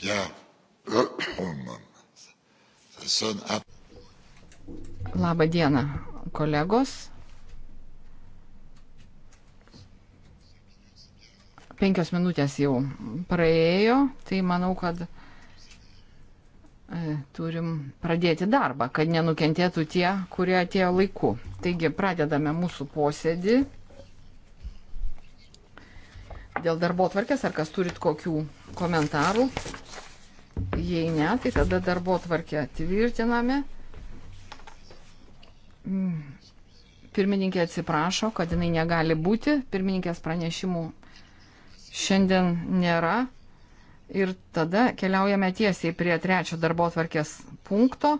Bien. Euh, oh, Labą dieną, kolegos. Penkios minutės jau praėjo, tai manau, kad e, turim pradėti darbą, kad nenukentėtų tie, kurie atėjo laiku. Taigi pradedame mūsų posėdį. Dėl darbo tvarkės, ar kas turit kokių komentarų? Jei ne, tai tada darbo tvarkę tvirtiname. Pirmininkė atsiprašo, kad jinai negali būti. Pirmininkės pranešimų šiandien nėra. Ir tada keliaujame tiesiai prie trečio darbo tvarkės punkto.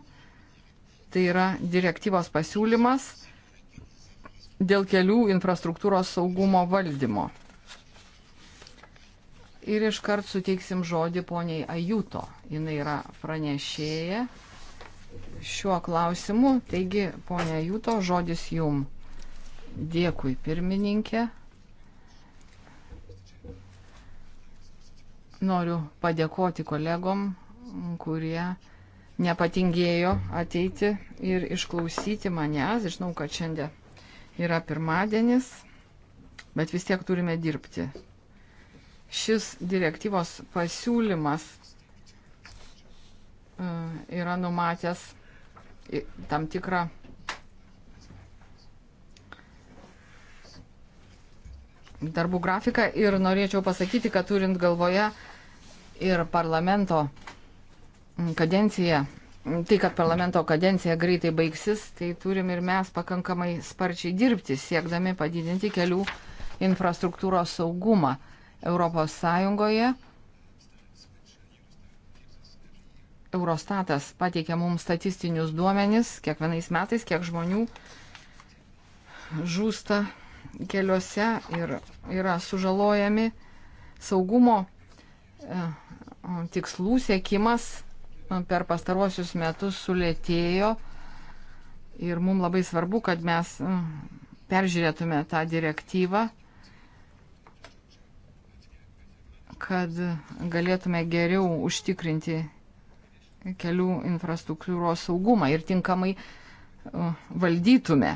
Tai yra direktyvos pasiūlymas dėl kelių infrastruktūros saugumo valdymo. Ir iškart suteiksim žodį poniai Ajuto. Jis yra pranešėja šiuo klausimu. Taigi, ponia Ajuto, žodis jum. Dėkui, pirmininkė. Noriu padėkoti kolegom, kurie nepatingėjo ateiti ir išklausyti manęs. Žinau, kad šiandien yra pirmadienis, bet vis tiek turime dirbti. Šis direktyvos pasiūlymas e, yra numatęs tam tikrą darbų grafiką ir norėčiau pasakyti, kad turint galvoje ir parlamento kadenciją, tai kad parlamento kadencija greitai baigsis, tai turim ir mes pakankamai sparčiai dirbti, siekdami padidinti kelių infrastruktūros saugumą. Europos Sąjungoje. Eurostatas pateikia mums statistinius duomenis kiekvienais metais, kiek žmonių žūsta keliuose ir yra sužalojami saugumo e, tikslų sėkimas e, per pastaruosius metus sulėtėjo ir mums labai svarbu, kad mes e, peržiūrėtume tą direktyvą kad galėtume geriau užtikrinti kelių infrastruktūros saugumą ir tinkamai e, valdytume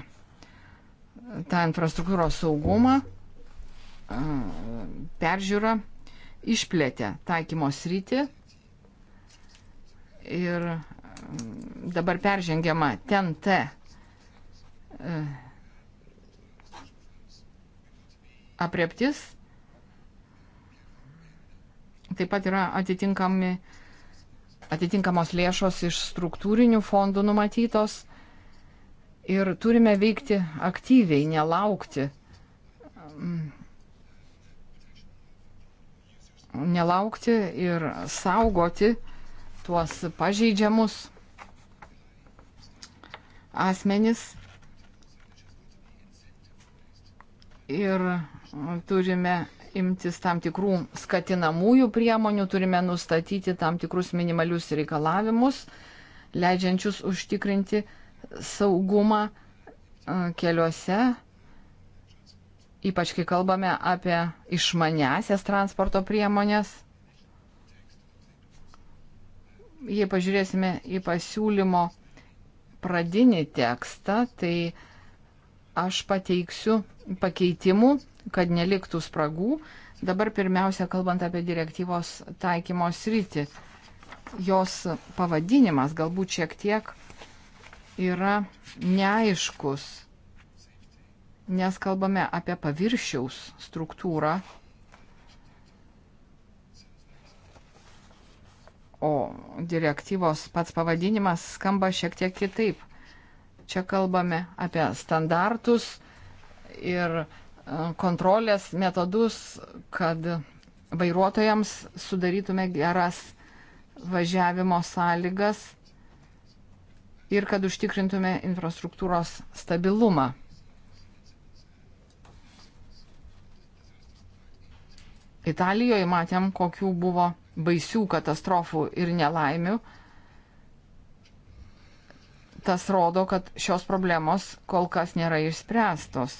tą infrastruktūros saugumą, e, peržiūrą išplėtė taikymo sritį ir e, dabar peržengiama ten T apreptis Taip pat yra atitinkami, atitinkamos lėšos iš struktūrinių fondų numatytos ir turime veikti aktyviai, nelaukti. Mm, nelaukti ir saugoti tuos pažeidžiamus asmenis. Ir turime imtis tam tikrų skatinamųjų priemonių, turime nustatyti tam tikrus minimalius reikalavimus, leidžiančius užtikrinti saugumą e, keliuose, ypač kai kalbame apie išmanesias transporto priemonės. Jei pažiūrėsime į pasiūlymo pradinį tekstą, tai aš pateiksiu pakeitimų kad neliktų spragų. Dabar pirmiausia, kalbant apie direktyvos taikymos rytį, jos pavadinimas galbūt šiek tiek yra neaiškus, nes kalbame apie paviršiaus struktūrą, o direktyvos pats pavadinimas skamba šiek tiek kitaip. Čia kalbame apie standartus ir kontrolės metodus, kad vairuotojams sudarytume geras važiavimo sąlygas ir kad užtikrintume infrastruktūros stabilumą. Italijoje matėm, kokių buvo baisių katastrofų ir nelaimių. Tas rodo, kad šios problemos kol kas nėra išspręstos.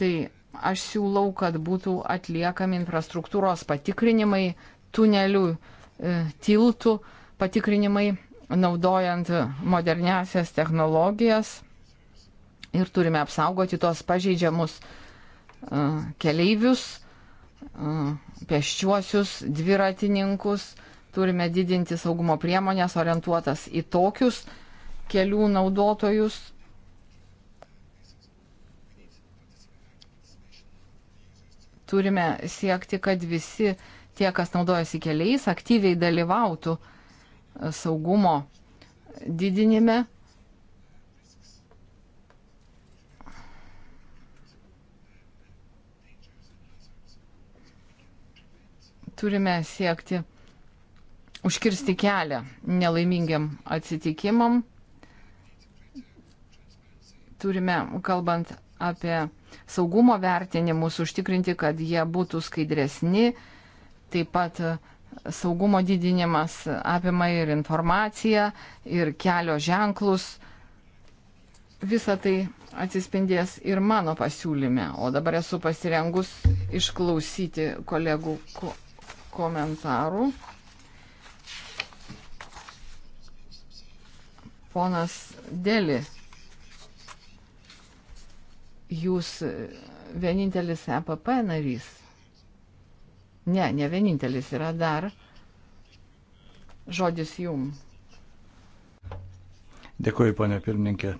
Tai aš siūlau, kad būtų atliekami infrastruktūros patikrinimai, tunelių, e, tiltų patikrinimai, naudojant moderniasias technologijas ir turime apsaugoti tuos pažeidžiamus e, keleivius, e, pėsčiuosius, dviratininkus, turime didinti saugumo priemonės orientuotas į tokius kelių naudotojus, turime siekti, kad visi tie, kas naudojasi keliais, aktyviai dalyvautų saugumo didinime. Turime siekti užkirsti kelią nelaimingiam atsitikimam. Turime, kalbant apie saugumo vertinimus, užtikrinti, kad jie būtų skaidresni. Taip pat e, saugumo didinimas apima ir informaciją, ir kelio ženklus. Visa tai atsispindės ir mano pasiūlyme. O dabar esu pasirengus išklausyti kolegų ko komentarų. Ponas Deli jūs e, vienintelis EPP narys. Ne, ne vienintelis yra dar. Žodis jum. Dėkuoju, ponė pirmininkė.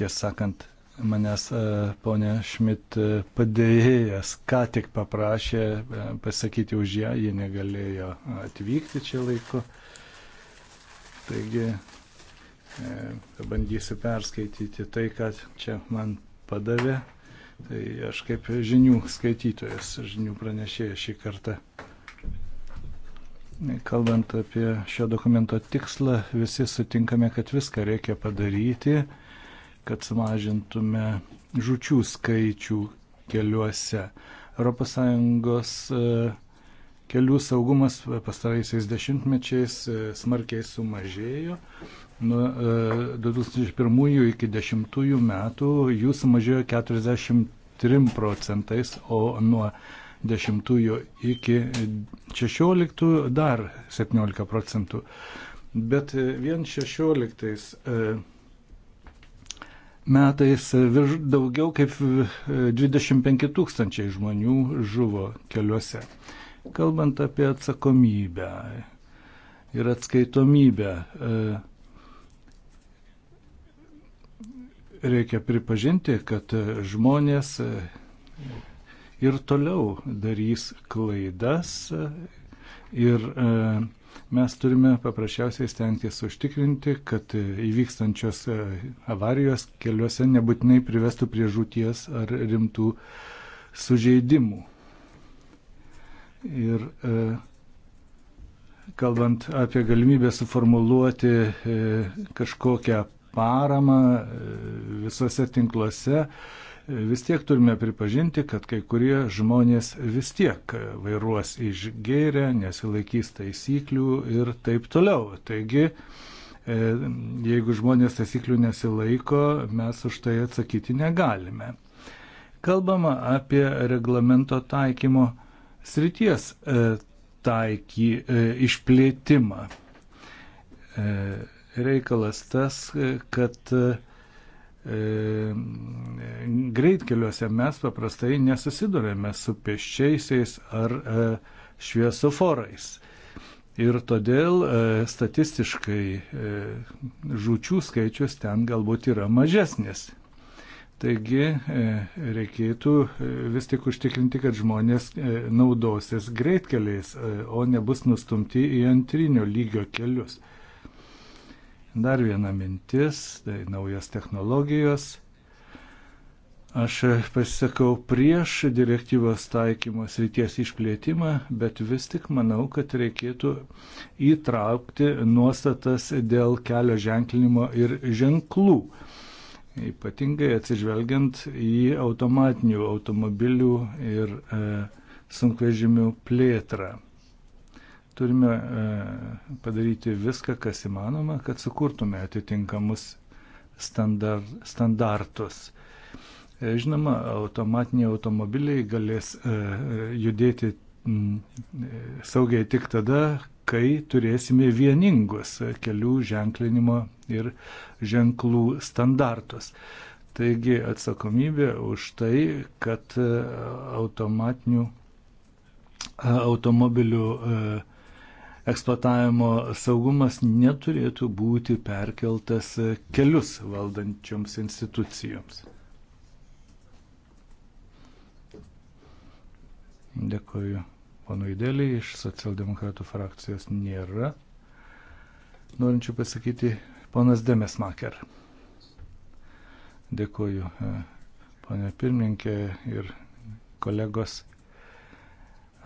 Tiesą sakant, manęs e, ponė Šmit e, padėjėjas ką tik paprašė pasakyti už ją, ji negalėjo atvykti čia laiku. Taigi E, Bandysiu perskaityti tai, ką čia man padavė. Tai aš kaip žinių skaitytojas, žinių pranešėjas šį kartą. E, kalbant apie šio dokumento tikslą, visi sutinkame, kad viską reikia padaryti, kad sumažintume žučių skaičių keliuose. ES e, kelių saugumas pastaraisiais dešimtmečiais smarkiai sumažėjo Nuo 2001 e, iki 2010 metų jų sumažėjo 43 procentais, o nuo 10 iki 16 dar 17 procentų. Bet vien 16 e, metais virš, daugiau kaip 25 e, tūkstančiai žmonių žuvo keliuose. Kalbant apie atsakomybę ir atskaitomybę, reikia pripažinti, kad žmonės ir toliau darys klaidas ir e, mes turime paprasčiausiai stengtis užtikrinti, kad įvykstančios e, avarijos keliuose nebūtinai privestų prie žūties ar rimtų sužeidimų. Ir e, kalbant apie galimybę suformuluoti kažkokią paramą e, visose tinkluose, e, vis tiek turime pripažinti, kad kai kurie žmonės vis tiek e, vairuos išgėrę, nesilaikys taisyklių ir taip toliau. Taigi, jeigu žmonės taisyklių nesilaiko, mes už tai atsakyti negalime. Kalbama apie reglamento taikymo srities taiky, išplėtimą reikalas tas, kad e, e, greitkeliuose mes paprastai nesusidurėme su pėsčiaisiais ar e, šviesoforais. Ir todėl statistiškai žučių skaičius ten galbūt yra mažesnis. Taigi reikėtų vis tik užtikrinti, kad žmonės naudosis greitkeliais, o nebus nustumti į antrinio lygio kelius. Dar viena mintis, tai naujos technologijos. Aš pasisakau prieš direktyvos taikymos ryties išplėtimą, bet vis tik manau, kad reikėtų įtraukti nuostatas dėl kelio ženklinimo ir ženklų, ypatingai atsižvelgiant į automatinių automobilių ir e, sunkvežimių plėtrą. Turime e, padaryti viską, kas įmanoma, kad sukurtume atitinkamus standar, standartus. E, žinoma, automatiniai automobiliai galės e, judėti mm, saugiai tik tada, kai turėsime vieningus kelių ženklinimo ir ženklų standartus. Taigi atsakomybė už tai, kad automatinių automobilių eksploatavimo saugumas neturėtų būti perkeltas kelius valdančioms institucijoms. Dėkoju. Ponui Dėlį iš socialdemokratų frakcijos nėra. Norinčių pasakyti, ponas Demesmaker. Dėkoju, e, ponė pirmininkė ir kolegos.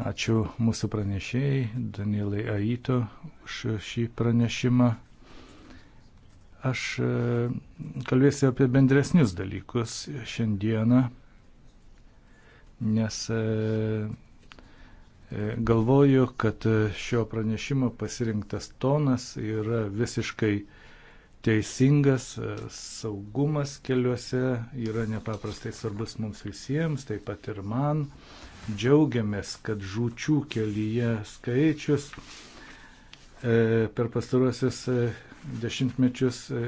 Ačiū mūsų pranešėjai, Danielai Aito, už šį pranešimą. Aš e, kalbėsiu apie bendresnius dalykus šiandieną, nes e, e, galvoju, kad šio pranešimo pasirinktas tonas yra visiškai teisingas, saugumas keliuose yra nepaprastai svarbus mums visiems, taip pat ir man džiaugiamės, kad žūčių kelyje skaičius e, per pastarosius e, dešimtmečius e,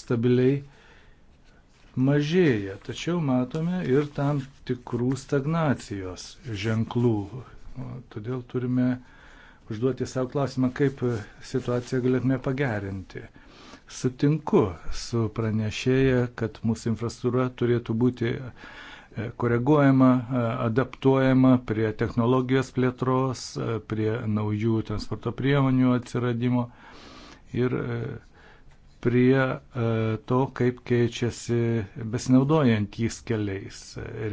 stabiliai mažėja, tačiau matome ir tam tikrų stagnacijos ženklų. Todėl turime užduoti savo klausimą, kaip situaciją galėtume pagerinti. Sutinku su pranešėja, kad mūsų infrastruktūra turėtų būti koreguojama, adaptuojama prie technologijos plėtros, prie naujų transporto priemonių atsiradimo ir e, prie e, to, kaip keičiasi besinaudojantys keliais.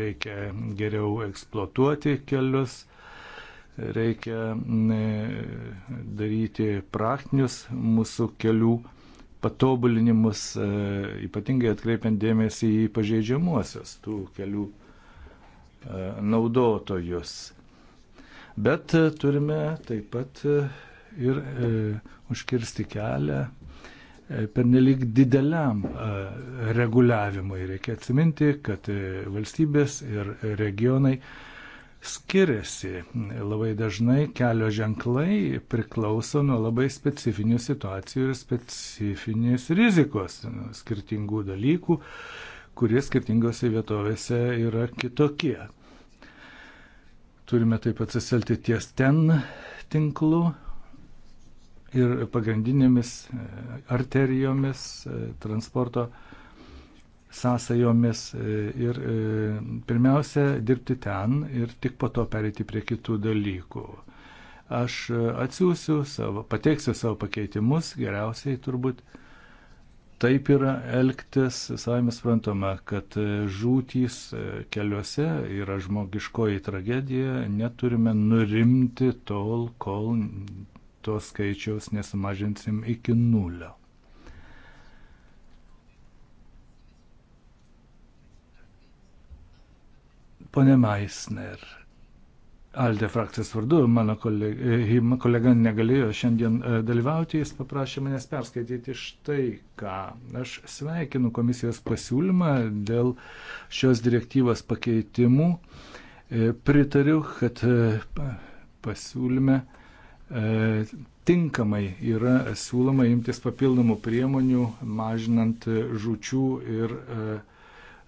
Reikia geriau eksploatuoti kelius, reikia e, daryti praktinius mūsų kelių patobulinimus, e, ypatingai atkreipiant dėmesį į pažeidžiamuosius tų kelių e, naudotojus. Bet e, turime taip pat ir e, užkirsti kelią pernelik dideliam reguliavimui. Reikia atsiminti, kad valstybės ir regionai skiriasi. Labai dažnai kelio ženklai priklauso nuo labai specifinių situacijų ir specifinės rizikos, skirtingų dalykų, kurie skirtingose vietovėse yra kitokie. Turime taip atsiselti ties ten tinklų ir pagrindinėmis arterijomis transporto sąsajomis e, ir e, pirmiausia dirbti ten ir tik po to pereiti prie kitų dalykų. Aš e, atsiųsiu savo, pateiksiu savo pakeitimus, geriausiai turbūt taip yra elgtis, savai mes suprantame, kad žūtys keliuose yra žmogiškoji tragedija, neturime nurimti tol, kol to skaičiaus nesumažinsim iki nulio. Pone Maisner. Aldė frakcijos vardu, mano kolega, e, kolega negalėjo šiandien e, dalyvauti, jis paprašė manęs perskaityti štai ką. Aš sveikinu komisijos pasiūlymą dėl šios direktyvos pakeitimų. E, pritariu, kad pasiūlyme tinkamai yra siūloma imtis papildomų priemonių, mažinant žučių ir uh,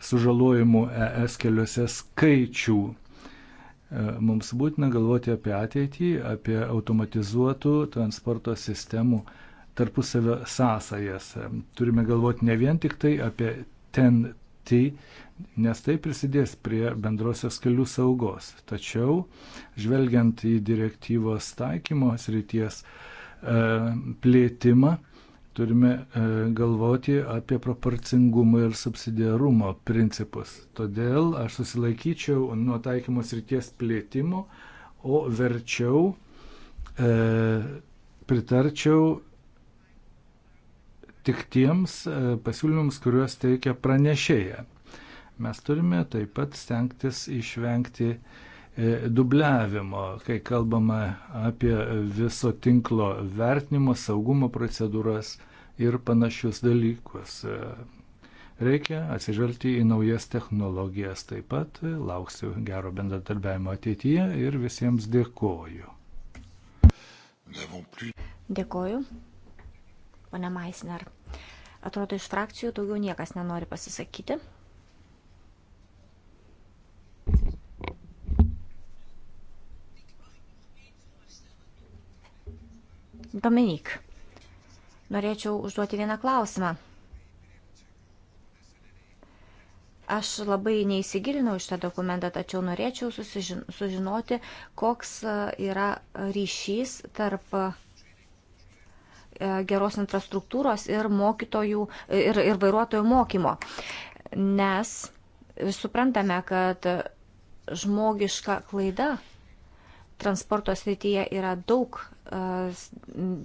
sužalojimų ES keliuose skaičių. E, mums būtina galvoti apie ateitį, apie automatizuotų transporto sistemų tarpusavio sąsajas. E, turime galvoti ne vien tik tai apie TEN-T, nes tai prisidės prie bendrosios kelių saugos. Tačiau, žvelgiant į direktyvos taikymo srities e, plėtimą, turime e, galvoti apie proporcingumą ir subsidiarumo principus. Todėl aš susilaikyčiau nuo taikymos ryties plėtimo, o verčiau e, pritarčiau tik tiems e, pasiūlymams, kuriuos teikia pranešėja. Mes turime taip pat stengtis išvengti e, dubliavimo, kai kalbama apie viso tinklo vertinimo, saugumo procedūras, ir panašius dalykus. Reikia atsižvelgti į naujas technologijas taip pat. Lauksiu gero bendradarbiavimo ateityje ir visiems dėkoju. Dėkoju. Pane Maisner. Atrodo, iš frakcijų daugiau niekas nenori pasisakyti. Dominik. Norėčiau užduoti vieną klausimą. Aš labai neįsigilinau iš tą dokumentą, tačiau norėčiau susižin, sužinoti, koks e, yra ryšys tarp e, geros infrastruktūros ir mokytojų ir, ir vairuotojų mokymo. Nes suprantame, kad žmogiška klaida transporto srityje yra daug e,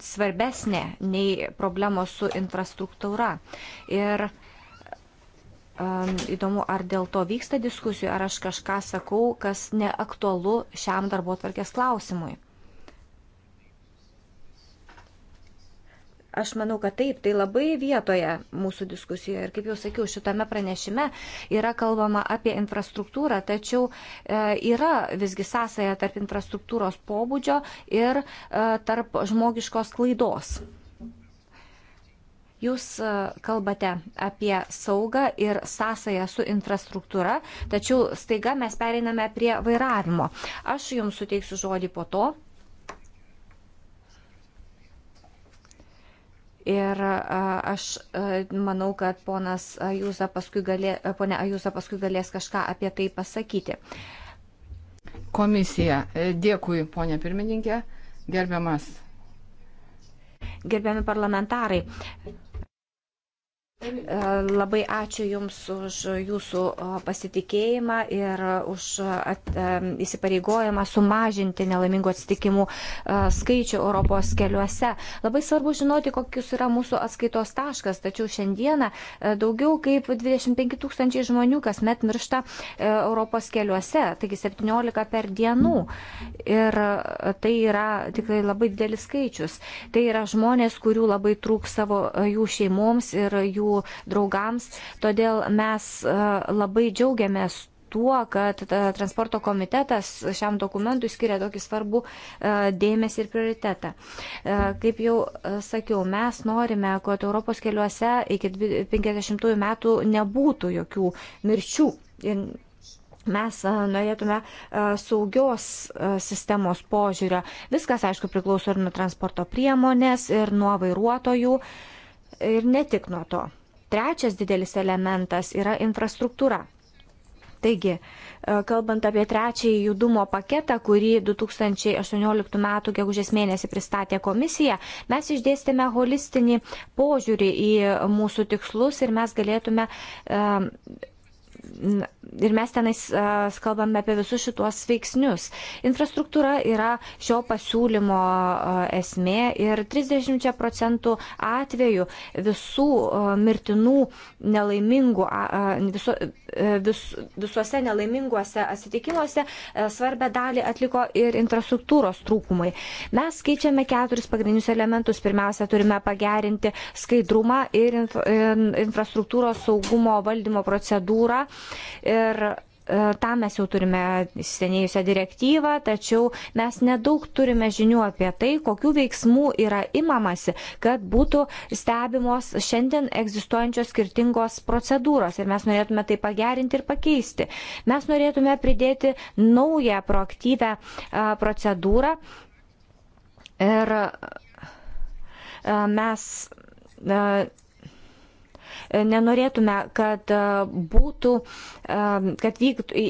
svarbesnė nei problemos su infrastruktūra. Ir e, įdomu, ar dėl to vyksta diskusijų, ar aš kažką sakau, kas neaktualu šiam darbo tvarkės klausimui. Aš manau, kad taip, tai labai vietoje mūsų diskusijoje. Ir kaip jau sakiau, šitame pranešime yra kalbama apie infrastruktūrą, tačiau e, yra visgi sąsaja tarp infrastruktūros pobūdžio ir e, tarp žmogiškos klaidos. Jūs e, kalbate apie saugą ir sąsają su infrastruktūra, tačiau staiga mes pereiname prie vairavimo. Aš jums suteiksiu žodį po to, Ir aš manau, kad ponas Ajuza paskui, galė, ponia Ajuza paskui galės kažką apie tai pasakyti. Komisija. E, dėkui, ponia pirmininkė. Gerbiamas. Gerbiami parlamentarai. E, labai ačiū Jums už Jūsų pasitikėjimą ir e, už at, e, įsipareigojimą sumažinti nelaimingų atsitikimų skaičių Europos keliuose. Labai svarbu žinoti, kokius yra mūsų atskaitos taškas, tačiau šiandieną daugiau kaip 25 tūkstančiai žmonių kasmet miršta Europos keliuose, taigi 17 per dienų. Ir tai yra tikrai labai didelis skaičius. Tai yra žmonės, kurių labai trūks savo jų šeimoms ir jų jų draugams. Todėl mes e, labai džiaugiamės tuo, kad e, transporto komitetas šiam dokumentui skiria tokį svarbų e, dėmesį ir prioritetą. Kaip jau sakiau, mes norime, kad Europos keliuose iki 50 metų nebūtų jokių mirčių. Mes norėtume saugios sistemos požiūrio. Viskas, aišku, priklauso ir nuo transporto priemonės, ir nuo vairuotojų, ir ne tik nuo to. Trečias didelis elementas yra infrastruktūra. Taigi, e, kalbant apie trečiąjį judumo paketą, kurį 2018 m. gegužės mėnesį pristatė komisija, mes išdėstėme holistinį požiūrį į mūsų tikslus ir mes galėtume e, ir mes tenais kalbame apie visus šitos veiksnius. Infrastruktūra yra šio pasiūlymo esmė ir 30 procentų atveju visų mirtinų nelaimingų, visu, e, vis, visuose nelaiminguose atsitikimuose e, svarbę dalį atliko ir infrastruktūros trūkumai. Mes keičiame keturis pagrindinius elementus. Pirmiausia, turime pagerinti skaidrumą ir infrastruktūros saugumo valdymo procedūrą e, Ir e, tam mes jau turime senėjusią direktyvą, tačiau mes nedaug turime žinių apie tai, kokių veiksmų yra imamasi, kad būtų stebimos šiandien egzistuojančios skirtingos procedūros ir mes norėtume tai pagerinti ir pakeisti. Mes norėtume pridėti naują proaktyvę e, procedūrą ir e, mes E, nenorėtume, kad e, būtų, e, kad vyktų,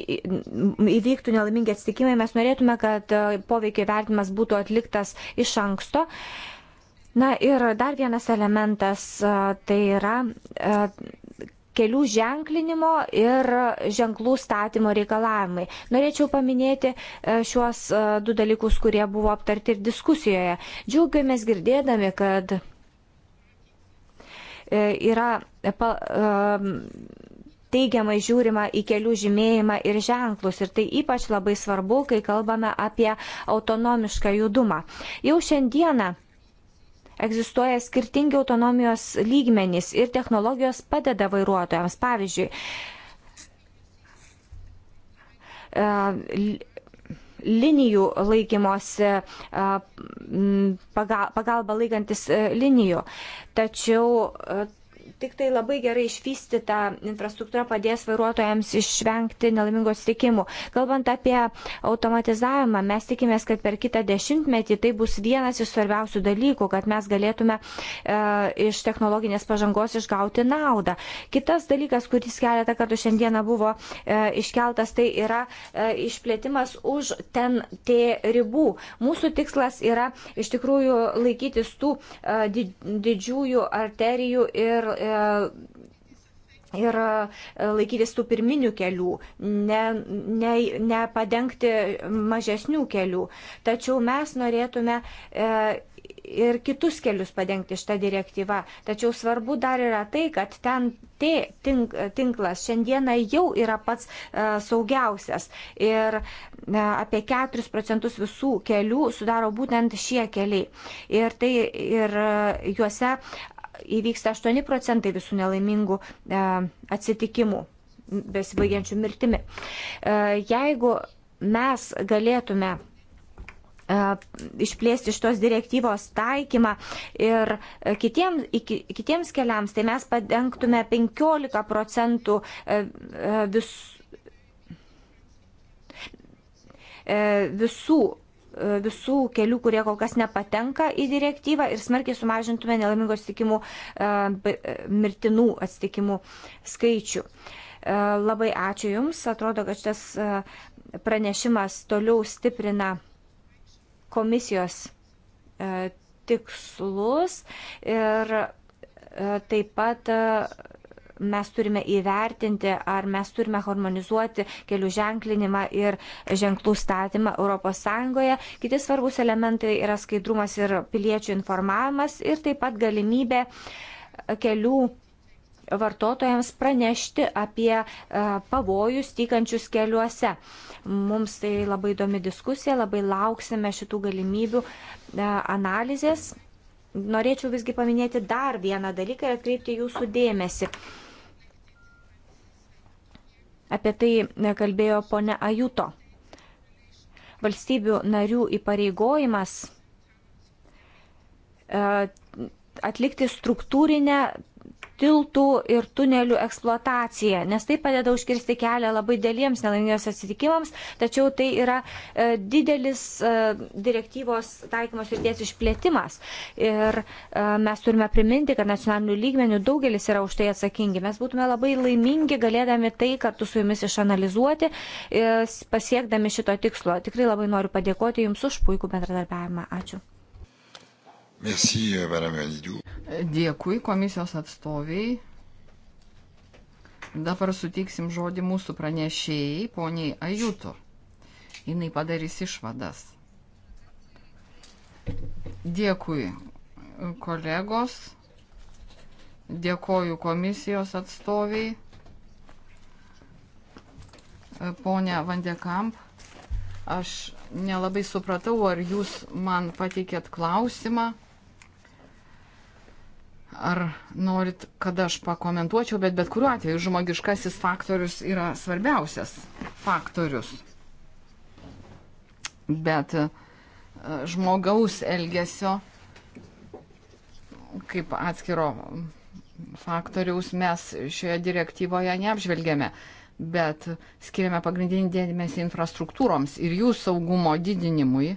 įvyktų nelaimingi atsitikimai, mes norėtume, kad poveikio vertimas būtų atliktas iš anksto. Na ir dar vienas elementas tai yra kelių ženklinimo ir ženklų statymo reikalavimai. Norėčiau paminėti šiuos du dalykus, kurie buvo aptarti ir diskusijoje. Džiaugiamės girdėdami, kad E, yra e, e, teigiamai žiūrima į kelių žymėjimą ir ženklus. Ir tai ypač labai svarbu, kai kalbame apie autonomišką judumą. Jau šiandieną egzistuoja skirtingi autonomijos lygmenys ir technologijos padeda vairuotojams. Pavyzdžiui, linijų laikymosi, pagalba laikantis linijų. Tačiau tik tai labai gerai išvystyta infrastruktūra padės vairuotojams išvengti nelaimingų atsitikimų. Kalbant apie automatizavimą, mes tikimės, kad per kitą dešimtmetį tai bus vienas iš svarbiausių dalykų, kad mes galėtume e, iš technologinės pažangos išgauti naudą. Kitas dalykas, kuris keletą kartų šiandieną buvo e, iškeltas, tai yra e, išplėtimas už ten tie ribų. Mūsų tikslas yra iš tikrųjų laikytis tų e, didžiųjų arterijų ir E, ir e, laikytis tų pirminių kelių, nepadengti ne, ne, ne mažesnių kelių. Tačiau mes norėtume e, ir kitus kelius padengti šitą direktyvą. Tačiau svarbu dar yra tai, kad ten T tink, tinklas šiandieną jau yra pats e, saugiausias. Ir e, apie 4 procentus visų kelių sudaro būtent šie keliai. Ir, tai, ir juose įvyksta 8 procentai visų nelaimingų e, atsitikimų besibaigiančių mirtimi. E, jeigu mes galėtume e, išplėsti šitos direktyvos taikymą ir kitiems, kitiems keliams, tai mes padengtume 15 procentų vis, visų visų kelių, kurie kol kas nepatenka į direktyvą ir smarkiai sumažintume nelaimingų atsitikimų, e, e, mirtinų atsitikimų skaičių. E, labai ačiū Jums, atrodo, kad šitas pranešimas toliau stiprina komisijos tikslus ir taip pat mes turime įvertinti, ar mes turime harmonizuoti kelių ženklinimą ir ženklų statymą ES. Kiti svarbus elementai yra skaidrumas ir piliečių informavimas ir taip pat galimybė kelių vartotojams pranešti apie e, pavojus tykančius keliuose. Mums tai labai įdomi diskusija, labai lauksime šitų galimybių e, analizės. Norėčiau visgi paminėti dar vieną dalyką ir atkreipti jūsų dėmesį. Apie tai nekalbėjo ponia Ajuto. Valstybių narių įpareigojimas e, atlikti struktūrinę tiltų ir tunelių eksploataciją, nes tai padeda užkirsti kelią labai dėliems nelaimingiems atsitikimams, tačiau tai yra e, didelis e, direktyvos taikymos ryties išplėtimas. Ir e, mes turime priminti, kad nacionalinių lygmenių daugelis yra už tai atsakingi. Mes būtume labai laimingi galėdami tai kartu su jumis išanalizuoti, e, pasiekdami šito tikslo. Tikrai labai noriu padėkoti jums už puikų bendradarbiavimą. Ačiū. Merci, euh, Madame Anidou. Dėkui komisijos atstoviai. Dabar suteiksim žodį mūsų pranešėjai, poniai Ajuto. Jis padarys išvadas. Dėkui, kolegos. Dėkoju komisijos atstoviai. Pone Vandekamp, aš nelabai supratau, ar jūs man pateikėt klausimą ar norit, kad aš pakomentuočiau, bet bet kuriuo atveju žmogiškasis faktorius yra svarbiausias faktorius. Bet e, žmogaus elgesio kaip atskiro faktoriaus mes šioje direktyvoje neapžvelgėme, bet skiriame pagrindinį dėmesį infrastruktūroms ir jų saugumo didinimui.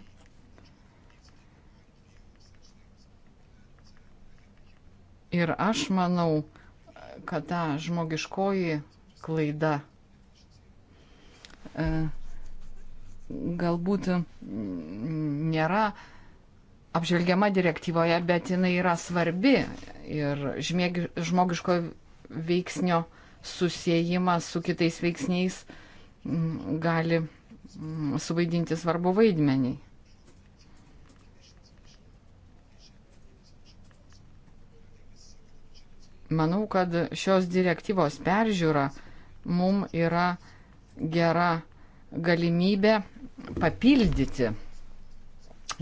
Ir aš manau, kad ta žmogiškoji klaida e, galbūt nėra apžvelgiama direktyvoje, bet jinai yra svarbi ir žmogiško veiksnio susijimas su kitais veiksniais gali suvaidinti svarbu vaidmenį. Manau, kad šios direktyvos peržiūra mum yra gera galimybė papildyti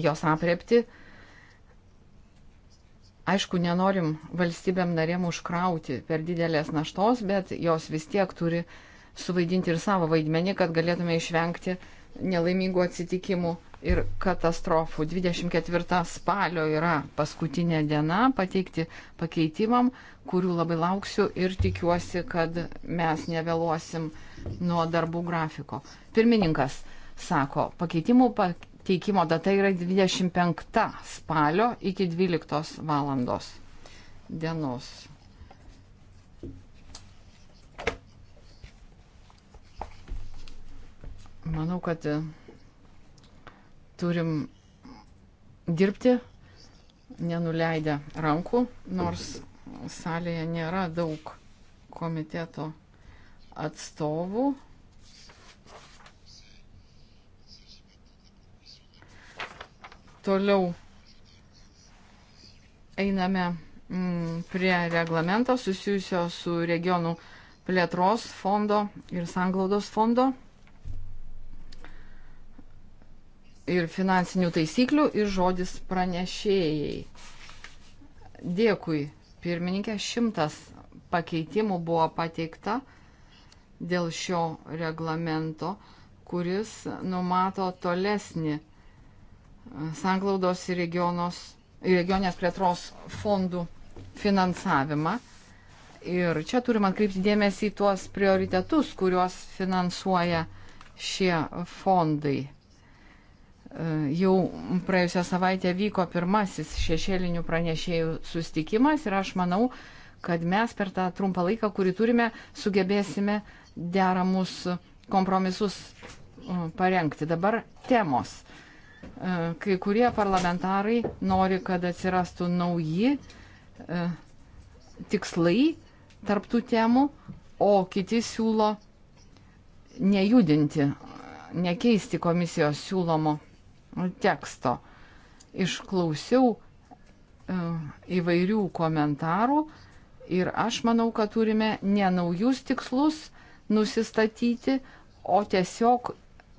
jos apriepti. Aišku, nenorim valstybėm narėm užkrauti per didelės naštos, bet jos vis tiek turi suvaidinti ir savo vaidmenį, kad galėtume išvengti nelaimingų atsitikimų ir katastrofų. 24 spalio yra paskutinė diena pateikti pakeitimam, kurių labai lauksiu ir tikiuosi, kad mes nevėluosim nuo darbų grafiko. Pirmininkas sako, pakeitimų pateikimo data yra 25 spalio iki 12 valandos dienos. Manau, kad Turim dirbti, nenuleidę rankų, nors salėje nėra daug komiteto atstovų. Toliau einame mm, prie reglamento susijusio su regionų plėtros fondo ir sanglaudos fondo. ir finansinių taisyklių ir žodis pranešėjai. Dėkui, pirmininkė, šimtas pakeitimų buvo pateikta dėl šio reglamento, kuris numato tolesnį sanglaudos ir regionos, regionės plėtros fondų finansavimą. Ir čia turim atkreipti dėmesį į tuos prioritetus, kuriuos finansuoja šie fondai. Jau praėjusią savaitę vyko pirmasis šešėlinių pranešėjų sustikimas ir aš manau, kad mes per tą trumpą laiką, kurį turime, sugebėsime deramus kompromisus uh, parengti. Dabar temos. Uh, kai kurie parlamentarai nori, kad atsirastų nauji uh, tikslai tarptų temų, o kiti siūlo nejudinti, nekeisti komisijos siūlomo teksto. Išklausiau e, įvairių komentarų ir aš manau, kad turime ne naujus tikslus nusistatyti, o tiesiog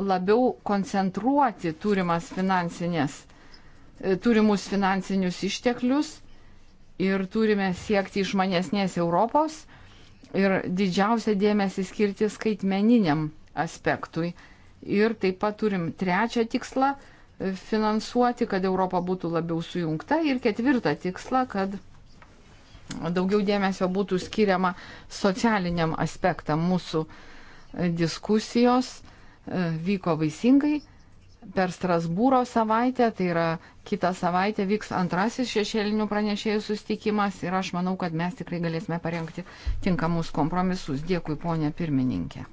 labiau koncentruoti turimas finansinės, e, turimus finansinius išteklius ir turime siekti išmanesnės Europos ir didžiausia dėmesį skirti skaitmeniniam aspektui. Ir taip pat turim trečią tikslą finansuoti, kad Europa būtų labiau sujungta. Ir ketvirtą tikslą, kad daugiau dėmesio būtų skiriama socialiniam aspektam. Mūsų diskusijos e, vyko vaisingai. Per Strasbūro savaitę, tai yra kitą savaitę, vyks antrasis šešėlinių pranešėjų sustikimas ir aš manau, kad mes tikrai galėsime parengti tinkamus kompromisus. Dėkui, ponė pirmininkė.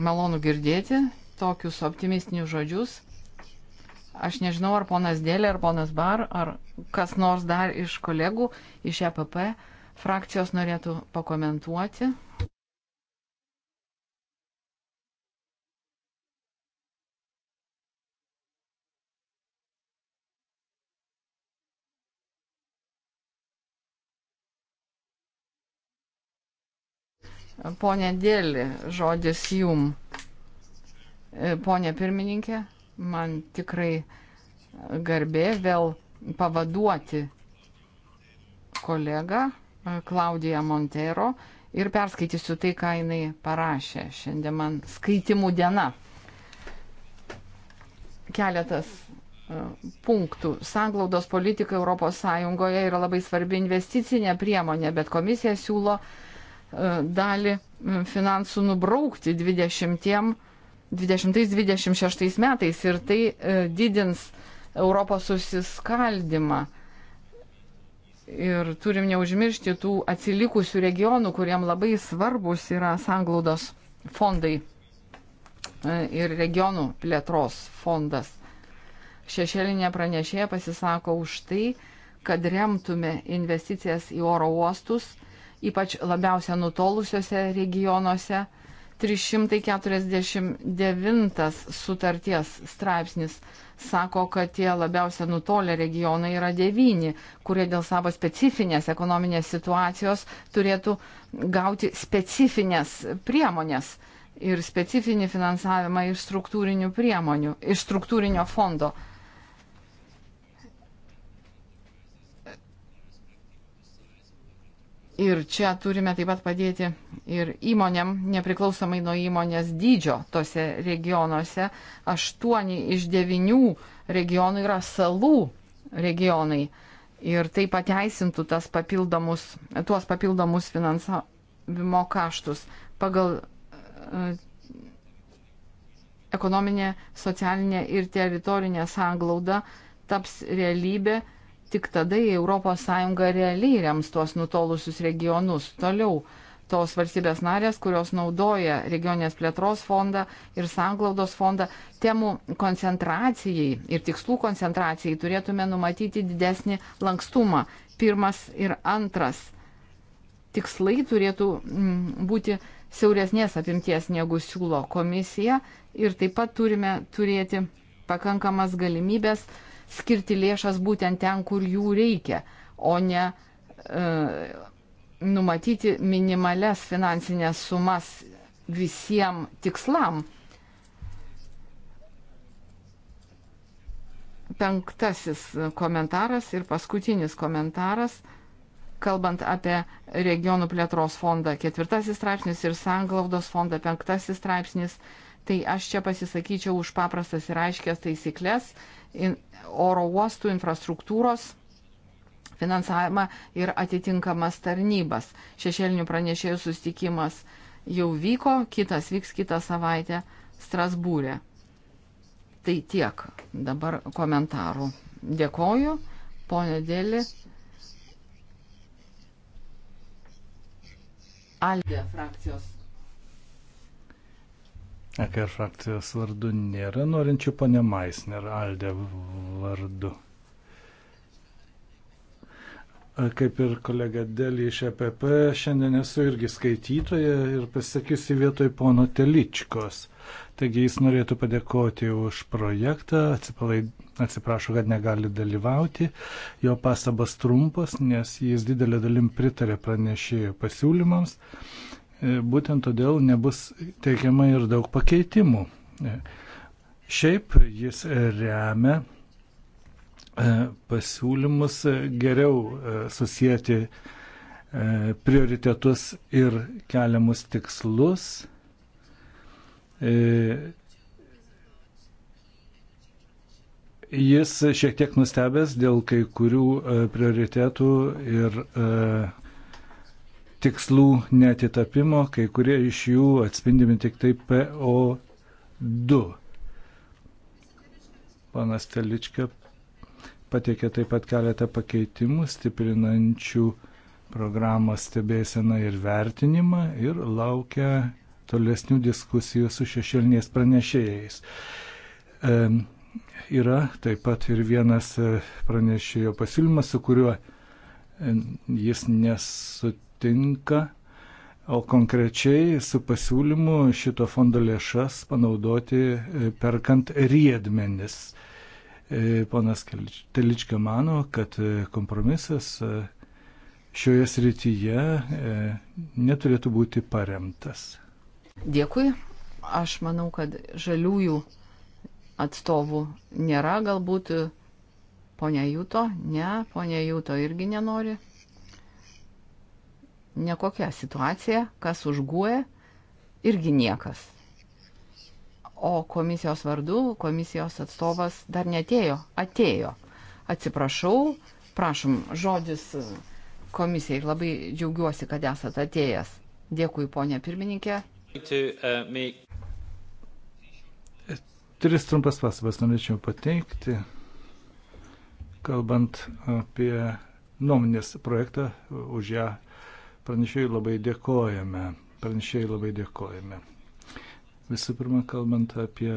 Malonu girdėti tokius optimistinius žodžius. Aš nežinau, ar ponas Dėlė, ar ponas Bar, ar kas nors dar iš kolegų iš EPP frakcijos norėtų pakomentuoti. Pone Dėlį, žodis jum. E, Pone pirmininkė, man tikrai garbė vėl pavaduoti kolegą e, Klaudiją Montero ir perskaitysiu tai, ką jinai parašė. Šiandien man skaitimų diena. Keletas e, punktų. Sanglaudos politika ES yra labai svarbi investicinė priemonė, bet komisija siūlo dalį finansų nubraukti 20 20-26 metais ir tai e, didins Europos susiskaldimą. Ir turim neužmiršti tų atsilikusių regionų, kuriem labai svarbus yra sanglaudos fondai e, ir regionų plėtros fondas. Šešėlinė pranešėja pasisako už tai, kad remtume investicijas į oro uostus, ypač labiausia nutolusiuose regionuose 349 sutarties straipsnis sako, kad tie labiausia nutolę regionai yra devyni, kurie dėl savo specifinės ekonominės situacijos turėtų gauti specifinės priemonės ir specifinį finansavimą iš, iš struktūrinio fondo. Ir čia turime taip pat padėti ir įmonėm, nepriklausomai nuo įmonės dydžio tose regionuose. Aštuoni iš devinių regionų yra salų regionai. Ir tai pateisintų papildomus, tuos papildomus finansavimo kaštus. Pagal e, ekonominė, socialinė ir teritorinė sanglauda taps realybė Tik tada ES realiai rems tuos nutolusius regionus. Toliau tos valstybės narės, kurios naudoja regionės plėtros fondą ir sanglaudos fondą, temų koncentracijai ir tikslų koncentracijai turėtume numatyti didesnį lankstumą. Pirmas ir antras tikslai turėtų mm, būti siauresnės apimties negu siūlo komisija ir taip pat turime turėti pakankamas galimybės uh, skirti lėšas būtent ten, kur jų reikia, o ne e, numatyti minimales finansinės sumas visiems tikslam. Penktasis komentaras ir paskutinis komentaras, kalbant apie regionų plėtros fondą ketvirtasis straipsnis ir sanglaudos fondą penktasis straipsnis. E, tai aš čia pasisakyčiau už paprastas ir aiškias taisyklės oro uostų infrastruktūros finansavimą ir atitinkamas tarnybas. Šešėlinių pranešėjų sustikimas jau vyko, kitas vyks kitą savaitę Strasbūrė. Tai tiek dabar komentarų. Dėkoju, ponė Dėlį. Aldė frakcijos apie frakcijos vardu nėra norinčių, ponė Maisner, Aldė vardu. Kaip ir kolega Deli iš EPP, šiandien esu irgi skaitytoja ir pasakysiu vietoj pono Teličkos. Taigi jis norėtų padėkoti už projektą, atsipalaid... atsiprašo, kad negali dalyvauti. Jo pastabas trumpas, nes jis didelė dalim pritarė pranešėjų pasiūlymams. Uh, E, būtent todėl nebus teikiama ir daug pakeitimų. E, šiaip jis remia e, pasiūlymus geriau susijęti prioritetus ir keliamus tikslus. Jis šiek tiek nustebęs dėl kai kurių prioritetų ir uh, tikslų netitapimo, kai kurie iš jų atspindimi tik tai PO2. Panas Telička pateikė taip pat keletą pakeitimų stiprinančių programos stebėseną ir vertinimą ir laukia tolesnių diskusijų su šešėliniais pranešėjais. E, yra taip pat ir vienas e, pranešėjo pasiūlymas, su kuriuo e, jis nesutikė tinka, o konkrečiai su pasiūlymu šito fondo lėšas panaudoti e, perkant riedmenis. E, ponas Teličkė mano, kad e, kompromisas šioje srityje neturėtų būti paremtas. Dėkui. Aš manau, kad žaliųjų atstovų nėra, galbūt ponia Jūto, ne, ponia Jūto irgi nenori nekokia situacija, kas užguoja, irgi niekas. O komisijos vardu komisijos atstovas dar netėjo, atėjo. Atsiprašau, prašom, žodis komisijai. Labai džiaugiuosi, kad esat atėjęs. Dėkui, ponė pirmininkė. Uh, Tris trumpas pasabas norėčiau pateikti, kalbant apie nuomonės projektą, už ją Pranešėjai labai dėkojame. Pranešėjai labai dėkojame. Visų pirma, kalbant apie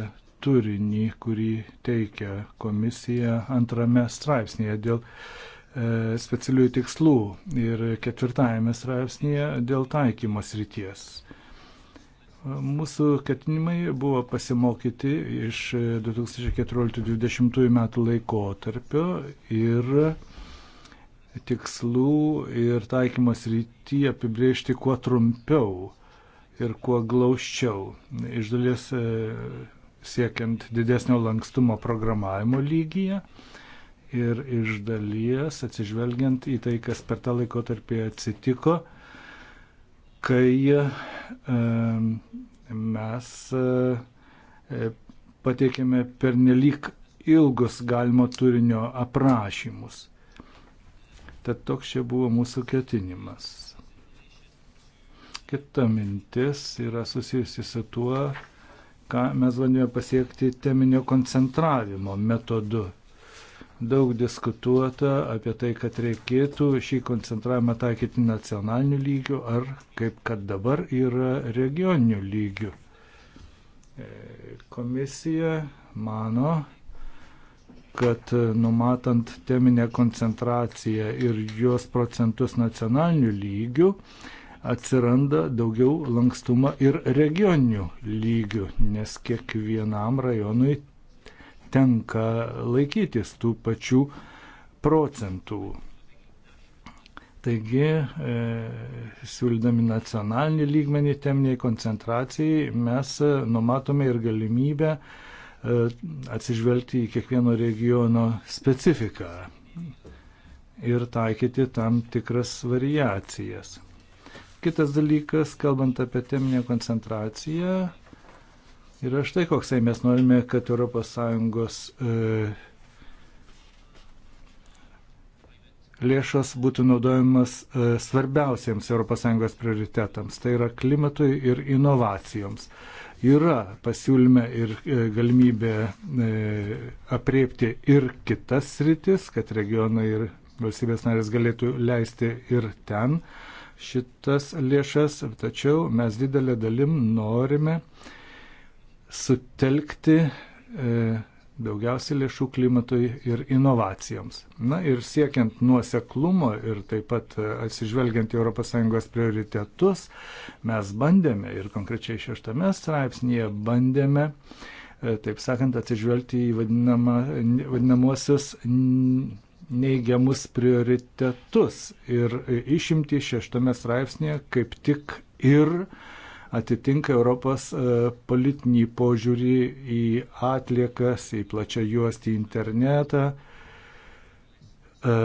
turinį, kurį teikia komisija antrame straipsnėje dėl e, specialiųjų tikslų ir ketvirtajame straipsnėje dėl taikymos ryties. Mūsų ketinimai buvo pasimokyti iš 2014-2020 e, metų laikotarpio ir tikslų ir taikymas rytį apibriežti kuo trumpiau ir kuo glaučiau. Iš dalies e, siekiant didesnio lankstumo programavimo lygyje ir iš dalies atsižvelgiant į tai, kas per tą laikotarpį atsitiko, kai e, mes e, pateikėme pernelyg ilgus galimo turinio aprašymus. Tad toks čia buvo mūsų ketinimas. Kita mintis yra susijusi su tuo, ką mes bandėme pasiekti teminio koncentravimo metodu. Daug diskutuota apie tai, kad reikėtų šį koncentravimą taikyti nacionaliniu lygiu ar kaip kad dabar yra regioniniu lygiu. E, komisija mano, kad e, numatant teminę koncentraciją ir jos procentus nacionalinių lygių, atsiranda daugiau lankstumą ir regioninių lygių, nes kiekvienam rajonui tenka laikytis tų pačių procentų. Taigi, e, siūlydami nacionalinį lygmenį teminiai koncentracijai, mes e, numatome ir galimybę e, E, atsižvelgti į kiekvieno regiono specifiką ir taikyti tam tikras variacijas. Kitas dalykas, kalbant apie teminę koncentraciją, yra štai koksai mes norime, kad ES e, lėšos būtų naudojamas e, svarbiausiems ES prioritetams, tai yra klimatui ir inovacijoms. Yra pasiūlyme ir e, galimybė e, apriepti ir kitas sritis, kad regionai ir valstybės narės galėtų leisti ir ten šitas lėšas, tačiau mes didelę dalim norime sutelkti e, daugiausiai lėšų klimatui ir inovacijoms. Na ir siekiant nuoseklumo ir taip pat e, atsižvelgiant į ES prioritetus, mes bandėme ir konkrečiai šeštame straipsnėje bandėme, e, taip sakant, atsižvelgti į vadinama, vadinamuosius neigiamus prioritetus. Ir e, išimti šeštame straipsnėje kaip tik ir uh, atitinka Europos e, politinį požiūrį į atliekas, į plačią juostį internetą. E,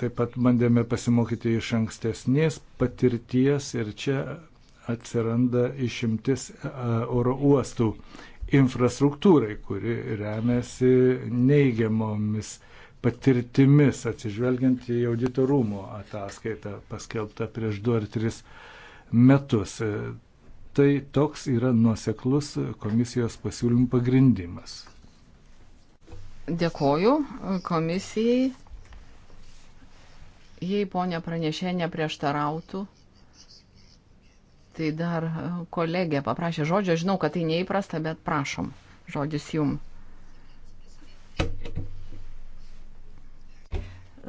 taip pat bandėme pasimokyti iš ankstesnės patirties ir čia atsiranda išimtis e, oro uostų infrastruktūrai, kuri remiasi neigiamomis patirtimis, atsižvelgiant į auditorumo ataskaitą paskelbtą prieš du ar tris metus. Tai toks yra nuoseklus komisijos pasiūlymų pagrindimas. Dėkoju komisijai. Jei ponia pranešė neprieštarautų, tai dar kolegė paprašė žodžio. Žinau, kad tai neįprasta, bet prašom. Žodis jum.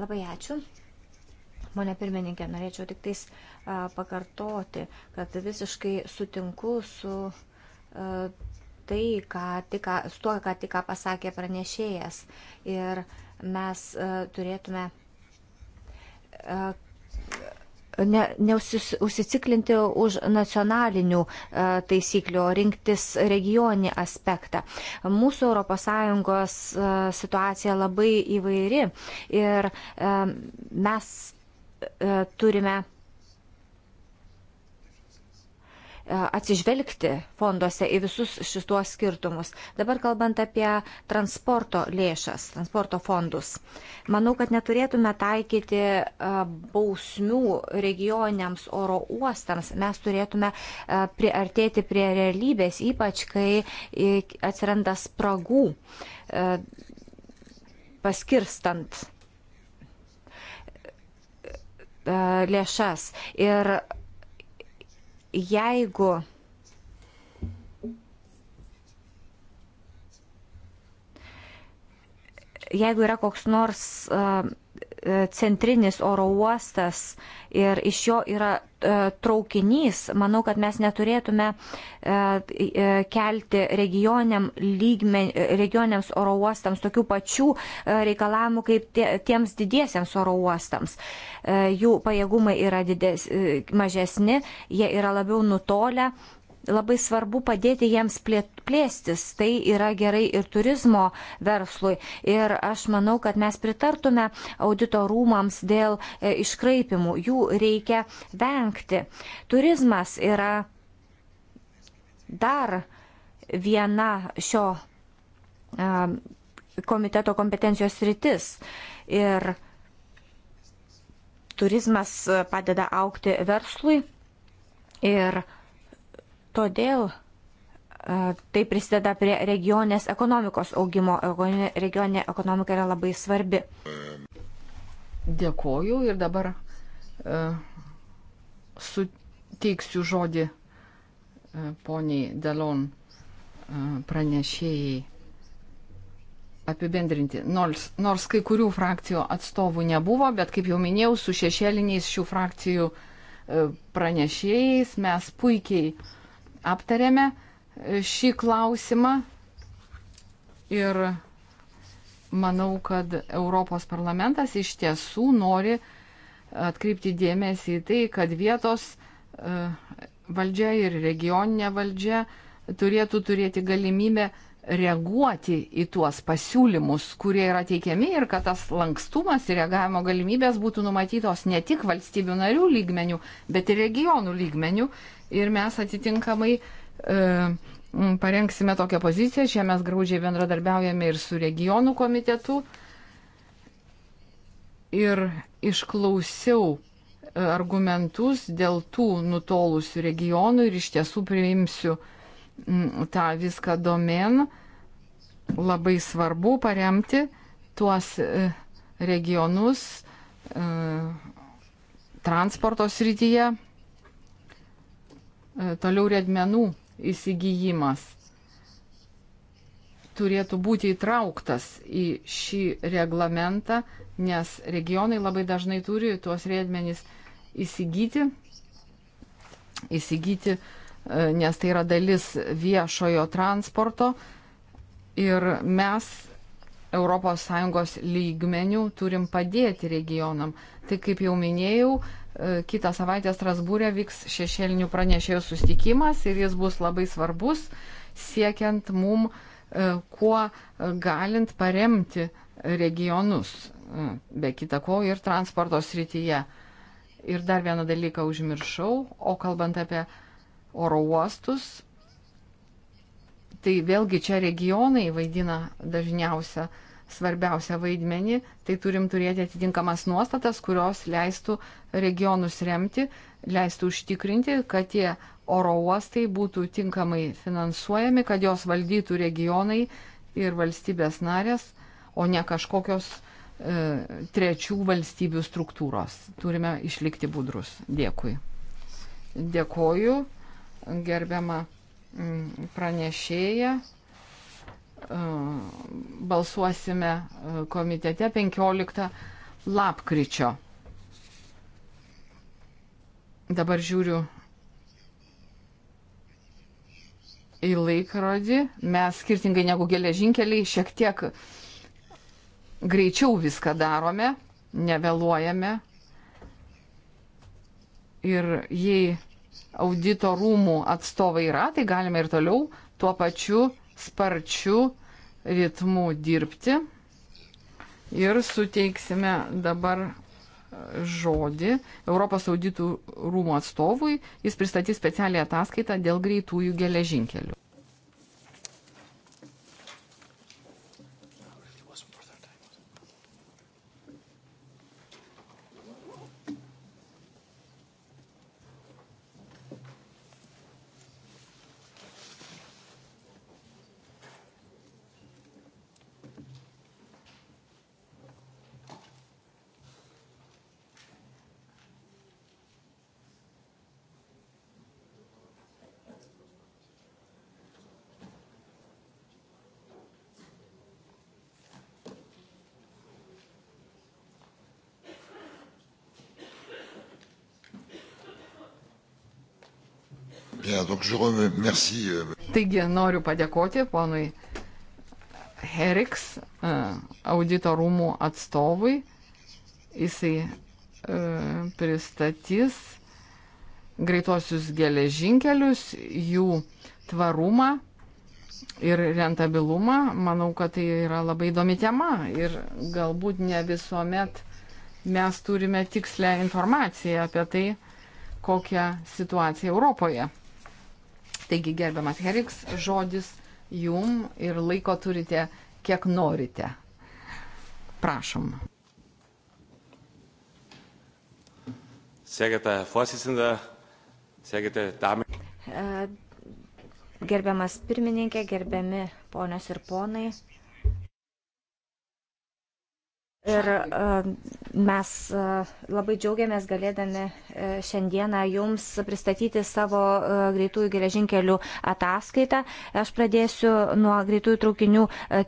Labai ačiū. Pone pirmininkė, norėčiau tik tais pakartoti, kad visiškai sutinku su tai, ką tik, su to, ką tik pasakė pranešėjas. Ir mes turėtume ne, neužsiciklinti už nacionalinių e, taisyklių, o rinktis regioninį aspektą. Mūsų ES e, situacija labai įvairi ir e, mes E, turime e, atsižvelgti fonduose į visus šituos skirtumus. Dabar kalbant apie transporto lėšas, transporto fondus. Manau, kad neturėtume taikyti e, bausmių regioniams oro uostams. Mes turėtume priartėti prie realybės, ypač kai atsiranda spragų paskirstant E, lėšas. Ir jeigu jeigu yra koks nors uh, E, centrinis oro uostas ir iš jo yra e, traukinys, manau, kad mes neturėtume e, kelti regioniam lygmen, regioniams oro uostams tokių pačių reikalavimų kaip tie, tiems didiesiems oro uostams. Jų pajėgumai yra dides, mažesni, jie yra labiau nutolę labai svarbu padėti jiems plėstis. Tai yra gerai ir turizmo verslui. Ir aš manau, kad mes pritartume audito rūmams dėl e, iškraipimų. Jų reikia vengti. Turizmas yra dar viena šio e, komiteto kompetencijos rytis. Ir turizmas padeda aukti verslui ir Todėl e, tai prisideda prie regionės ekonomikos augimo. Regioninė ekonomika yra labai svarbi. Dėkoju ir dabar uh, suteiksiu žodį uh, poniai Delon uh, pranešėjai apibendrinti. Nors, nors kai kurių frakcijų atstovų nebuvo, bet kaip jau minėjau, su šešėliniais šių frakcijų pranešėjais mes puikiai uh, aptarėme e, šį klausimą ir manau, kad Europos parlamentas iš tiesų nori atkreipti dėmesį į tai, kad vietos e, valdžia ir regioninė valdžia turėtų turėti galimybę reaguoti į tuos pasiūlymus, kurie yra teikiami ir kad tas lankstumas ir reagavimo galimybės būtų numatytos ne tik valstybių narių lygmenių, bet ir regionų lygmenių ir mes atitinkamai e, parengsime tokią poziciją. Čia mes graudžiai bendradarbiaujame ir su regionų komitetu. Ir išklausiau e, argumentus dėl tų nutolusių regionų ir iš tiesų priimsiu tą viską domen. Labai svarbu paremti tuos e, regionus e, transporto srityje, E, toliau redmenų įsigijimas turėtų būti įtrauktas į šį reglamentą, nes regionai labai dažnai turi tuos riedmenys įsigyti, įsigyti, e, nes tai yra dalis viešojo transporto ir mes ES lygmenių turim padėti regionam. Tai kaip jau minėjau, kitą savaitę Strasbūrė vyks šešėlinių pranešėjų sustikimas ir jis bus labai svarbus, siekiant mum e, kuo galint paremti regionus, e, be kita ko ir transporto srityje. Ir dar vieną dalyką užmiršau, o kalbant apie oro uostus, tai vėlgi čia regionai vaidina dažniausią uh, svarbiausią vaidmenį, tai turim turėti atitinkamas nuostatas, kurios leistų regionus remti, leistų užtikrinti, kad tie oro uostai būtų tinkamai finansuojami, kad jos valdytų regionai ir valstybės narės, o ne kažkokios e, trečių valstybių struktūros. Turime išlikti budrus. Dėkui. Dėkoju, gerbiama pranešėja balsuosime e, komitete 15 lapkričio. Dabar žiūriu į laikrodį. Mes skirtingai negu geležinkeliai šiek tiek greičiau viską darome, nevėluojame. Ir jei audito rūmų atstovai yra, tai galime ir toliau tuo pačiu sparčių ritmų dirbti. Ir suteiksime dabar žodį Europos auditų rūmų atstovui. Jis pristatys specialią ataskaitą dėl greitųjų geležinkelių. Euh, Taigi noriu padėkoti ponui Heriks, e, audito rūmų atstovui. Jisai e, pristatys greitosius geležinkelius, jų tvarumą ir rentabilumą. Manau, kad tai yra labai įdomi tema ir galbūt ne visuomet mes turime tikslę informaciją apie tai, kokią situaciją Europoje. Taigi, gerbiamas Heriks, žodis jum ir laiko turite, kiek norite. Prašom. Sėkite, Fosisinda, sėkite, Dami. Gerbiamas pirmininkė, gerbiami ponios ir ponai, Ir e, mes e, labai džiaugiamės galėdami e, šiandieną Jums pristatyti savo greitųjų geležinkelių ataskaitą. Aš pradėsiu nuo greitųjų traukinių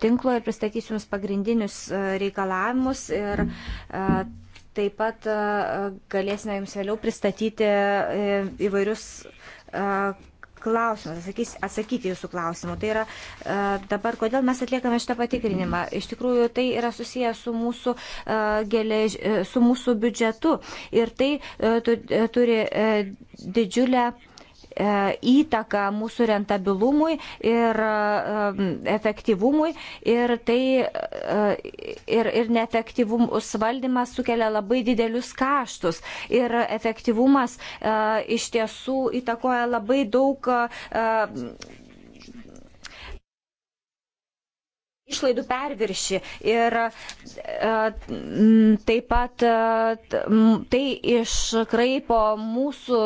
tinklo ir pristatysiu Jums pagrindinius reikalavimus. Ir taip pat galėsime Jums vėliau pristatyti įvairius klausimus, atsakys, atsakyti jūsų klausimų. Tai yra e, dabar, kodėl mes atliekame šitą patikrinimą. Iš tikrųjų, tai yra susijęs su mūsų, e, gelež, e, su mūsų biudžetu ir tai turi didžiulę E, įtaką mūsų rentabilumui ir e, efektyvumui ir tai e, ir, ir neefektyvumus valdymas sukelia labai didelius kaštus ir efektyvumas iš tiesų įtakoja labai daug išlaidų perviršį ir e, taip pat e, tai iškraipo mūsų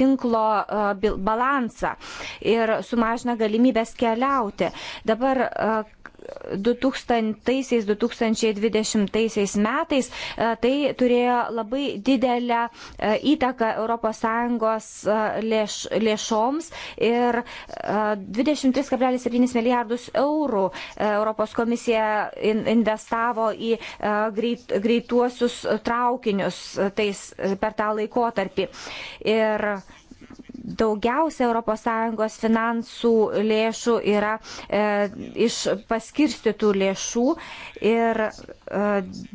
tinklo e, balansą ir sumažina galimybės keliauti. Dabar 2000-2020 metais e, tai turėjo labai didelę e, įtaką ES e, lėš, lėšoms ir 23,7 milijardus eurų Europos komisija investavo į greit, greituosius traukinius tais, per tą laikotarpį. Ir daugiausia ES finansų lėšų yra e, iš paskirstytų lėšų ir e,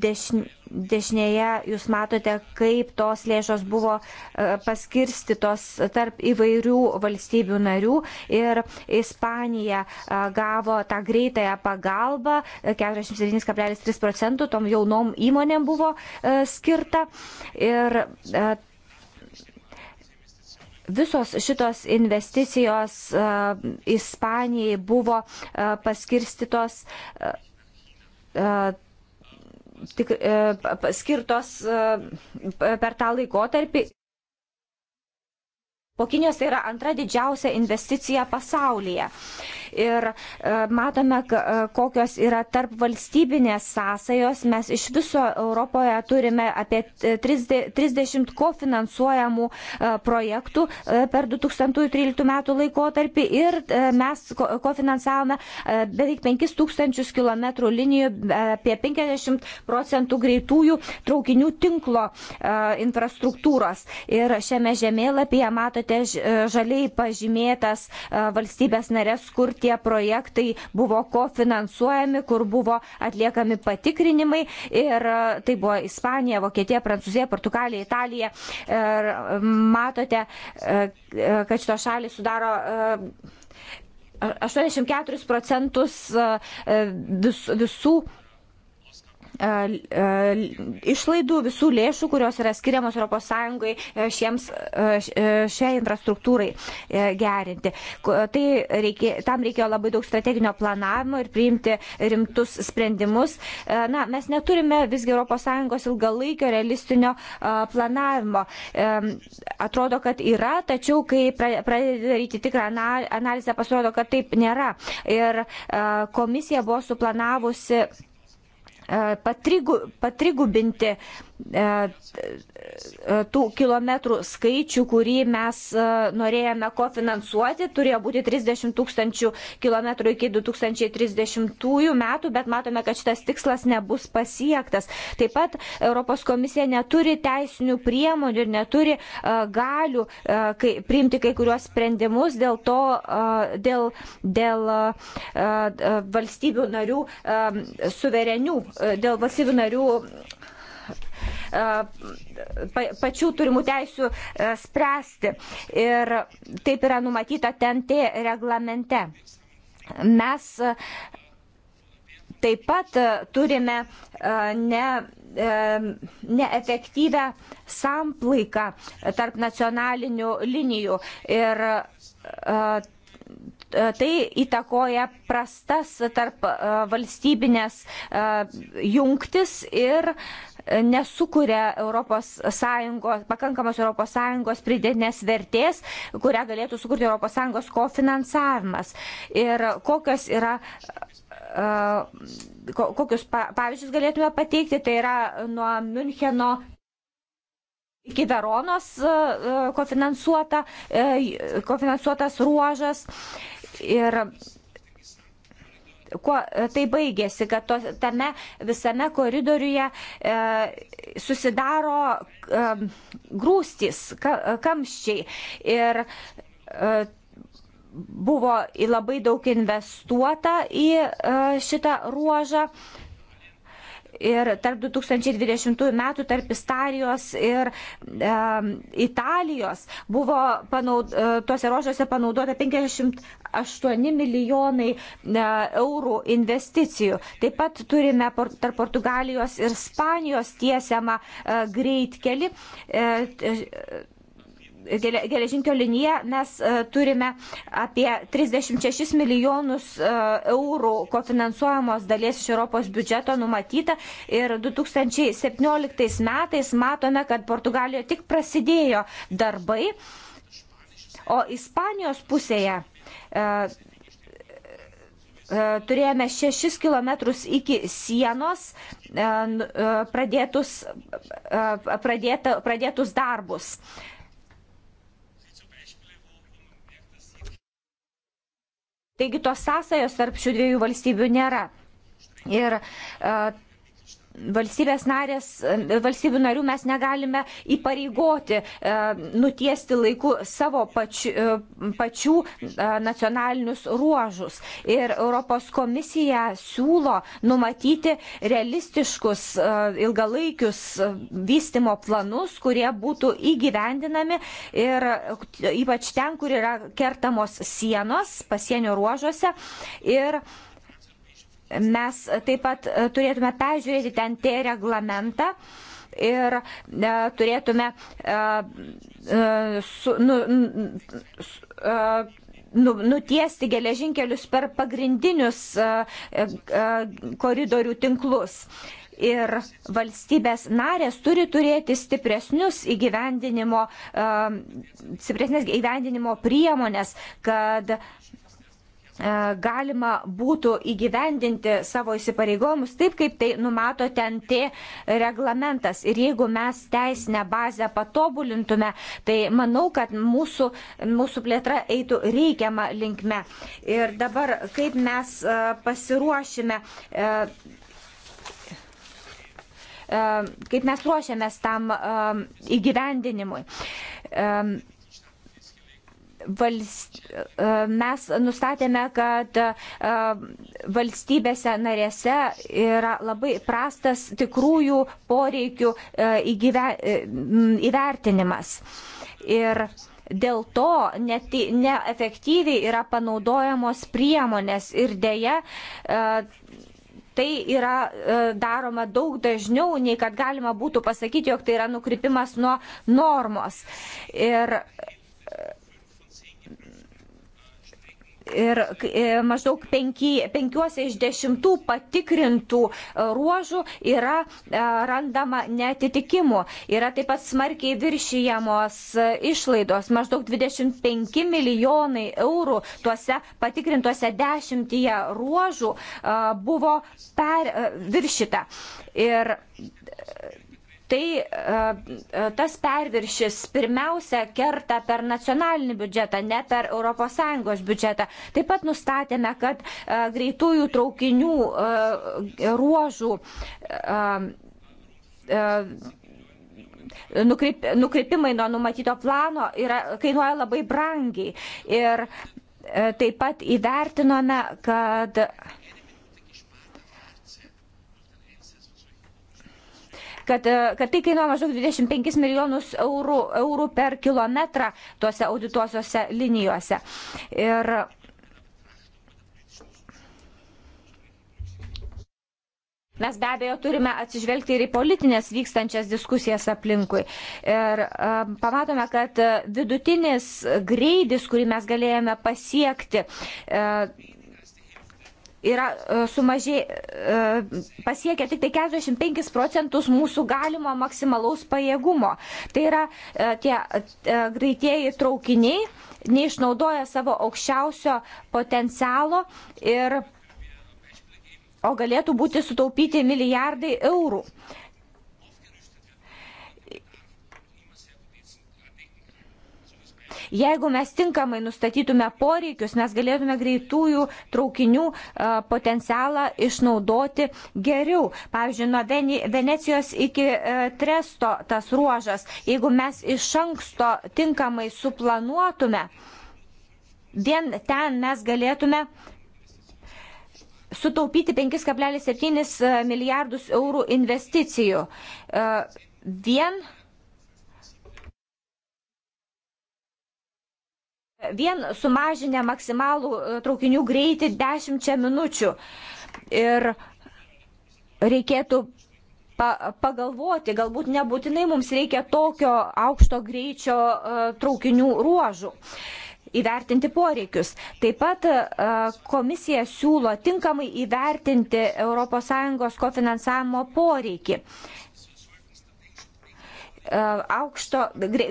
dešinė dešinėje jūs matote, kaip tos lėšos buvo e, paskirstytos tarp įvairių valstybių narių ir Ispanija e, gavo tą greitąją pagalbą, 47,3 e, procentų tom jaunom įmonėm buvo skirta ir Visos šitos investicijos e, Ispanijai buvo e, paskirstytos e, tik, skirtos per tą laikotarpį. Po Kinijos tai yra antra didžiausia investicija pasaulyje ir e, matome, e, kokios yra tarp valstybinės sąsajos. Mes iš viso Europoje turime apie 30 kofinansuojamų e, projektų per 2013 metų laikotarpį ir mes kofinansavome beveik 5000 km linijų, apie 50 procentų greitųjų traukinių tinklo infrastruktūros. Ir šiame žemėlapyje matote žaliai pažymėtas valstybės narės, kur tie projektai buvo kofinansuojami, kur buvo atliekami patikrinimai. Ir e, tai buvo Ispanija, Vokietija, Prancūzija, Portugalija, Italija. Ir e, matote, e, kad šito šalį sudaro 84 procentus vis, visų išlaidų visų lėšų, kurios yra skiriamos ES e, šiems, e, e, šiai infrastruktūrai gerinti. Tai reikė, tam reikėjo labai daug strateginio planavimo ir priimti rimtus sprendimus. Na, mes neturime visgi ES ilgalaikio realistinio planavimo. Atrodo, kad yra, tačiau kai pradedi daryti tikrą analizę, pasirodo, kad taip nėra. Ir komisija buvo suplanavusi patrigubinti E, e, tų kilometrų skaičių, kurį mes e, norėjome kofinansuoti, turėjo būti 30 tūkstančių kilometrų iki 2030 metų, bet matome, kad šitas tikslas nebus pasiektas. Taip pat Europos komisija neturi teisinių priemonių ir neturi galių kai, priimti kai kuriuos sprendimus dėl to, dėl, dėl valstybių narių suverenių, dėl valstybių narių pačių turimų teisių spręsti. Ir taip yra numatyta TNT reglamente. Mes taip pat turime ne, neefektyvę samplaiką tarp nacionalinių linijų ir tai įtakoja prastas tarp valstybinės jungtis ir nesukuria Europos Sąjungos, pakankamos ES pridėtinės vertės, kurią galėtų sukurti ES kofinansavimas. Ir kokios yra e, kokius pavyzdžius galėtume pateikti, tai yra nuo Müncheno iki Veronos e, kofinansuota, e, kofinansuotas ruožas. Ir kuo e, tai baigėsi, kad to, tame visame koridoriuje e, susidaro e, grūstys, ka, kamščiai. Ir e, buvo labai daug investuota į e, šitą ruožą. E, ir tarp 2020 metų tarp Istarijos ir e, Italijos buvo panaud, e, tuose ruožuose panaudota 58 milijonai e, eurų investicijų. Taip pat turime por, tarp Portugalijos ir Spanijos tiesiamą e, greitkelį. E, e, geležinkio liniją mes e, turime apie 36 milijonus e, eurų kofinansuojamos dalies iš Europos biudžeto numatyta ir 2017 metais matome, kad Portugalijoje tik prasidėjo darbai, o Ispanijos pusėje e, turėjome 6 km iki sienos pradėtus, pradėta, pradėtus darbus. Taigi tos sąsajos tarp šių dviejų valstybių nėra. Ir uh, valstybės narės, e, valstybių narių mes negalime įpareigoti e, nutiesti laiku savo e, pačių, pačių nacionalinius ruožus. Ir Europos komisija siūlo numatyti realistiškus ilgalaikius vystimo planus, kurie būtų įgyvendinami ir ypač ten, kur yra kertamos sienos pasienio ruožuose. Ir uh, Mes taip pat e, turėtume peržiūrėti ten T reglamentą ir e, turėtume e, e, su, nu, su, e, nu, nutiesti geležinkelius per pagrindinius e, e, e, koridorių tinklus. Ir valstybės narės turi turėti stipresnius įgyvendinimo, e, stipresnės įgyvendinimo priemonės, kad E, galima būtų įgyvendinti savo įsipareigojimus taip, kaip tai numato ten T reglamentas. Ir jeigu mes teisinę bazę patobulintume, tai manau, kad mūsų, mūsų plėtra eitų reikiamą linkme. Ir dabar, kaip mes e, pasiruošime e, kaip mes ruošiamės tam įgyvendinimui valst... E, mes nustatėme, kad e, valstybėse narėse yra labai prastas tikrųjų poreikių e, įgyve... įvertinimas. Ir dėl to net, neefektyviai yra panaudojamos priemonės ir dėja tai yra daroma daug dažniau, nei kad galima būtų pasakyti, jog tai yra nukrypimas nuo normos. Ir Ir e, maždaug penki, penkiuose iš dešimtų patikrintų e, ruožų yra e, randama netitikimų. Yra taip pat smarkiai viršyjamos išlaidos. Maždaug 25 milijonai eurų tuose patikrintuose dešimtyje ruožų buvo per, viršita. Ir tai e, e, tas perviršis pirmiausia kerta per nacionalinį biudžetą, ne per ES biudžetą. Taip pat nustatėme, kad e, greitųjų traukinių ruožų nukreip, nukreipimai nuo numatyto plano yra, kainuoja labai brangiai. Ir taip pat įvertinome, kad kad, e, kad tai kainuoja maždaug 25 milijonus eurų, eurų per kilometrą tuose audituosiuose linijuose. Ir Mes be abejo turime atsižvelgti ir į politinės vykstančias diskusijas aplinkui. Ir um, pamatome, kad vidutinis greidis, kurį mes galėjome pasiekti, uh, yra e, sumažė, e, pasiekia tik tai 45 procentus mūsų galimo maksimalaus pajėgumo. Tai yra e, tie greitieji traukiniai neišnaudoja savo aukščiausio potencialo ir o galėtų būti sutaupyti milijardai eurų. Uh, Jeigu mes tinkamai nustatytume poreikius, mes galėtume greitųjų traukinių potencialą išnaudoti geriau. Pavyzdžiui, nuo Venecijos iki e, Tresto tas ruožas, jeigu mes iš anksto tinkamai suplanuotume, vien ten mes galėtume sutaupyti 5,7 e, milijardus eurų investicijų. E, vien vien sumažinę maksimalų e, traukinių greitį 10 minučių. Ir reikėtų pa pagalvoti, galbūt nebūtinai mums reikia tokio aukšto greičio e, traukinių ruožų įvertinti poreikius. Taip pat e, komisija siūlo tinkamai įvertinti ES kofinansavimo poreikį. E, aukšto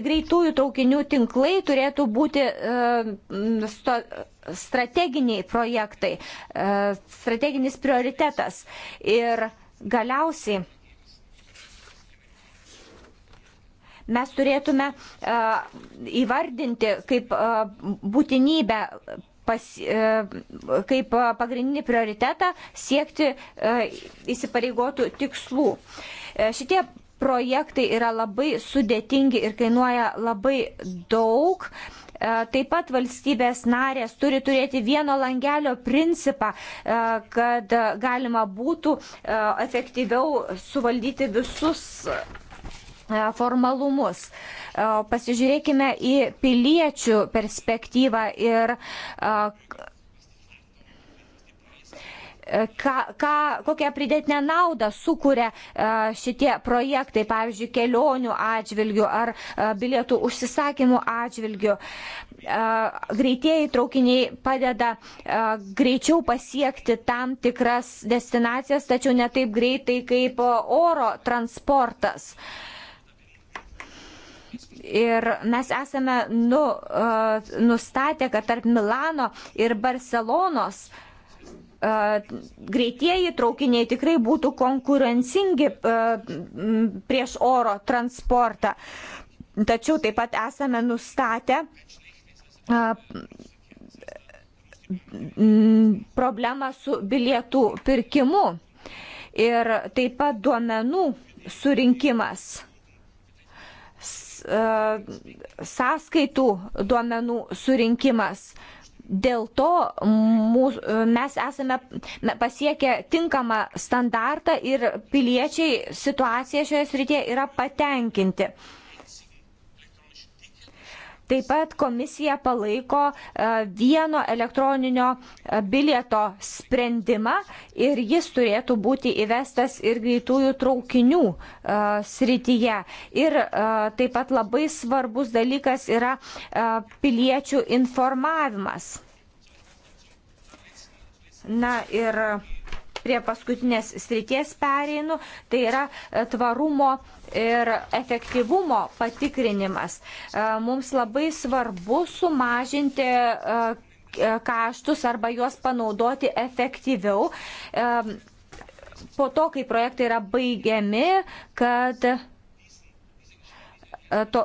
greitųjų traukinių tinklai turėtų būti e, strateginiai projektai, e, strateginis prioritetas. Ir galiausiai mes turėtume įvardinti kaip būtinybę pas, kaip pagrindinį prioritetą siekti įsipareigotų tikslų. Šitie projektai yra labai sudėtingi ir kainuoja labai daug. E, taip pat valstybės narės turi turėti vieno langelio principą, e, kad galima būtų e, efektyviau suvaldyti visus formalumus. Pasižiūrėkime į piliečių perspektyvą ir E, ką, ką, kokią pridėtinę naudą sukuria e, šitie projektai, pavyzdžiui, kelionių atžvilgių ar e, bilietų užsisakymų atžvilgių. Greitieji traukiniai padeda greičiau pasiekti tam tikras destinacijas, tačiau ne taip greitai kaip oro transportas. Ir mes esame nu, nustatę, kad tarp Milano ir Barcelonos uh, greitieji traukiniai tikrai būtų konkurencingi prieš oro transportą. Tačiau taip pat esame nustatę problemą su bilietų pirkimu ir taip pat duomenų surinkimas sąskaitų duomenų surinkimas dėl to mūs, mes esame pasiekę tinkamą standartą ir piliečiai situaciją šioje srityje yra patenkinti. Taip pat komisija palaiko e, vieno elektroninio e, bilieto sprendimą ir jis turėtų būti įvestas ir greitųjų traukinių e, srityje. Ir taip pat labai svarbus dalykas yra piliečių informavimas. Na ir prie paskutinės srities pereinu, tai yra e, tvarumo ir efektyvumo patikrinimas. E, mums labai svarbu sumažinti e, kaštus arba juos panaudoti efektyviau po to, kai projektai yra baigiami, kad to,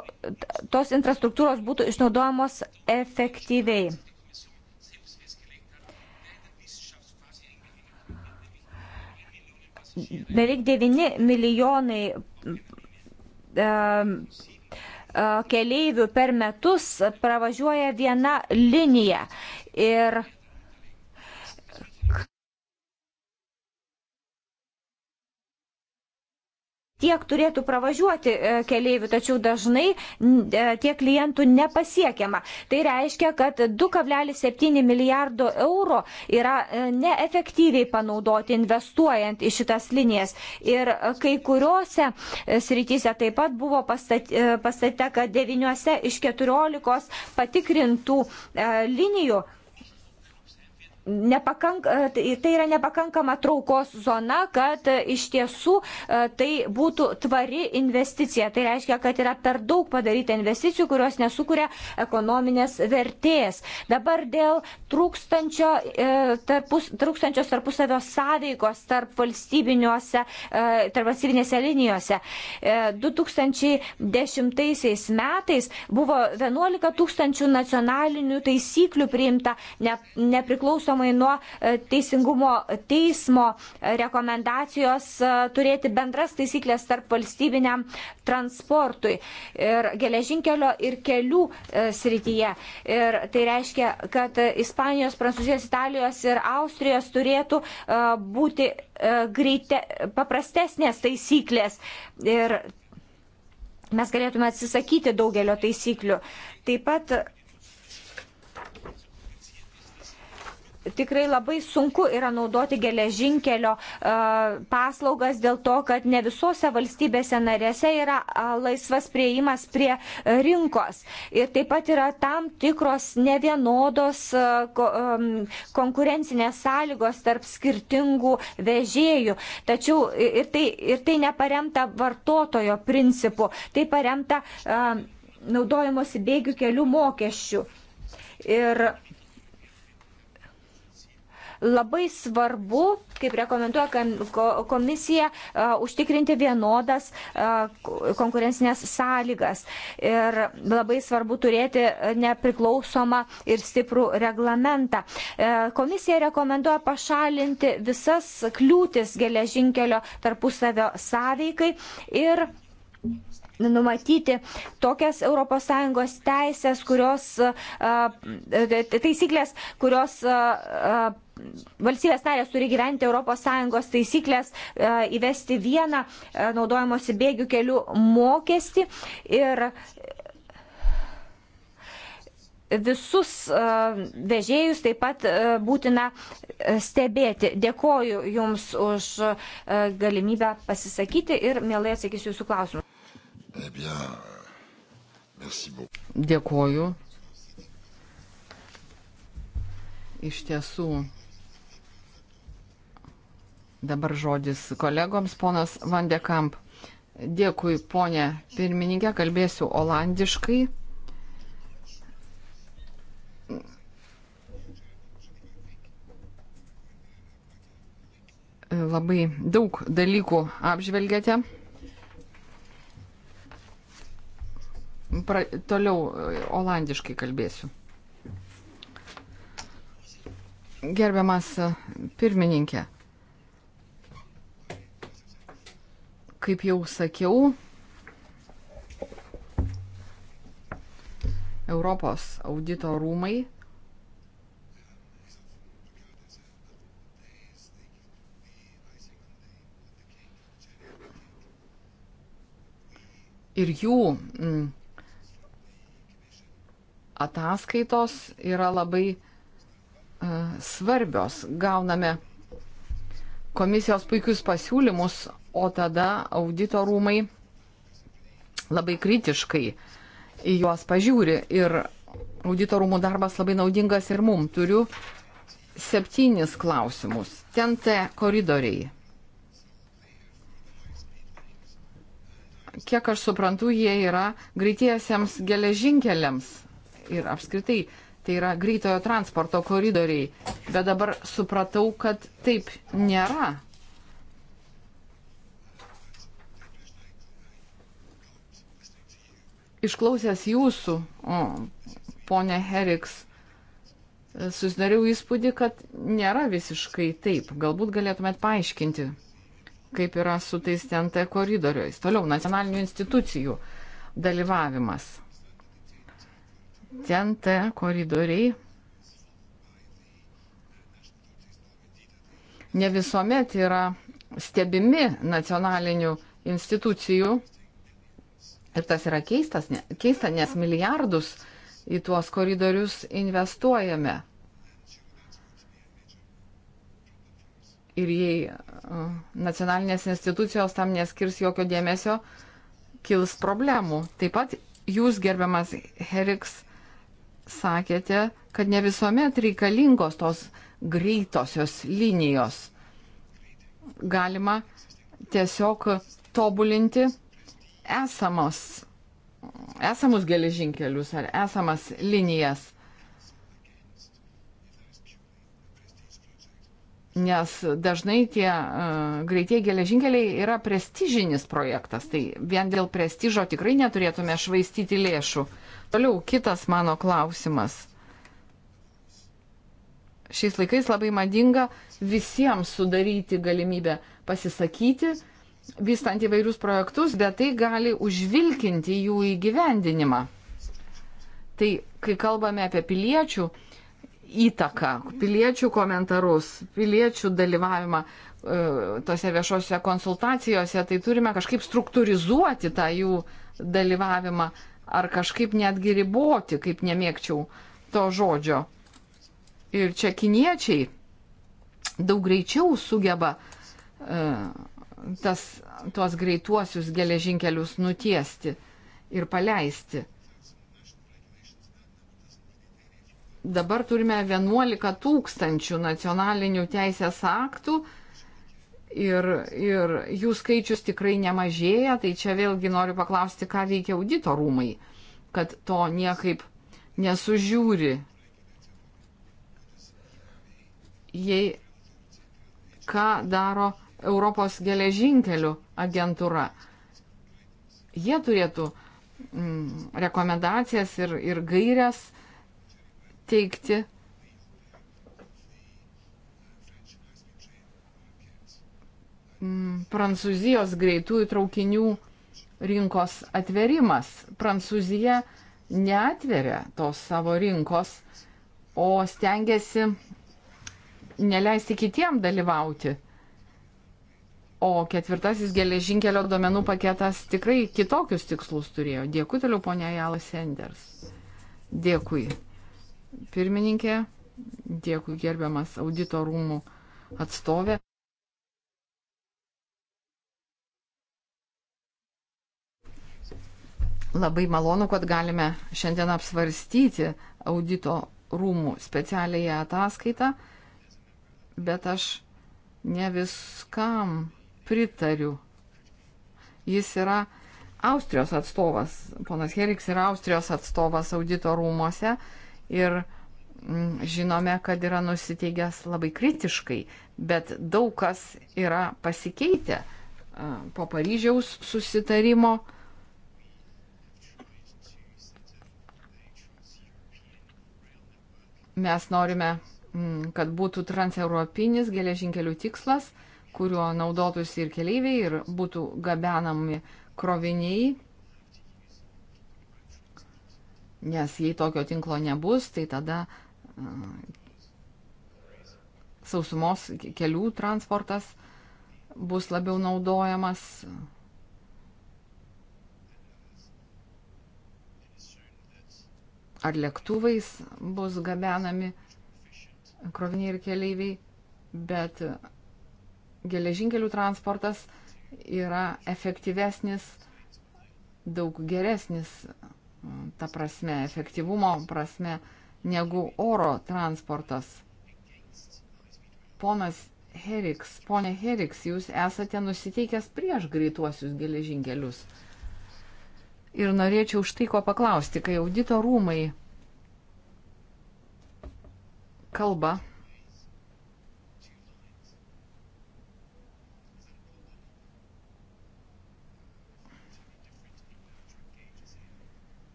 tos infrastruktūros būtų išnaudojamos efektyviai. beveik 9 milijonai e, e, keleivių per metus pravažiuoja viena linija. Ir tiek turėtų pravažiuoti e, keleivių, tačiau dažnai e, tie klientų nepasiekiama. Tai reiškia, kad 2,7 milijardo eurų yra e, neefektyviai panaudoti investuojant į šitas linijas. Ir kai kuriuose srityse taip pat buvo pastatyta, kad 9 iš 14 patikrintų linijų nepakank, e, tai, tai yra nepakankama traukos zona, kad e, iš tiesų e, tai būtų tvari investicija. Tai reiškia, kad yra per daug padaryta investicijų, kurios nesukuria ekonominės vertės. Dabar dėl trūkstančio, tarpus, trūkstančios tarpusavio sąveikos tarp, tarp valstybinėse linijose. 2010 metais buvo 11 tūkstančių nacionalinių taisyklių priimta ne, nepriklausomai nepriklausomai nuo e, teisingumo teismo rekomendacijos e, turėti bendras taisyklės tarp valstybiniam transportui ir geležinkelio ir kelių e, srityje. Ir tai reiškia, kad Ispanijos, Prancūzijos, Italijos ir Austrijos turėtų būti greite, paprastesnės taisyklės. Ir mes galėtume atsisakyti daugelio taisyklių. Taip pat tikrai labai sunku yra naudoti geležinkelio e, paslaugas dėl to, kad ne visose valstybėse narėse yra laisvas prieimas prie e, rinkos. Ir taip pat yra tam tikros nevienodos e, konkurencinės sąlygos tarp skirtingų vežėjų. Tačiau ir tai, ir tai neparemta vartotojo principu, tai paremta naudojimosi bėgių kelių mokesčių. Ir Labai svarbu, kaip rekomenduoja komisija, užtikrinti vienodas konkurencinės sąlygas. Ir labai svarbu turėti nepriklausomą ir stiprų reglamentą. E, komisija rekomenduoja pašalinti visas kliūtis geležinkelio tarpusavio sąveikai ir numatyti tokias ES teisės, kurios taisyklės, kurios valstybės narės turi gyventi ES taisyklės, e, įvesti vieną e, naudojimuosi bėgių kelių mokestį ir visus e, vežėjus taip pat būtina stebėti. Dėkoju Jums už galimybę pasisakyti ir mielai atsakysiu Jūsų klausimus. Eh Dėkoju. Iš tiesų, Dabar žodis kolegoms, ponas Vandekamp. Dėkui, ponė pirmininkė, kalbėsiu olandiškai. Labai daug dalykų apžvelgėte. Pra, toliau olandiškai kalbėsiu. Gerbiamas pirmininkė, Kaip jau sakiau, Europos audito rūmai ir jų mm, ataskaitos yra labai e, svarbios. Gauname komisijos puikius pasiūlymus, o tada audito rūmai labai kritiškai į juos pažiūri. Ir audito rūmų darbas labai naudingas ir mum. Turiu septynis klausimus. Ten te koridoriai. Kiek aš suprantu, jie yra greitiesiems geležinkeliams ir apskritai tai yra greitojo transporto koridoriai. Bet dabar supratau, kad taip nėra. Išklausęs jūsų, o, ponė Heriks, susidariau įspūdį, kad nėra visiškai taip. Galbūt galėtumėt paaiškinti, kaip yra su tais TNT koridoriais. Toliau, nacionalinių institucijų dalyvavimas ten T koridoriai ne visuomet yra stebimi nacionalinių institucijų. Ir tas yra keistas, ne, keista, nes milijardus į tuos koridorius investuojame. Ir jei e, nacionalinės institucijos tam neskirs jokio dėmesio, kils problemų. Taip pat jūs, gerbiamas Heriks, sakėte, kad ne visuomet reikalingos tos greitosios linijos. Galima tiesiog tobulinti esamos, esamus geležinkelius ar esamas linijas. Nes dažnai tie uh, e, greitie geležinkeliai yra prestižinis projektas, tai vien dėl prestižo tikrai neturėtume švaistyti lėšų. Uh, Toliau kitas mano klausimas. Šiais laikais labai madinga visiems sudaryti galimybę pasisakyti, vystant įvairius projektus, bet tai gali užvilkinti jų įgyvendinimą. Tai kai kalbame apie piliečių įtaką, piliečių komentarus, piliečių dalyvavimą e, tose viešose konsultacijose, tai turime kažkaip struktūrizuoti tą jų dalyvavimą ar kažkaip netgi riboti, kaip nemėgčiau to žodžio. Ir čia kiniečiai daug greičiau sugeba uh, tas, tuos greituosius geležinkelius nutiesti ir paleisti. Dabar turime 11 tūkstančių nacionalinių teisės aktų, uh, ir, ir jų skaičius tikrai nemažėja, tai čia vėlgi noriu paklausti, ką veikia audito rūmai, kad to niekaip nesužiūri. Jei ką daro Europos geležinkelių agentūra, jie turėtų mm, rekomendacijas ir, ir gairias teikti Mm, Prancūzijos greitųjų traukinių rinkos atverimas. Prancūzija neatveria tos savo rinkos, o stengiasi neleisti kitiem dalyvauti. O ketvirtasis geležinkelio duomenų paketas tikrai kitokius tikslus turėjo. Dėkui toliau, ponia Jalas Sanders. Dėkui. Pirmininkė, dėkui gerbiamas audito rūmų atstovė. Labai malonu, kad galime šiandien apsvarstyti audito rūmų specialiąją ataskaitą, bet aš ne viskam pritariu. Jis yra Austrijos atstovas, ponas Heriks yra Austrijos atstovas audito rūmose ir mm, žinome, kad yra nusiteigęs labai kritiškai, bet daug kas yra pasikeitę po Paryžiaus susitarimo. Mes norime, mm, kad būtų transeuropinis geležinkelių tikslas, kuriuo naudotųsi ir keleiviai, ir būtų gabenami kroviniai. Nes jei tokio tinklo nebus, tai tada mm, sausumos kelių transportas bus labiau naudojamas ar lėktuvais bus gabenami kroviniai ir keleiviai, bet geležinkelių transportas yra efektyvesnis, daug geresnis, ta prasme, efektyvumo prasme, negu oro transportas. Ponas Heriks, ponė Heriks, jūs esate nusiteikęs prieš greituosius geležinkelius ir norėčiau štai ko paklausti, kai audito rūmai kalba.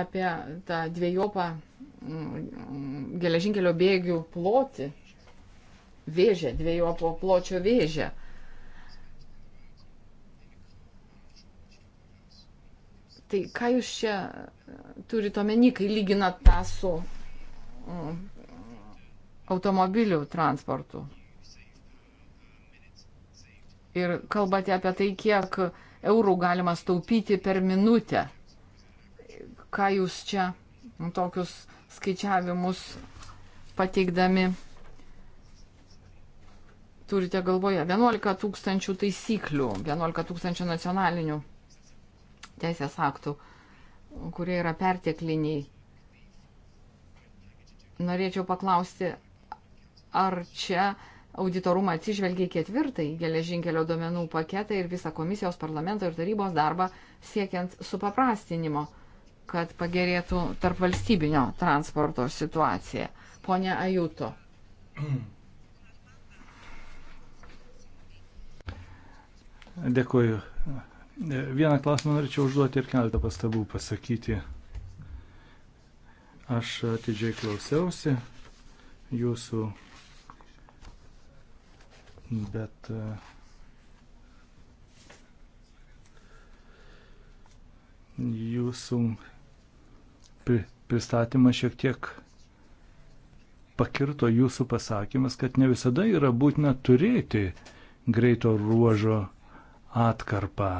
apie tą dviejopą mm, geležinkelio bėgių plotį, vėžę, dviejopo pločio vėžę. Tai ką jūs čia turite omeny, kai lyginat tą su um, automobilių transportu? Ir kalbate apie tai, kiek eurų galima staupyti per minutę. Ką jūs čia mm, tokius skaičiavimus pateikdami turite galvoje 11 tūkstančių taisyklių, 11 tūkstančių nacionalinių teisės aktų, kurie yra pertekliniai. Norėčiau paklausti, ar čia auditorumą atsižvelgia į ketvirtąjį geležinkelio duomenų paketą ir visą komisijos, parlamento ir tarybos darbą siekiant supaprastinimo, kad pagerėtų tarp valstybinio transporto situacija. Pone Ajuto. Dėkuoju E, vieną klausimą norėčiau užduoti ir keletą pastabų pasakyti. Aš atidžiai klausiausi jūsų, bet e, jūsų pristatymą šiek tiek pakirto jūsų pasakymas, kad ne visada yra būtina turėti greito ruožo atkarpą.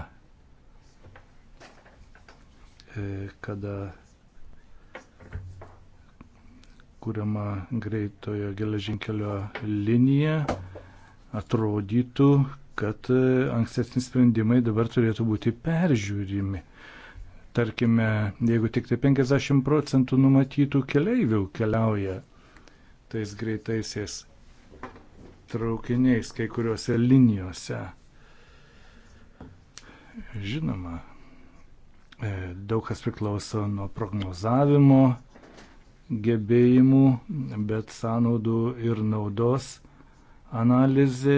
E, kada kuriama greitojo geležinkelio linija, atrodytų, kad e, ankstesni sprendimai dabar turėtų būti peržiūrimi. Tarkime, jeigu tik tai 50 procentų numatytų keleivių keliauja tais greitaisiais traukiniais kai kuriuose linijose. Žinoma, E, daug kas priklauso nuo prognozavimo gebėjimų, bet sąnaudų ir naudos analizė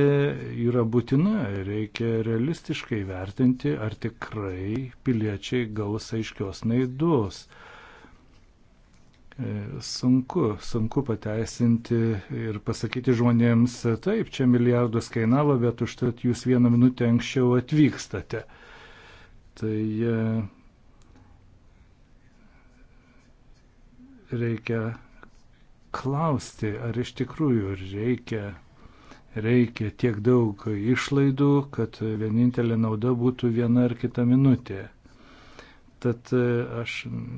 yra būtina. Reikia realistiškai vertinti, ar tikrai piliečiai gaus aiškios naidos. E, sunku, sunku pateisinti ir pasakyti žmonėms, taip, čia milijardus kainavo, bet užtat jūs vieną minutę anksčiau atvykstate. Tai e, reikia klausti, ar iš tikrųjų reikia, reikia tiek daug išlaidų, kad vienintelė nauda būtų viena ar kita minutė. Tad e, aš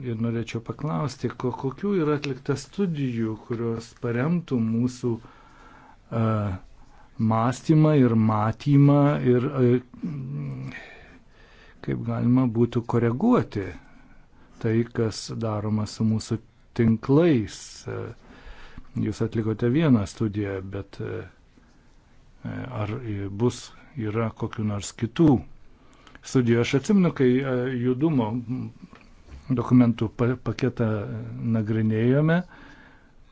ir norėčiau paklausti, ko, kokių yra atlikta studijų, kurios paremtų mūsų uh, mąstymą ir matymą ir uh, kaip galima būtų koreguoti tai, kas daroma su mūsų tinklais. Jūs atlikote vieną studiją, bet e, ar bus, yra kokiu nors kitų studijų. Aš atsimenu, kai e, judumo dokumentų paketą nagrinėjome,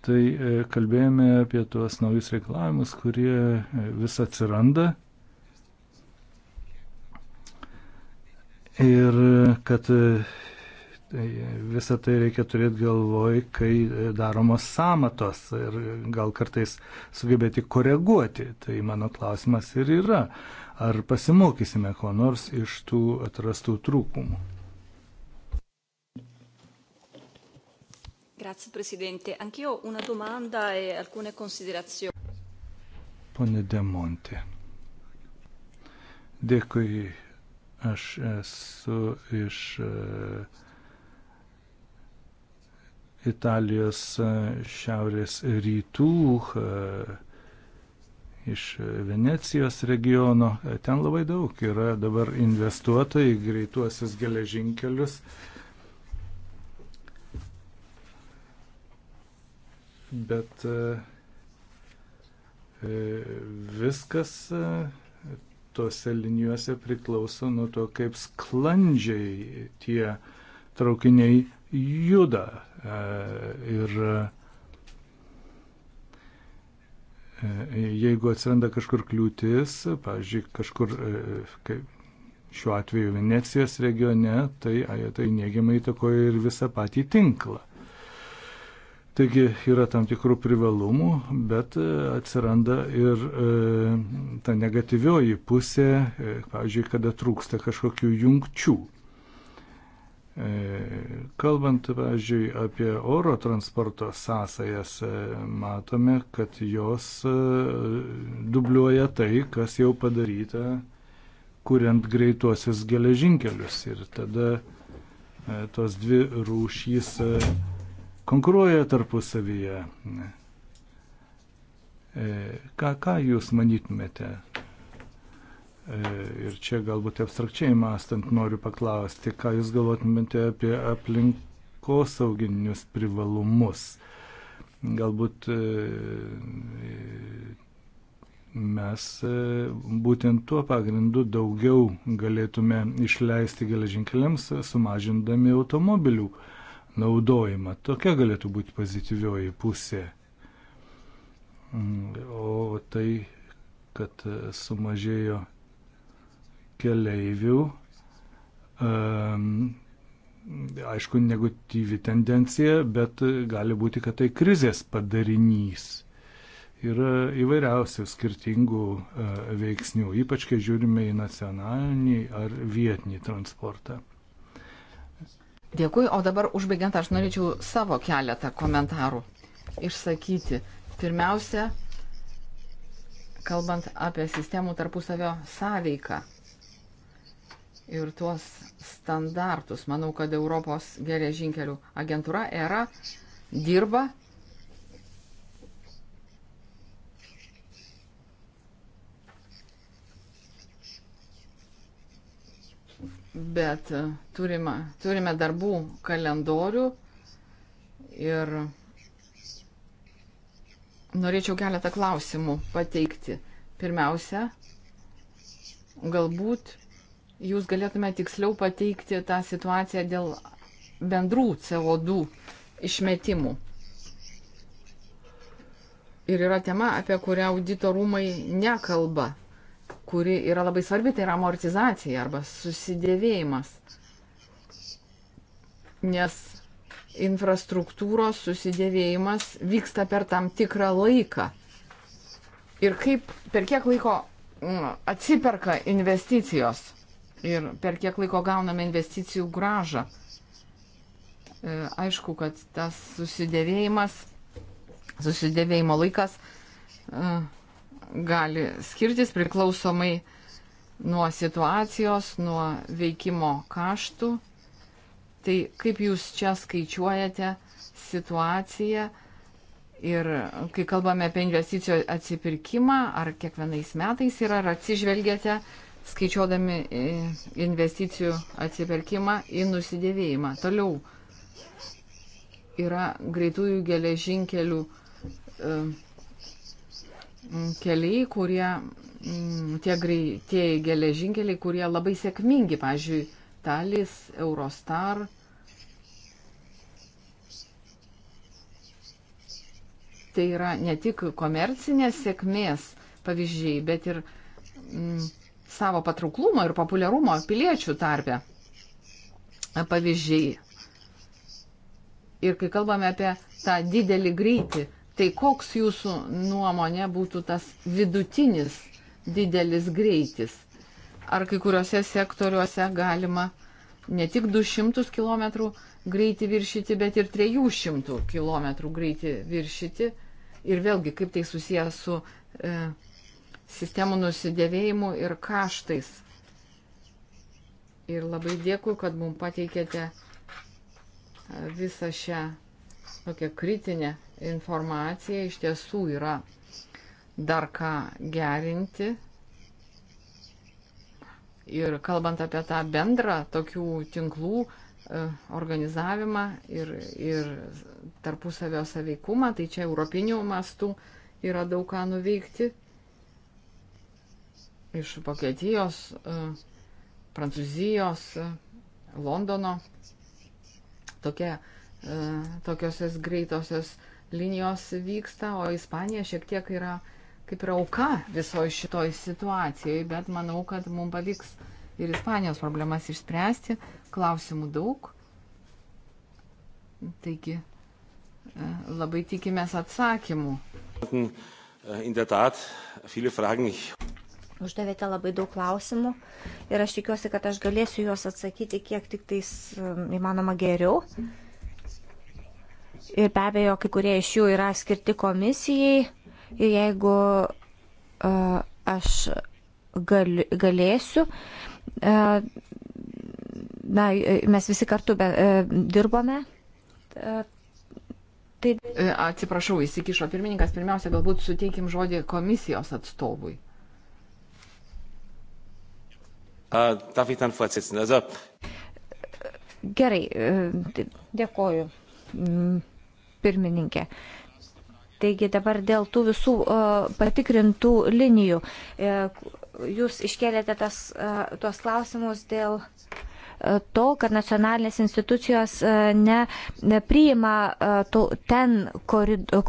tai e, kalbėjome apie tuos naujus reikalavimus, kurie vis atsiranda. Ir kad Tai, e, Visą tai reikia turėti galvoj, kai e, daromos samatos ir gal kartais sugebėti koreguoti. Tai mano klausimas ir yra, ar pasimokysime ko nors iš tų atrastų trūkumų. Grazie Presidente. Anch'io una domanda e alcune considerazioni. Pone De Monte. Dėkui. Aš esu iš uh, Italijos e, šiaurės rytų, e, iš Venecijos regiono. E, ten labai daug yra dabar investuotojai greituosius geležinkelius. Bet viskas tose linijuose priklauso nuo to, kaip sklandžiai tie traukiniai juda E, ir e, jeigu atsiranda kažkur kliūtis, pavyzdžiui, kažkur, e, kaip šiuo atveju Venecijos regione, tai, tai neigiamai įtakoja ir visą patį tinklą. Taigi yra tam tikrų privalumų, bet atsiranda ir e, ta negatyvioji pusė, e, pavyzdžiui, kada trūksta kažkokių jungčių. E, kalbant, pavyzdžiui, apie oro transporto sąsajas, e, matome, kad jos e, dubliuoja tai, kas jau padaryta, kuriant greituosius geležinkelius. Ir tada tos dvi rūšys konkuruoja tarpusavyje. Ką, ką jūs manytumėte E, ir čia galbūt abstrakčiai mąstant noriu paklausti, ką Jūs galvotumėte apie aplinkosauginius privalumus. Galbūt e, mes e, būtent tuo pagrindu daugiau galėtume išleisti geležinkeliams, sumažindami automobilių naudojimą. Tokia galėtų būti pozityvioji pusė. Mm, o tai, kad sumažėjo keleivių, ehm, aišku, negatyvi tendencija, bet gali būti, kad tai krizės padarinys. Yra įvairiausių skirtingų e, veiksnių, ypač kai žiūrime į nacionalinį ar vietinį transportą. Dėkui, o dabar užbaigiant aš norėčiau savo keletą komentarų išsakyti. Pirmiausia, kalbant apie sistemų tarpusavio sąveiką ir tuos standartus. Manau, kad Europos geležinkelių agentūra yra, dirba. Bet e, turime, turime darbų kalendorių ir norėčiau keletą klausimų pateikti. Pirmiausia, galbūt jūs galėtume tiksliau pateikti tą situaciją dėl bendrų CO2 išmetimų. Ir yra tema, apie kurią auditorumai nekalba, kuri yra labai svarbi, tai yra amortizacija arba susidėvėjimas. Nes infrastruktūros susidėvėjimas vyksta per tam tikrą laiką. Ir kaip, per kiek laiko mm, atsiperka investicijos ir per kiek laiko gauname investicijų gražą. E, aišku, kad tas susidėvėjimas, susidėvėjimo laikas e, gali skirtis priklausomai nuo situacijos, nuo veikimo kaštų. Tai kaip jūs čia skaičiuojate situaciją ir kai kalbame apie investicijų atsipirkimą, ar kiekvienais metais yra, ar atsižvelgiate skaičiuodami e, investicijų atsiperkimą į nusidėvėjimą. Toliau yra greitųjų geležinkelių e, keliai, kurie, mm, tie greitieji geležinkeliai, kurie labai sėkmingi, pavyzdžiui, Talis, Eurostar. Tai yra ne tik komercinės sėkmės pavyzdžiai, bet ir mm, savo patrauklumo ir populiarumo piliečių tarpe pavyzdžiai. Ir kai kalbame apie tą didelį greitį, tai koks jūsų nuomonė būtų tas vidutinis didelis greitis? Ar kai kuriuose sektoriuose galima ne tik 200 km greitį viršyti, bet ir 300 km greitį viršyti? Ir vėlgi, kaip tai susijęs su e, sistemų nusidėvėjimu ir kaštais. Ir labai dėkui, kad mums pateikėte e, visą šią tokią kritinę informaciją. Iš tiesų yra dar ką gerinti. Ir kalbant apie tą bendrą tokių tinklų e, organizavimą ir, ir tarpusavio saveikumą, tai čia europinių mastų yra daug ką nuveikti iš Vokietijos, e, Prancūzijos, e, Londono. Tokia, e, tokiosios greitosios linijos vyksta, o Ispanija šiek tiek yra kaip ir auka visoje šitoj situacijoje, bet manau, kad mums pavyks ir Ispanijos problemas išspręsti. Klausimų daug. Taigi labai tikimės atsakymų. In der Tat, viele Fragen. Uždavėte labai daug klausimų ir aš tikiuosi, kad aš galėsiu juos atsakyti kiek tik tais um, įmanoma geriau. Ir be abejo, kai kurie iš jų yra skirti komisijai. Ir jeigu uh, aš gal, galėsiu, uh, na, mes visi kartu be, uh, dirbome. Uh, Tai... E, atsiprašau, įsikišo pirmininkas. Pirmiausia, galbūt suteikim žodį komisijos atstovui. Darf ich dann fortsetzen? Also... Gerai, e, dėkoju, pirmininkė. Taigi dabar dėl tų visų e, patikrintų linijų. E, jūs iškėlėte tas, tuos klausimus dėl to, kad nacionalinės institucijos nepriima ne ten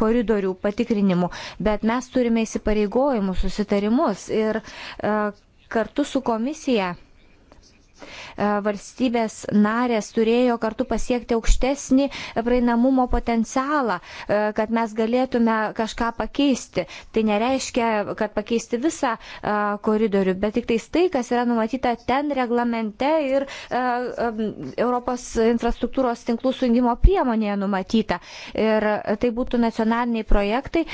koridorių patikrinimų, bet mes turime įsipareigojimų, susitarimus ir kartu su komisija e, valstybės narės turėjo kartu pasiekti aukštesnį praeinamumo potencialą, e, kad mes galėtume kažką pakeisti. Tai nereiškia, kad pakeisti visą e, koridorių, bet tik tais tai, kas yra numatyta ten reglamente ir Europos infrastruktūros tinklų sujungimo priemonėje numatyta. Ir tai būtų nacionaliniai projektai,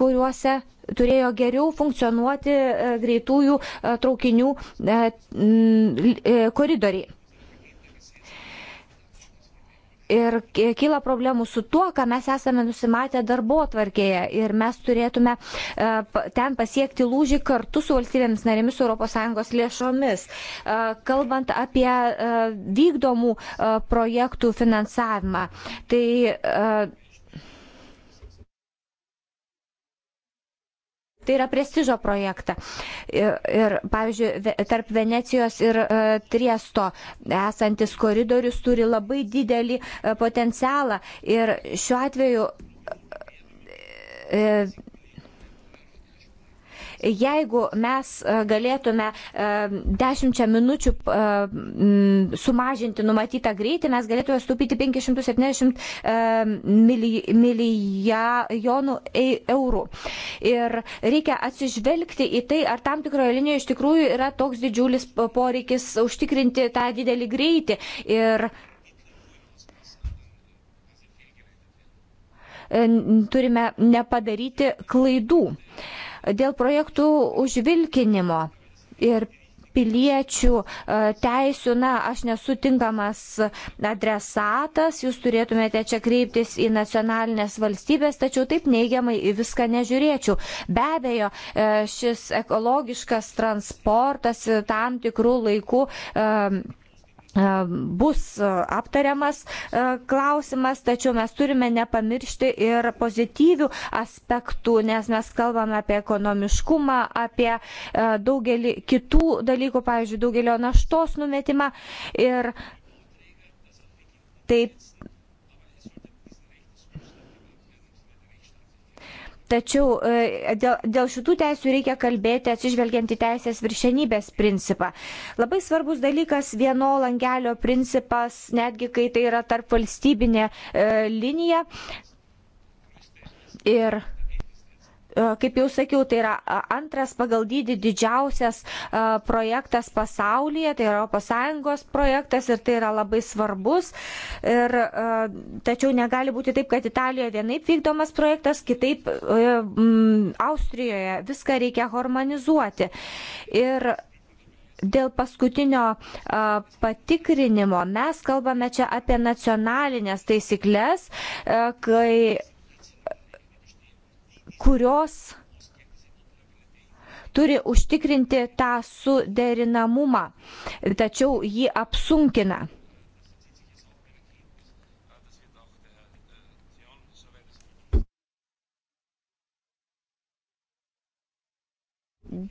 kuriuose turėjo geriau funkcionuoti e, greitųjų e, traukinių e, koridoriai. Ir kyla problemų su tuo, ką mes esame nusimatę darbo tvarkėje. Ir mes turėtume ten pasiekti lūžį kartu su valstybėmis narėmis ES lėšomis. Kalbant apie vykdomų projektų finansavimą, tai tai yra prestižo projektą. Ir, ir pavyzdžiui, tarp Venecijos ir e, Triesto esantis koridorius turi labai didelį e, potencialą. Ir šiuo atveju. E, e Jeigu mes e, galėtume e, dešimčia minučių e, sumažinti numatytą greitį, mes galėtume stupyti 570 milijonų eurų. Ir reikia atsižvelgti į tai, ar tam tikroje linijoje iš tikrųjų yra toks didžiulis poreikis užtikrinti tą didelį greitį. Ir turime nepadaryti klaidų. Uh, dėl projektų užvilkinimo ir piliečių e, teisių, na, aš nesu tinkamas adresatas, jūs turėtumėte čia kreiptis į nacionalinės valstybės, tačiau taip neigiamai į viską nežiūrėčiau. Be abejo, e, šis ekologiškas transportas tam tikrų laikų e, bus aptariamas klausimas, tačiau mes turime nepamiršti ir pozityvių aspektų, nes mes kalbame apie ekonomiškumą, apie daugelį kitų dalykų, pavyzdžiui, daugelio naštos numetimą. Ir taip Tačiau e, dėl, dėl šitų teisių reikia kalbėti atsižvelgiant į teisės viršenybės principą. Labai svarbus dalykas vieno langelio principas, netgi kai tai yra tarp valstybinė e, linija. Ir kaip jau sakiau, tai yra antras pagal dydį didžiausias projektas pasaulyje, tai yra ES projektas ir tai yra labai svarbus. Ir, tačiau negali būti taip, kad Italijoje vienaip vykdomas projektas, kitaip Austrijoje viską reikia harmonizuoti. Ir dėl paskutinio a, patikrinimo mes kalbame čia apie nacionalinės taisyklės, a, kai kurios turi užtikrinti tą suderinamumą, tačiau jį apsunkina.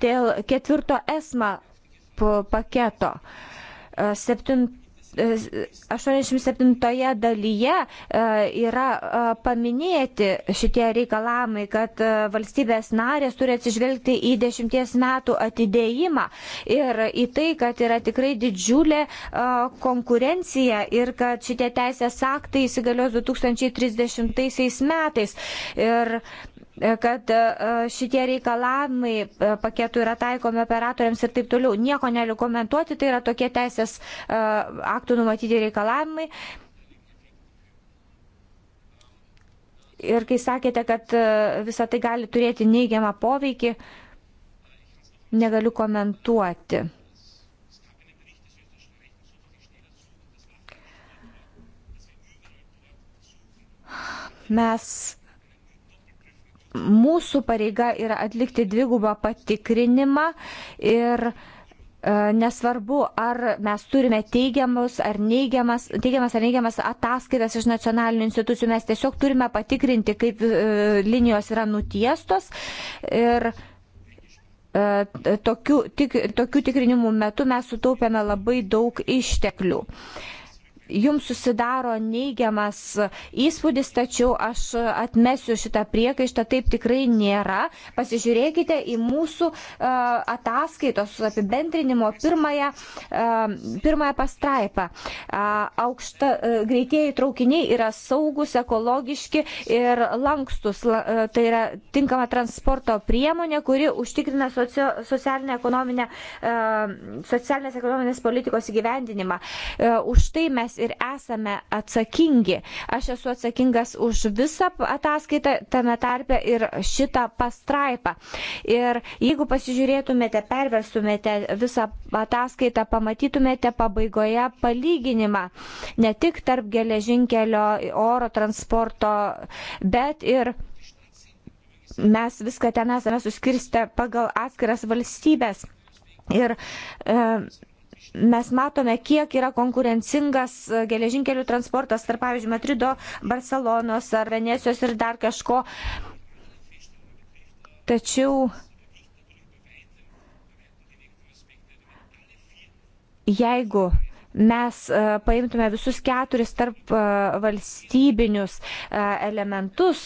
Dėl ketvirto esma paketo. E, Septint 87 dalyje e, yra e, paminėti šitie reikalavimai, kad e, valstybės narės turi atsižvelgti į dešimties metų atidėjimą ir į tai, kad yra tikrai didžiulė konkurencija ir kad šitie teisės aktai įsigalios 2030 metais. Ir kad e, šitie reikalavimai e, paketų yra taikomi operatoriams ir taip toliau. Nieko neliu komentuoti, tai yra tokie teisės e, aktų numatyti reikalavimai. Ir kai sakėte, kad visą tai gali turėti neigiamą poveikį, negaliu komentuoti. Mes mūsų pareiga yra atlikti dvigubą patikrinimą ir e, Nesvarbu, ar mes turime teigiamus ar neigiamas, teigiamas ar neigiamas ataskaitas iš nacionalinių institucijų, mes tiesiog turime patikrinti, kaip e, linijos yra nutiestos ir e, tokių, tik, tokių tikrinimų metu mes sutaupėme labai daug išteklių. Uh, jums susidaro neigiamas įspūdis, tačiau aš atmesiu šitą priekaištą, taip tikrai nėra. Pasižiūrėkite į mūsų e, ataskaitos apibendrinimo pirmąją, e, pirmąją pastraipą. E, aukšta, greitieji traukiniai yra saugus, ekologiški ir lankstus. Tai yra tinkama transporto priemonė, kuri užtikrina socio, socialinę ekonominę, socialinės ekonominės politikos įgyvendinimą. Už tai mes mes ir esame atsakingi. Aš esu atsakingas už visą ataskaitą, tame tarpe ir šitą pastraipą. Ir jeigu pasižiūrėtumėte, perverstumėte visą ataskaitą, pamatytumėte pabaigoje palyginimą ne tik tarp geležinkelio oro transporto, bet ir mes viską ten esame suskirstę pagal atskiras valstybės. Ir e, mes matome, kiek yra konkurencingas e, geležinkelių transportas tarp, pavyzdžiui, Madrido, Barcelonos ar Venecijos ir dar kažko. Tačiau jeigu mes e, paimtume visus keturis tarp e, valstybinius e, elementus,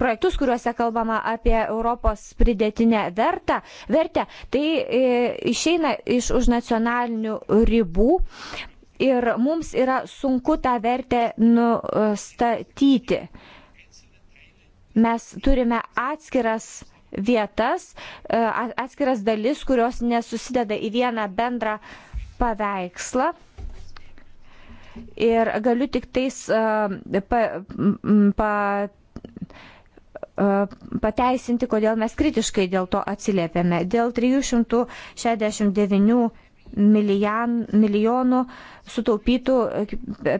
projektus, kuriuose kalbama apie Europos pridėtinę vertą, vertę, tai išeina iš už nacionalinių ribų. Ir mums yra sunku tą vertę nustatyti. Mes turime atskiras vietas, atskiras dalis, kurios nesusideda į vieną bendrą paveikslą. Ir galiu tik tais pa, pa, pateisinti, kodėl mes kritiškai dėl to atsiliepėme. Dėl 369 milijan, milijonų sutaupytų e,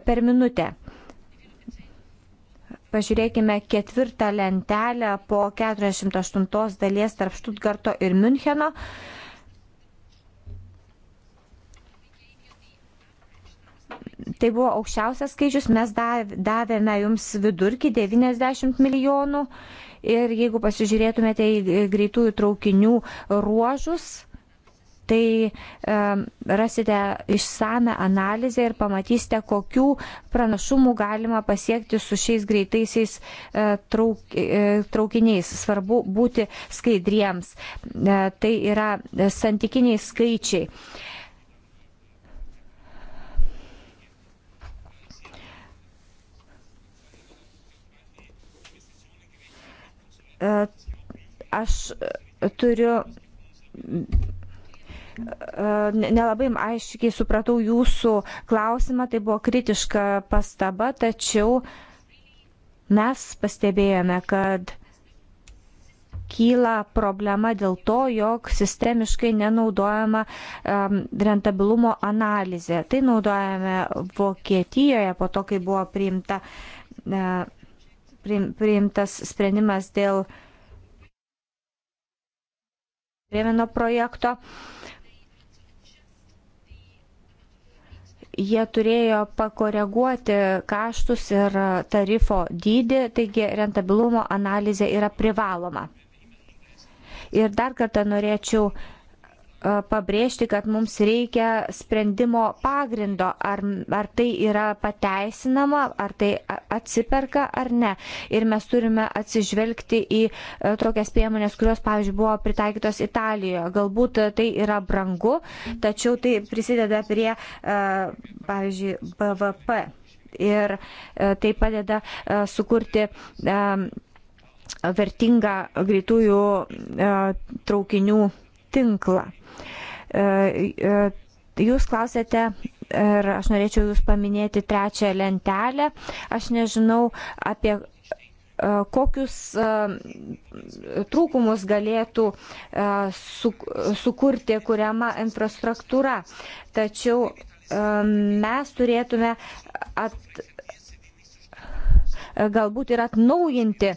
per minutę. Pažiūrėkime ketvirtą lentelę po 48 dalies tarp Štutgarto ir Müncheno. Uh, Tai buvo aukščiausias skaičius, mes davėme jums vidurkį 90 milijonų ir jeigu pasižiūrėtumėte į greitųjų traukinių ruožus, tai um, rasite išsame analizę ir pamatysite, kokių pranašumų galima pasiekti su šiais greitaisiais uh, trauk, uh, traukiniais. Svarbu būti skaidriems. Uh, tai yra santykiniai skaičiai. Uh, E, aš e, turiu e, nelabai aiškiai supratau jūsų klausimą, tai buvo kritiška pastaba, tačiau mes pastebėjome, kad kyla problema dėl to, jog sistemiškai nenaudojama um, rentabilumo analizė. Tai naudojame Vokietijoje po to, kai buvo priimta uh, priimtas sprendimas dėl Brėmeno projekto. Jie turėjo pakoreguoti kaštus ir tarifo dydį, taigi rentabilumo analizė yra privaloma. Ir dar kartą norėčiau uh, E, pabrėžti, kad mums reikia sprendimo pagrindo, ar, ar tai yra pateisinama, ar tai atsiperka ar ne. Ir mes turime atsižvelgti į e, tokias priemonės, kurios, pavyzdžiui, buvo pritaikytos Italijoje. Galbūt tai yra brangu, tačiau tai prisideda prie, e, pavyzdžiui, BVP. Ir tai padeda sukurti vertingą greitųjų traukinių tinklą. E, e, jūs klausėte ir aš norėčiau Jūs paminėti trečią lentelę. Aš nežinau apie e, kokius trūkumus galėtų sukurti kuriama infrastruktūra. Tačiau mes turėtume at, galbūt ir atnaujinti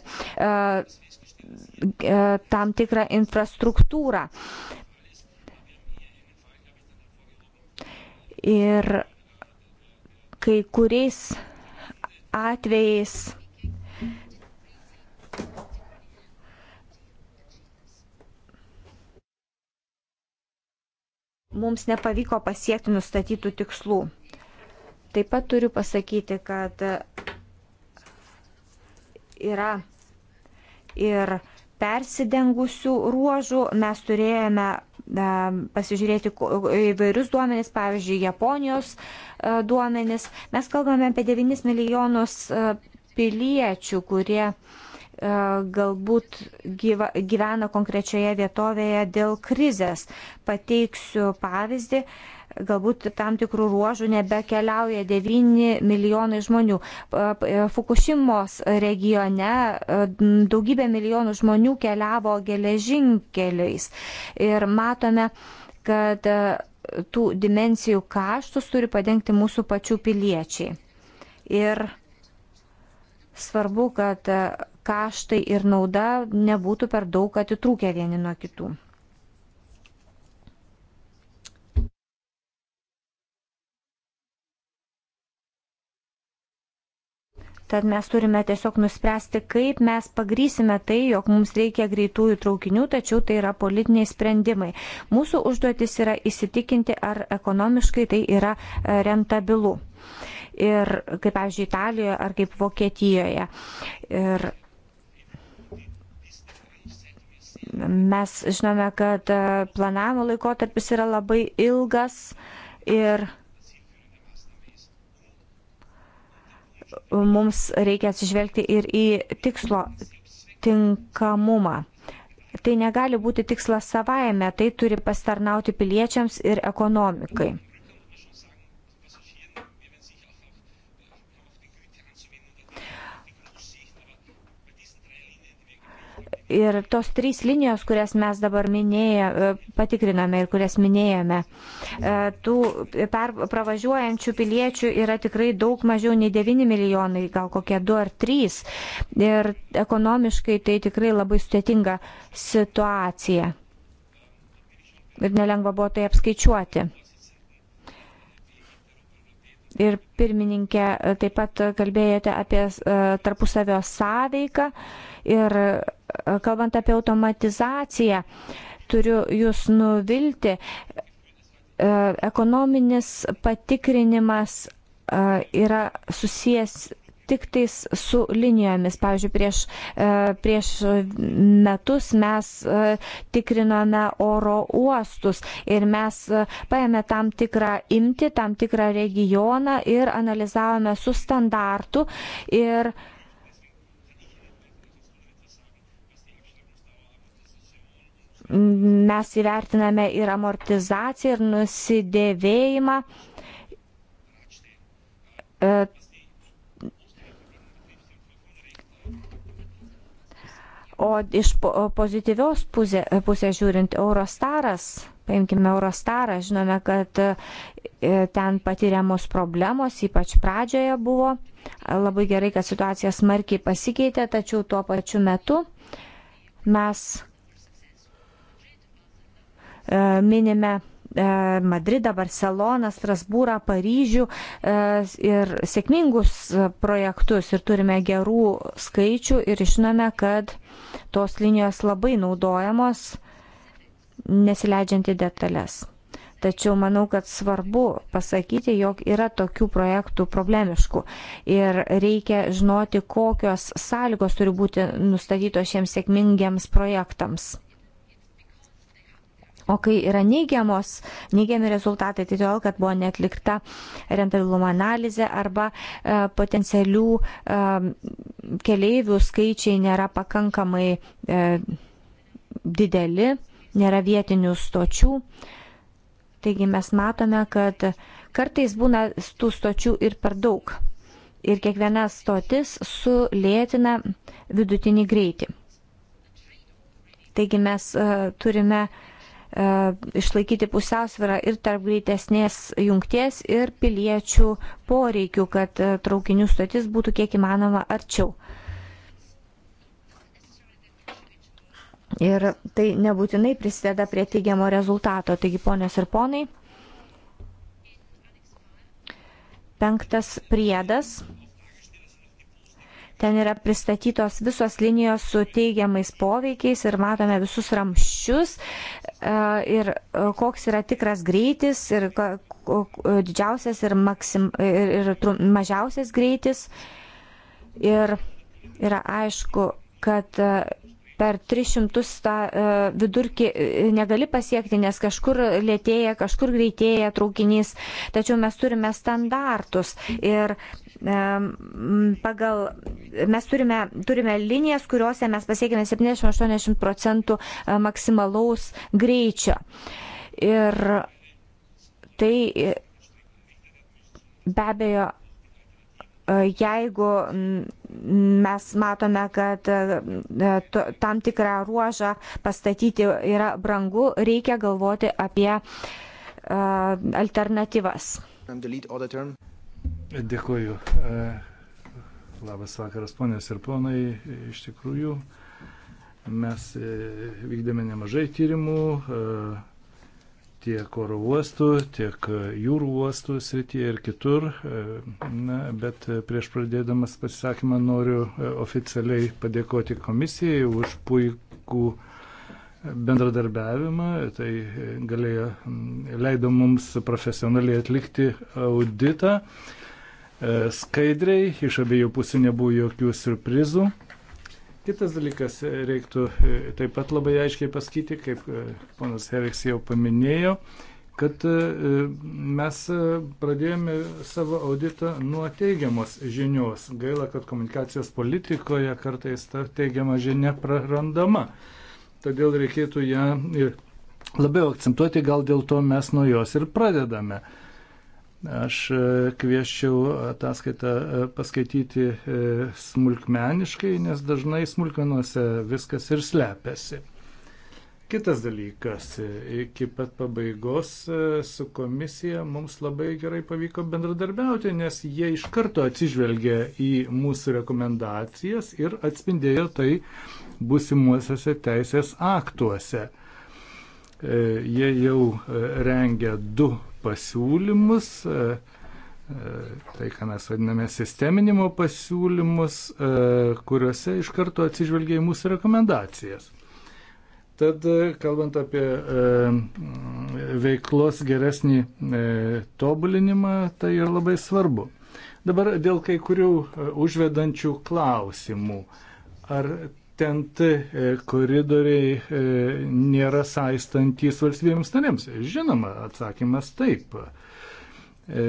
tam tikrą infrastruktūrą. Ir kai kuriais atvejais mums nepavyko pasiekti nustatytų tikslų. Taip pat turiu pasakyti, kad yra ir persidengusių ruožų. Mes turėjome pasižiūrėti įvairius duomenis, pavyzdžiui, Japonijos e, duomenis. Mes kalbame apie 9 milijonus e, piliečių, kurie e, galbūt gyva, gyvena konkrečioje vietovėje dėl krizės. Pateiksiu pavyzdį galbūt tam tikrų ruožų nebekeliauja 9 milijonai žmonių. Fukushimos regione e, daugybė milijonų žmonių keliavo geležinkeliais. Ir matome, kad e, tų dimensijų kaštus turi padengti mūsų pačių piliečiai. Ir svarbu, kad e, kaštai ir nauda nebūtų per daug atitrūkę vieni nuo kitų. Tad mes turime tiesiog nuspręsti, kaip mes pagrysime tai, jog mums reikia greitųjų traukinių, tačiau tai yra politiniai sprendimai. Mūsų užduotis yra įsitikinti, ar ekonomiškai tai yra e, rentabilu. Ir kaip, pavyzdžiui, Italijoje ar kaip Vokietijoje. Ir mes žinome, kad e, planavimo laikotarpis yra labai ilgas ir mums reikia atsižvelgti ir į tikslo tinkamumą. Tai negali būti tikslas savaime, tai turi pastarnauti piliečiams ir ekonomikai. Ir tos trys linijos, kurias mes dabar minėjo, e, patikriname ir kurias minėjome, e, tų per, pravažiuojančių piliečių yra tikrai daug mažiau nei 9 milijonai, gal kokie 2 ar 3. Ir ekonomiškai tai tikrai labai sudėtinga situacija. Ir nelengva buvo tai apskaičiuoti. Ir pirmininkė, e, taip pat kalbėjote apie tarpusavio sąveiką ir kalbant apie automatizaciją, turiu jūs nuvilti, e, ekonominis patikrinimas e, yra susijęs tik tais su linijomis. Pavyzdžiui, prieš, e, prieš metus mes tikrinome oro uostus ir mes paėmė tam tikrą imti, tam tikrą regioną ir analizavome su standartu ir uh, Mes įvertiname ir amortizaciją, ir nusidėvėjimą. E, o iš pozityvios pusė, pusės žiūrint, Eurostaras, paimkime Eurostarą, žinome, kad e, ten patiriamos problemos, ypač pradžioje buvo. Labai gerai, kad situacija smarkiai pasikeitė, tačiau tuo pačiu metu mes E, minime e, Madridą, Barceloną, Strasbūrą, Paryžių e, ir sėkmingus projektus ir turime gerų skaičių ir žinome, kad tos linijos labai naudojamos, nesileidžiant į detalės. Tačiau manau, kad svarbu pasakyti, jog yra tokių projektų problemiškų ir reikia žinoti, kokios sąlygos turi būti nustatytos šiems sėkmingiems projektams. O kai yra neigiamos, neigiami rezultatai, tai todėl, kad buvo netlikta rentabilumo analizė arba e, potencialių e, keleivių skaičiai nėra pakankamai e, dideli, nėra vietinių stočių. Taigi mes matome, kad kartais būna tų stočių ir per daug. Ir kiekviena stotis sulėtina vidutinį greitį. Taigi mes e, turime e, E, išlaikyti pusiausvyrą ir tarp greitesnės jungties ir piliečių poreikių, kad e, traukinių stotis būtų kiek įmanoma arčiau. Ir tai nebūtinai prisideda prie teigiamo rezultato. Taigi, ponios ir ponai, penktas priedas Ten yra pristatytos visos linijos su teigiamais poveikiais ir matome visus ramščius e, ir e, koks yra tikras greitis ir didžiausias ir, maksim, ir, ir trum, mažiausias greitis. Ir yra aišku, kad e, per 300 tą vidurkį negali pasiekti, nes kažkur lėtėja, kažkur greitėja traukinys, tačiau mes turime standartus ir pagal, mes turime, turime linijas, kuriuose mes pasiekime 70-80 procentų e, maksimalaus greičio. Ir tai e, be abejo e, jeigu mes matome, kad tam tikrą ruožą pastatyti yra brangu, reikia galvoti apie alternatyvas. Dėkuoju. E, labas vakaras, ponės ir ponai. Iš tikrųjų, mes e, vykdėme nemažai tyrimų e, tiek oro uostų, tiek jūrų uostų srityje ir kitur. Na, bet prieš pradėdamas pasisakymą noriu oficialiai padėkoti komisijai už puikų bendradarbiavimą. Tai galėjo, leido mums profesionaliai atlikti auditą. E, skaidriai, iš abiejų pusių nebuvo jokių surprizų. Kitas dalykas, e, reiktų e, taip pat labai aiškiai pasakyti, kaip ponas Heriks jau paminėjo, kad mes pradėjome savo auditą nuo teigiamos žinios. Gaila, kad komunikacijos politikoje kartais ta teigiama žinia prarandama. Todėl reikėtų ją labiau akcentuoti, gal dėl to mes nuo jos ir pradedame. Aš e, kvieščiau ataskaitą e, paskaityti e, smulkmeniškai, nes dažnai smulkmenuose viskas ir slepiasi. Kitas dalykas, iki pat pabaigos su komisija mums labai gerai pavyko bendradarbiauti, nes jie iš karto atsižvelgė į mūsų rekomendacijas ir atspindėjo tai busimuosiuose teisės aktuose. Jie jau rengia du pasiūlymus, e, e, tai ką mes vadiname sisteminimo pasiūlymus, e, kuriuose iš karto atsižvelgia į mūsų rekomendacijas. Tad, kalbant apie veiklos geresnį tobulinimą, tai yra labai svarbu. Dabar dėl kai kurių užvedančių klausimų. Ar būtent e, koridoriai e, nėra saistantys valstybėms narėms? Žinoma, atsakymas taip. E,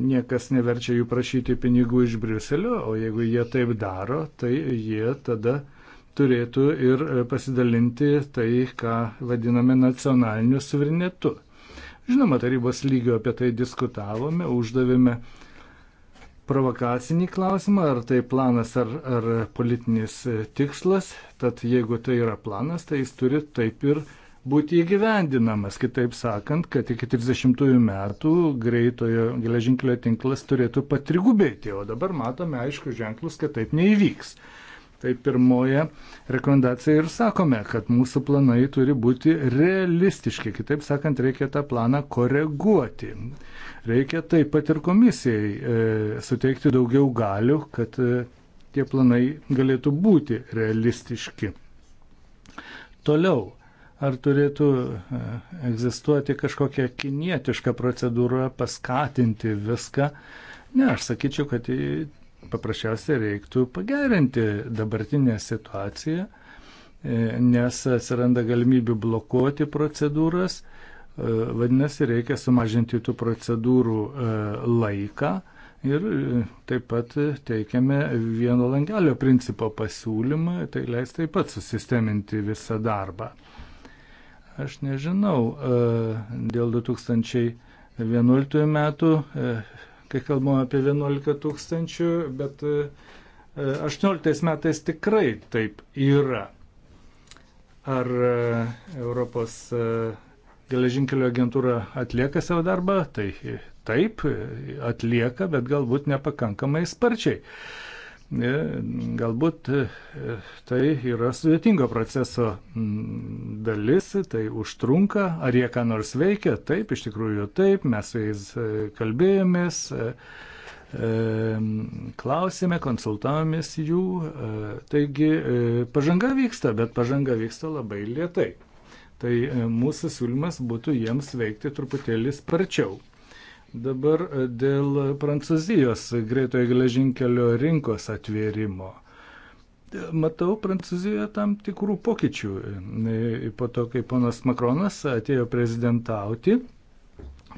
niekas neverčia jų prašyti pinigų iš Briuselio, o jeigu jie taip daro, tai jie tada turėtų ir pasidalinti tai, ką vadiname nacionaliniu suverenetu. Žinoma, tarybos lygio apie tai diskutavome, uždavėme uh, provokacinį klausimą, ar tai planas ar, ar politinis e, tikslas. Tad jeigu tai yra planas, tai jis turi taip ir būti įgyvendinamas. Kitaip sakant, kad iki 30 metų greitojo geležinkelio tinklas turėtų patrigubėti, o dabar matome aišku ženklus, kad taip neįvyks. Tai pirmoje rekomendacijoje ir sakome, kad mūsų planai turi būti realistiški. Kitaip sakant, reikia tą planą koreguoti. Reikia taip pat ir komisijai e, suteikti daugiau galių, kad e, tie planai galėtų būti realistiški. Toliau, ar turėtų e, egzistuoti kažkokia kinietiška procedūra paskatinti viską? Ne, aš sakyčiau, kad paprasčiausiai reiktų pagerinti dabartinę situaciją, e, nes atsiranda galimybių blokuoti procedūras E, vadinasi, reikia sumažinti tų procedūrų e, laiką ir e, taip pat teikiame vieno langelio principo pasiūlymą, tai leis taip pat susisteminti visą darbą. Aš nežinau, dėl 2011 metų, kai kalbame apie 11 tūkstančių, bet 18 metais tikrai taip yra. Ar Europos geležinkelio agentūra atlieka savo darbą, tai taip, atlieka, bet galbūt nepakankamai sparčiai. E, galbūt e, tai yra sudėtingo proceso dalis, tai užtrunka, ar jie ką nors veikia, taip, iš tikrųjų taip, mes su jais e, kalbėjomės, klausėme, konsultavomės jų, taigi pažanga vyksta, bet pažanga vyksta labai lietai. Tai e, mūsų siūlymas būtų jiems veikti truputėlį sparčiau. Dabar e, dėl Prancūzijos greitojo geležinkelio rinkos atvėrimo. E, matau Prancūzijoje tam tikrų pokyčių. Po to, kai ponas Makronas atėjo prezidentauti,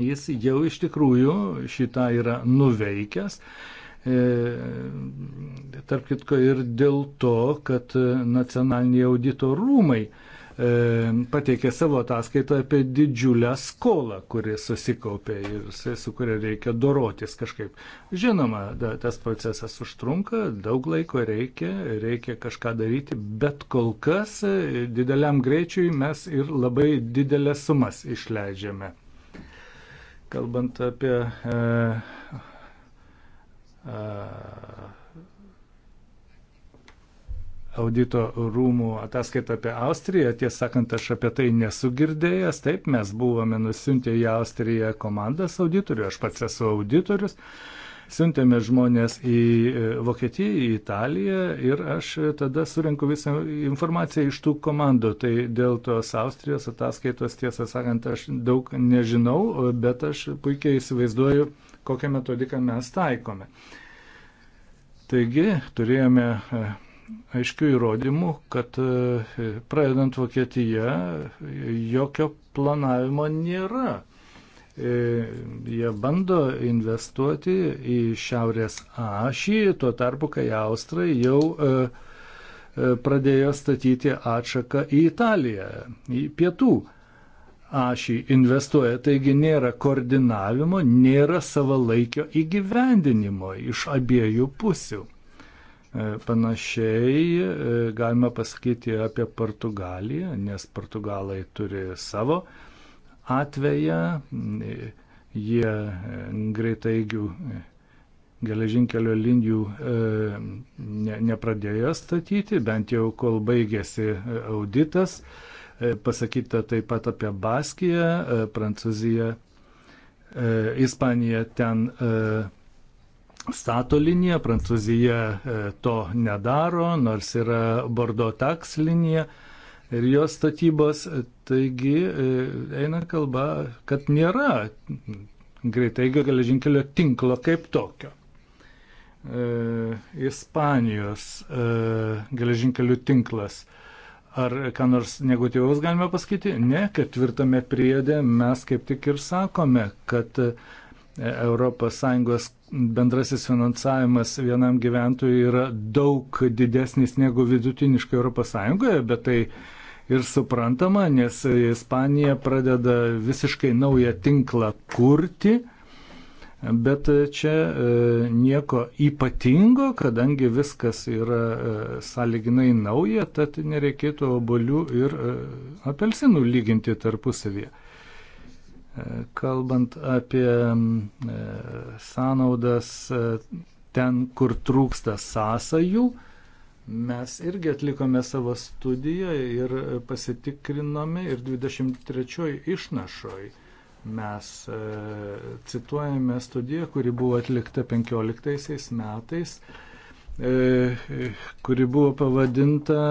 jis jau iš tikrųjų šitą yra nuveikęs. Tarp kitko ir dėl to, kad nacionaliniai audito rūmai E, pateikė savo ataskaitą apie didžiulę skolą, kuri susikaupė ir su kuria reikia dorotis kažkaip. Žinoma, da, tas procesas užtrunka, daug laiko reikia, reikia kažką daryti, bet kol kas e, dideliam greičiui mes ir labai didelės sumas išleidžiame. Kalbant apie e, e, audito rūmų ataskaitą apie Austriją. Tiesą sakant, aš apie tai nesugirdėjęs. Taip, mes buvome nusiuntę į Austriją komandas auditorių, aš pats esu auditorius. Siuntėme žmonės į e, Vokietiją, į Italiją ir aš e, tada surinku visą informaciją iš tų komandų. Tai dėl tos Austrijos ataskaitos, tiesą sakant, aš daug nežinau, bet aš puikiai įsivaizduoju, kokią metodiką mes taikome. Taigi turėjome e, aiškių įrodymų, kad e, pradedant Vokietiją jokio planavimo nėra. E, jie bando investuoti į šiaurės ašį, tuo tarpu, kai Austrai jau e, pradėjo statyti atšaką į Italiją, į pietų ašį investuoja, taigi nėra koordinavimo, nėra savalaikio įgyvendinimo iš abiejų pusių. E, panašiai e, galima pasakyti apie Portugaliją, nes portugalai turi savo atveją, e, jie greitaigių geležinkelio linijų ne, nepradėjo statyti, bent jau kol baigėsi auditas. Pasakyta taip pat apie Baskiją, Prancūziją, Ispaniją ten stato liniją, Prancūzija e, to nedaro, nors yra Bordo taks linija ir jos statybos. Taigi e, eina kalba, kad nėra greitai geležinkelio tinklo kaip tokio. E, Ispanijos e, geležinkelių tinklas. Ar ką nors negatyvaus galime pasakyti? Ne, ketvirtame priedė mes kaip tik ir sakome, kad e, ES bendrasis finansavimas vienam gyventojui yra daug didesnis negu vidutiniškai ES, bet tai ir suprantama, nes Ispanija pradeda visiškai naują tinklą kurti. Bet čia e, nieko ypatingo, kadangi viskas yra e, saliginai nauja, tad nereikėtų obolių ir e, apelsinų lyginti tarpusavyje. Kalbant apie e, sąnaudas e, ten, kur trūksta sąsajų, mes irgi atlikome savo studiją ir pasitikrinome ir 23 išnašoj mes e, cituojame studiją, kuri buvo atlikta 15 metais, kuri buvo pavadinta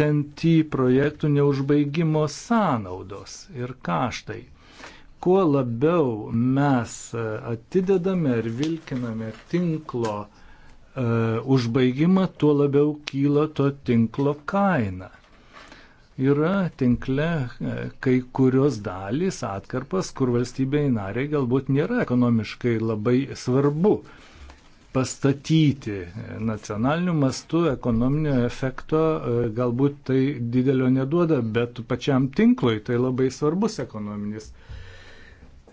TNT projektų neužbaigimo sąnaudos ir kaštai. Kuo labiau mes e, atidedame ir vilkiname tinklo e, užbaigimą, tuo labiau kyla to tinklo kaina yra tinkle e, kai kurios dalys, atkarpas, kur valstybei nariai galbūt nėra ekonomiškai labai svarbu pastatyti. Nacionaliniu mastu ekonominio efekto e, galbūt tai didelio neduoda, bet pačiam tinklui tai labai svarbus ekonominis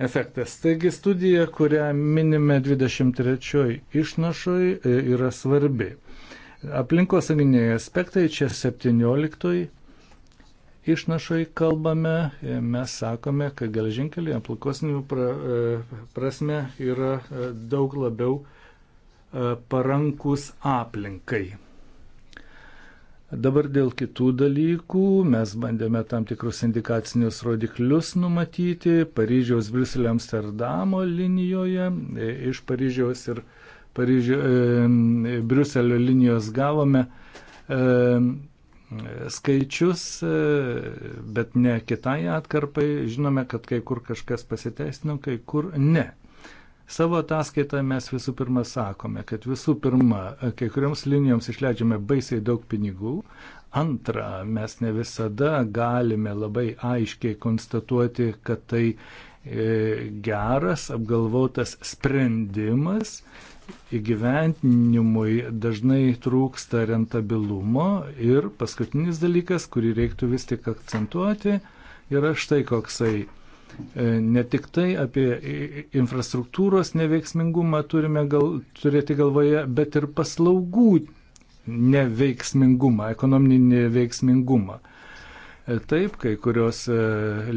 efektas. Taigi studija, kurią minime 23 išnašoj, e, yra svarbi. Aplinkosauginiai aspektai čia 17 išnašoj kalbame, e, mes sakome, kad geležinkeliai aplinkosinių prasme yra daug labiau E, parankus aplinkai. Dabar dėl kitų dalykų mes bandėme tam tikrus indikacinius rodiklius numatyti Paryžiaus, Briuselio, Amsterdamo linijoje. E, iš Paryžiaus ir Paryžio, e, Briuselio linijos gavome e, skaičius, e, bet ne kitai atkarpai. Žinome, kad kai kur kažkas pasiteisino, kai kur ne. Savo ataskaitą mes visų pirma sakome, kad visų pirma, kai kurioms linijoms išleidžiame baisiai daug pinigų. Antra, mes ne visada galime labai aiškiai konstatuoti, kad tai e, geras, apgalvotas sprendimas. Įgyventinimui dažnai trūksta rentabilumo ir paskutinis dalykas, kurį reiktų vis tik akcentuoti, yra štai koksai E, ne tik tai apie infrastruktūros neveiksmingumą turime gal, turėti galvoje, bet ir paslaugų neveiksmingumą, ekonominį neveiksmingumą. E, taip, kai kurios e,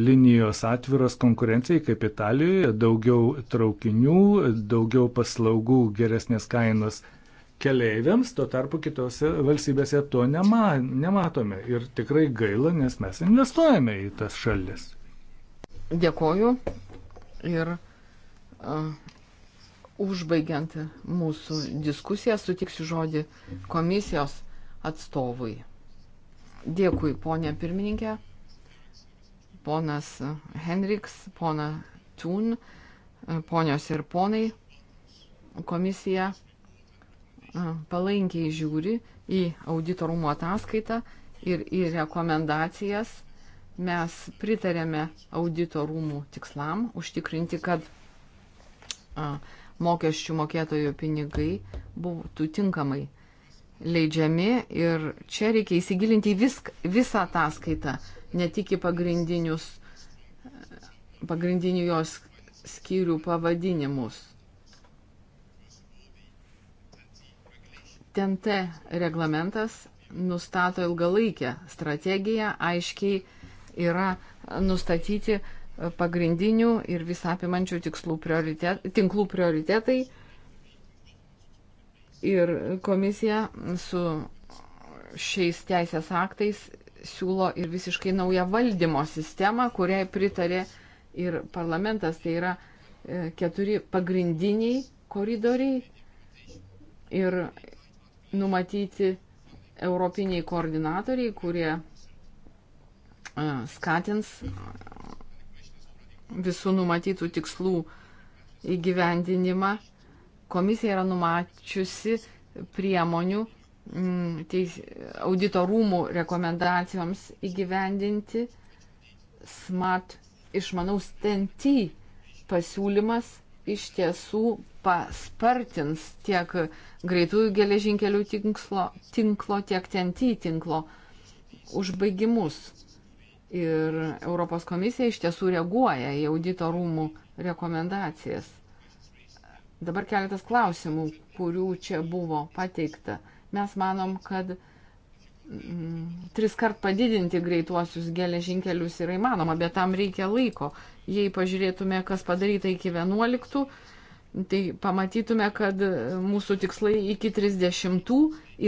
linijos atviros konkurencijai, kaip Italijoje, daugiau traukinių, daugiau paslaugų, geresnės kainos keleiviams, tuo tarpu kitose valstybėse to nema, nematome. Ir tikrai gaila, nes mes investuojame į tas šalis. Dėkoju ir uh, užbaigiant mūsų diskusiją sutiksiu žodį komisijos atstovui. Dėkui, ponė pirmininkė, ponas Henriks, pona Tun, ponios ir ponai. Komisija palankiai žiūri į auditorumo ataskaitą ir į rekomendacijas mes pritarėme audito rūmų tikslam užtikrinti, kad a, mokesčių mokėtojų pinigai būtų tinkamai leidžiami ir čia reikia įsigilinti visk, visą ataskaitą, ne tik į pagrindinius, pagrindinių jos skyrių pavadinimus. TNT reglamentas nustato ilgalaikę strategiją, aiškiai yra nustatyti pagrindinių ir visapimančių prioritet, tinklų prioritetai. Ir komisija su šiais teisės aktais siūlo ir visiškai naują valdymo sistemą, kuriai pritarė ir parlamentas. Tai yra e, keturi pagrindiniai koridoriai ir numatyti europiniai koordinatoriai, kurie skatins visų numatytų tikslų įgyvendinimą. Komisija yra numačiusi priemonių mm, teis, auditorumų rekomendacijoms įgyvendinti. Smart išmanaus TNT pasiūlymas iš tiesų paspartins tiek greitųjų geležinkelių tinklo, tinklo tiek TNT tinklo užbaigimus. Ir Europos komisija iš tiesų reaguoja į audito rūmų rekomendacijas. Dabar keletas klausimų, kurių čia buvo pateikta. Mes manom, kad mm, tris kart padidinti greituosius geležinkelius yra įmanoma, bet tam reikia laiko. Jei pažiūrėtume, kas padaryta iki 11, tai pamatytume, kad mūsų tikslai iki 30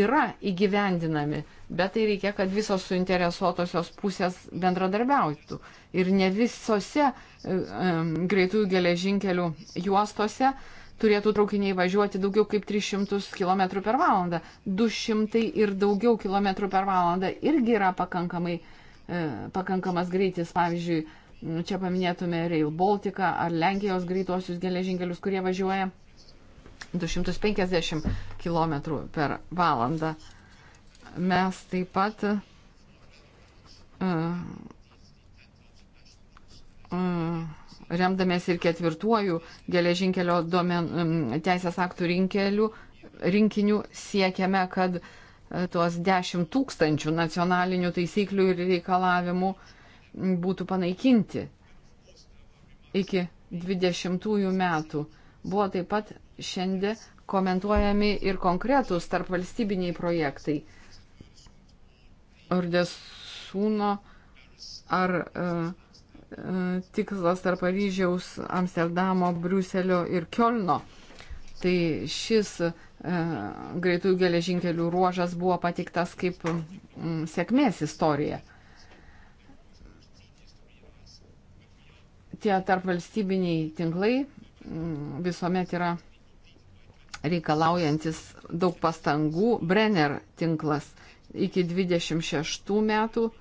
yra įgyvendinami, bet tai reikia, kad visos suinteresuotosios pusės bendradarbiautų. Ir ne visose e, e greitųjų geležinkelių juostose turėtų traukiniai važiuoti daugiau kaip 300 km per valandą. 200 ir daugiau km per valandą irgi yra pakankamai, e, pakankamas greitis, pavyzdžiui, Nu, čia paminėtume Rail Baltica ar Lenkijos greitosius geležinkelius, kurie važiuoja 250 km per valandą. Mes taip pat uh, uh, remdamės ir ketvirtuoju geležinkelio domen, teisės aktų rinkeliu, rinkiniu siekiame, kad e, tuos 10 tūkstančių nacionalinių taisyklių ir reikalavimų uh, būtų panaikinti iki 20 metų. Buvo taip pat šiandien komentuojami ir konkretūs tarp valstybiniai projektai. Ordesuno ar e, e, tikslas tarp Paryžiaus, Amsterdamo, Briuselio ir Kielno. Tai šis e, greitųjų geležinkelių ruožas buvo patiktas kaip m, sėkmės istorija. tie tarpvalstybiniai tinklai mm, visuomet yra reikalaujantis daug pastangų. Brenner tinklas iki 26 metų e,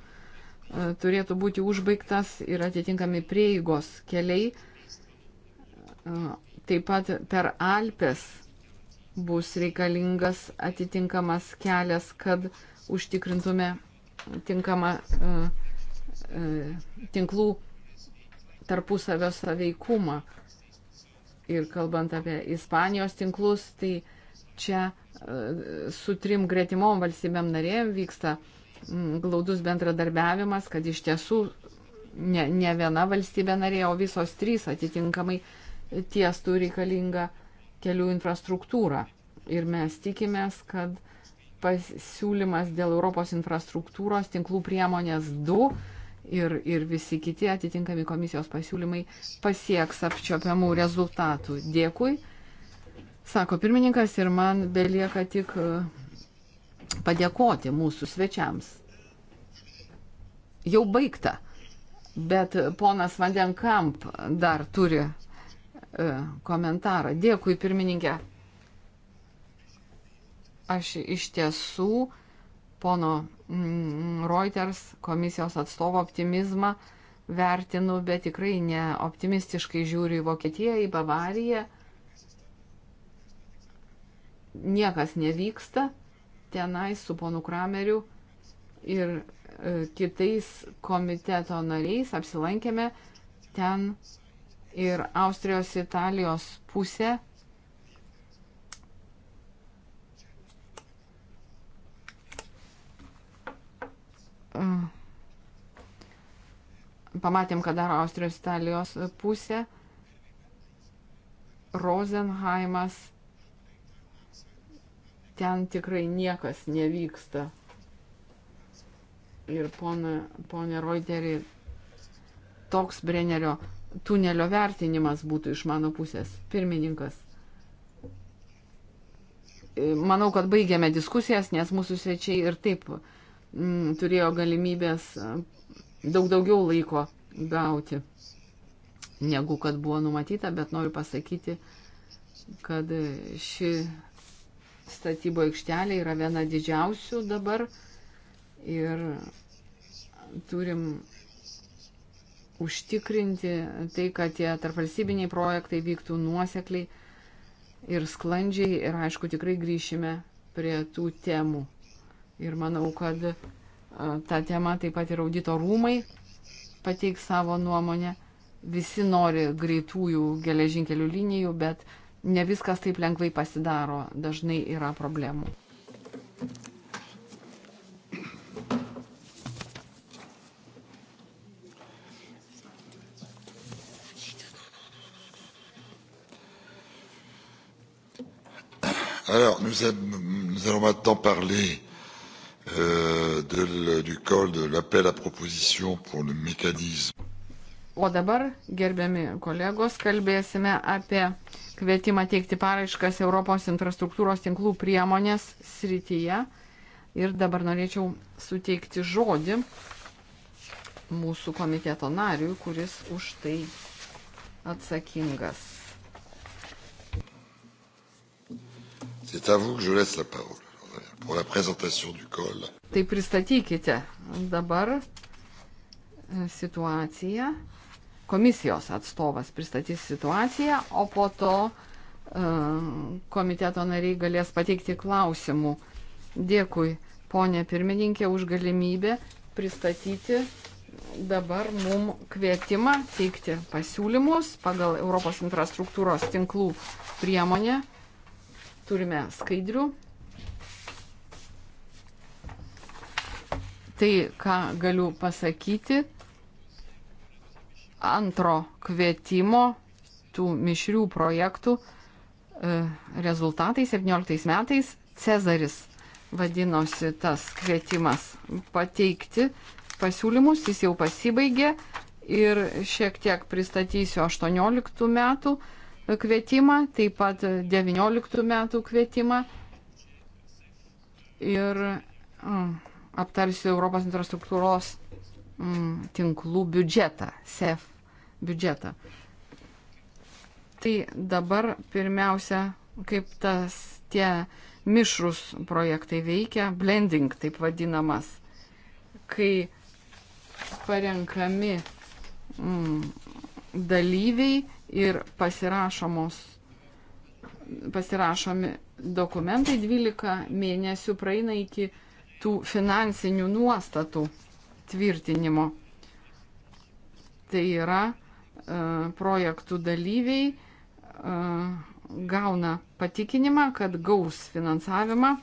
turėtų būti užbaigtas ir atitinkami prieigos keliai. E, taip pat per Alpes bus reikalingas atitinkamas kelias, kad užtikrintume tinkamą e, tinklų tarpusavio saveikumą. Ir kalbant apie Ispanijos tinklus, tai čia e, su trim gretimom valstybėm narėm vyksta glaudus bendradarbiavimas, kad iš tiesų ne, ne viena valstybė narė, o visos trys atitinkamai tiestų reikalingą kelių infrastruktūrą. Ir mes tikimės, kad pasiūlymas dėl Europos infrastruktūros tinklų priemonės 2 ir, ir visi kiti atitinkami komisijos pasiūlymai pasieks apčiopiamų rezultatų. Dėkui, sako pirmininkas ir man belieka tik e, padėkoti mūsų svečiams. Jau baigta, bet ponas Vandenkamp dar turi e, komentarą. Dėkui, pirmininkė. Aš iš tiesų pono mm, Reuters komisijos atstovo optimizmą vertinu, bet tikrai ne optimistiškai žiūriu į Vokietiją, į Bavariją. Niekas nevyksta tenai su ponu Krameriu ir e, kitais komiteto nariais apsilankėme ten ir Austrijos Italijos pusė Mm. pamatėm, ką daro Austrijos Italijos pusė. Rosenheimas. Ten tikrai niekas nevyksta. Ir ponė Reuterį, toks Brennerio tunelio vertinimas būtų iš mano pusės. Pirmininkas. Manau, kad baigėme diskusijas, nes mūsų svečiai ir taip uh, m, mm, turėjo galimybės e, daug daugiau laiko gauti, negu kad buvo numatyta, bet noriu pasakyti, kad ši statybo aikštelė yra viena didžiausių dabar ir turim užtikrinti tai, kad tie tarpvalstybiniai projektai vyktų nuosekliai ir sklandžiai ir aišku tikrai grįšime prie tų temų. Ir manau, kad e, tą temą taip pat ir audito rūmai pateiks savo nuomonę. Visi nori greitųjų geležinkelių linijų, bet ne viskas taip lengvai pasidaro. Dažnai yra problemų. Alors, nous, a, nous allons maintenant parler euh, de, du call de l'appel à proposition pour le mécanisme. O dabar, gerbiami kolegos, kalbėsime apie kvietimą teikti paraiškas Europos infrastruktūros tinklų priemonės srityje. Ir dabar norėčiau suteikti žodį mūsų komiteto nariui, kuris už tai atsakingas. C'est à vous que je laisse la parole. Tai pristatykite dabar e, situaciją. Komisijos atstovas pristatys situaciją, o po to e, komiteto nariai galės pateikti klausimų. Dėkui, ponė pirmininkė, už galimybę pristatyti dabar mum kvietimą teikti pasiūlymus pagal Europos infrastruktūros tinklų priemonę. Turime skaidrių tai, ką galiu pasakyti. Antro kvietimo tų mišrių projektų e, rezultatai 17 metais Cezaris vadinosi tas kvietimas pateikti pasiūlymus, jis jau pasibaigė ir šiek tiek pristatysiu 18 metų kvietimą, taip pat 19 metų kvietimą ir mm, aptarsiu Europos infrastruktūros mm, tinklų biudžetą, SEF biudžetą. Tai dabar pirmiausia, kaip tas tie mišrus projektai veikia, blending taip vadinamas, kai parenkami mm, dalyviai ir pasirašomos, pasirašomi dokumentai 12 mėnesių praeina iki tų finansinių nuostatų tvirtinimo. Tai yra e, projektų dalyviai e, gauna patikinimą, kad gaus finansavimą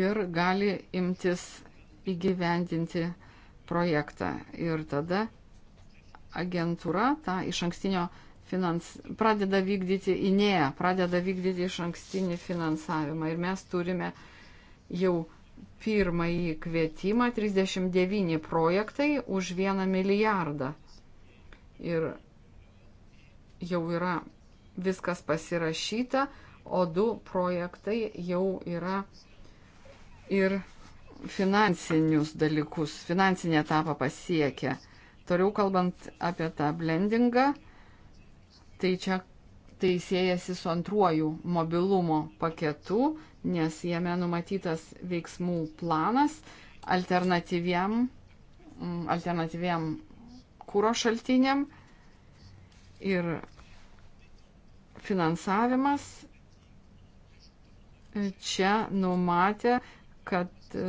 ir gali imtis įgyvendinti projektą. Ir tada agentūra tą iš ankstinio finans, pradeda vykdyti INEA, pradeda vykdyti iš ankstinį finansavimą. Ir mes turime jau pirmąjį kvietimą 39 projektai už 1 milijardą. Ir jau yra viskas pasirašyta, o du projektai jau yra ir finansinius dalykus, finansinį etapą pasiekia. Toliau kalbant apie tą blendingą, tai čia tai siejasi su antruoju mobilumo paketu, nes jame numatytas veiksmų planas alternatyviam, mm, alternatyviam kūro šaltiniam ir finansavimas čia numatė, kad e,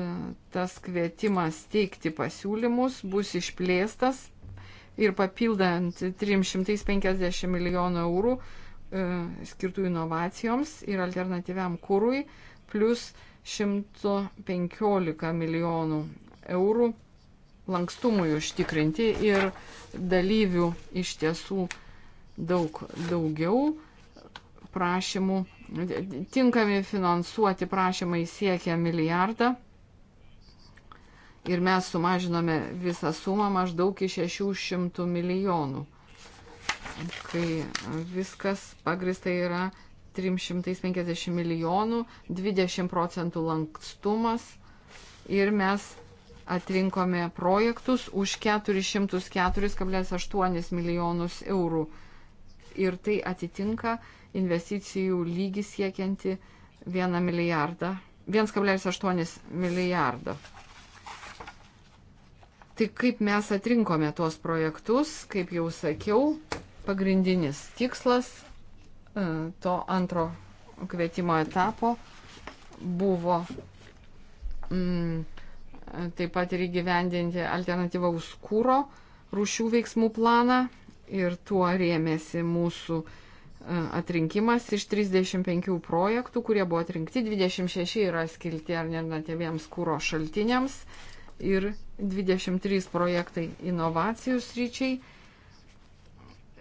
tas kvietimas teikti pasiūlymus bus išplėstas ir papildant 350 milijonų eurų e, skirtų inovacijoms ir alternatyviam kūrui, plus 115 milijonų eurų lankstumui užtikrinti ir dalyvių iš tiesų daug daugiau prašymų, tinkami finansuoti prašymai siekia milijardą ir mes sumažinome visą sumą maždaug iki 600 milijonų, kai viskas pagrista yra 350 milijonų, 20 procentų lankstumas ir mes atrinkome projektus už 404,8 milijonus eurų. Ir tai atitinka investicijų lygį siekianti 1 milijardą, 1,8 milijardą. Tai kaip mes atrinkome tuos projektus, kaip jau sakiau, pagrindinis tikslas e, to antro kvietimo etapo buvo mm, taip pat ir įgyvendinti alternatyvaus kūro rūšių veiksmų planą ir tuo rėmėsi mūsų e, atrinkimas iš 35 projektų, kurie buvo atrinkti, 26 yra skilti alternatyviems kūro šaltiniams, ir 23 projektai inovacijų sryčiai.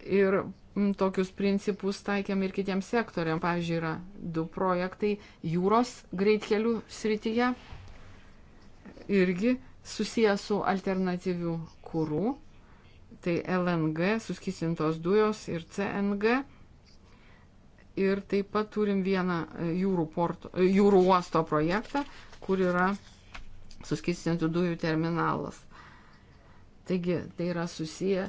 Ir mm, tokius principus taikėm ir kitiems sektoriam. Pavyzdžiui, yra du projektai jūros greitkelių srityje, irgi susijęs su alternatyvių kūrų, tai LNG, suskisintos dujos ir CNG. Ir taip pat turim vieną e, jūrų, porto, e, jūrų uosto projektą, kur yra suskistintų dujų terminalas. Taigi tai yra susiję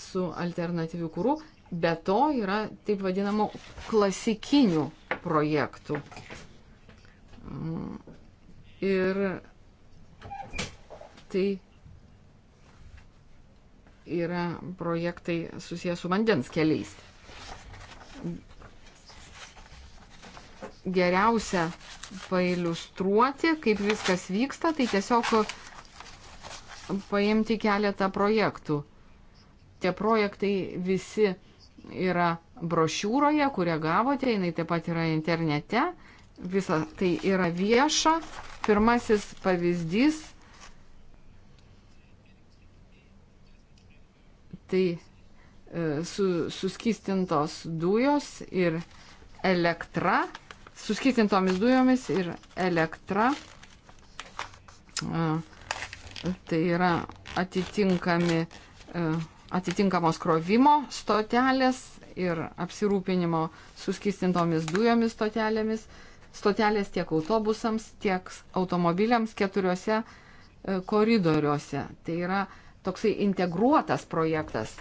su alternatyviu kūru, bet to yra taip vadinamų klasikinių projektų. Ir tai yra projektai susijęs su vandens keliais. geriausia pailiustruoti, kaip viskas vyksta, tai tiesiog paimti keletą projektų. Tie projektai visi yra brošiūroje, kurią gavote, jinai taip pat yra internete, visa tai yra vieša. Pirmasis pavyzdys tai e, su, suskistintos dujos ir elektra suskirtintomis dujomis ir elektra. Tai yra atitinkami, atitinkamos krovimo stotelės ir apsirūpinimo suskistintomis dujomis stotelėmis, stotelės tiek autobusams, tiek automobiliams keturiuose e, koridoriuose. Tai yra toksai integruotas projektas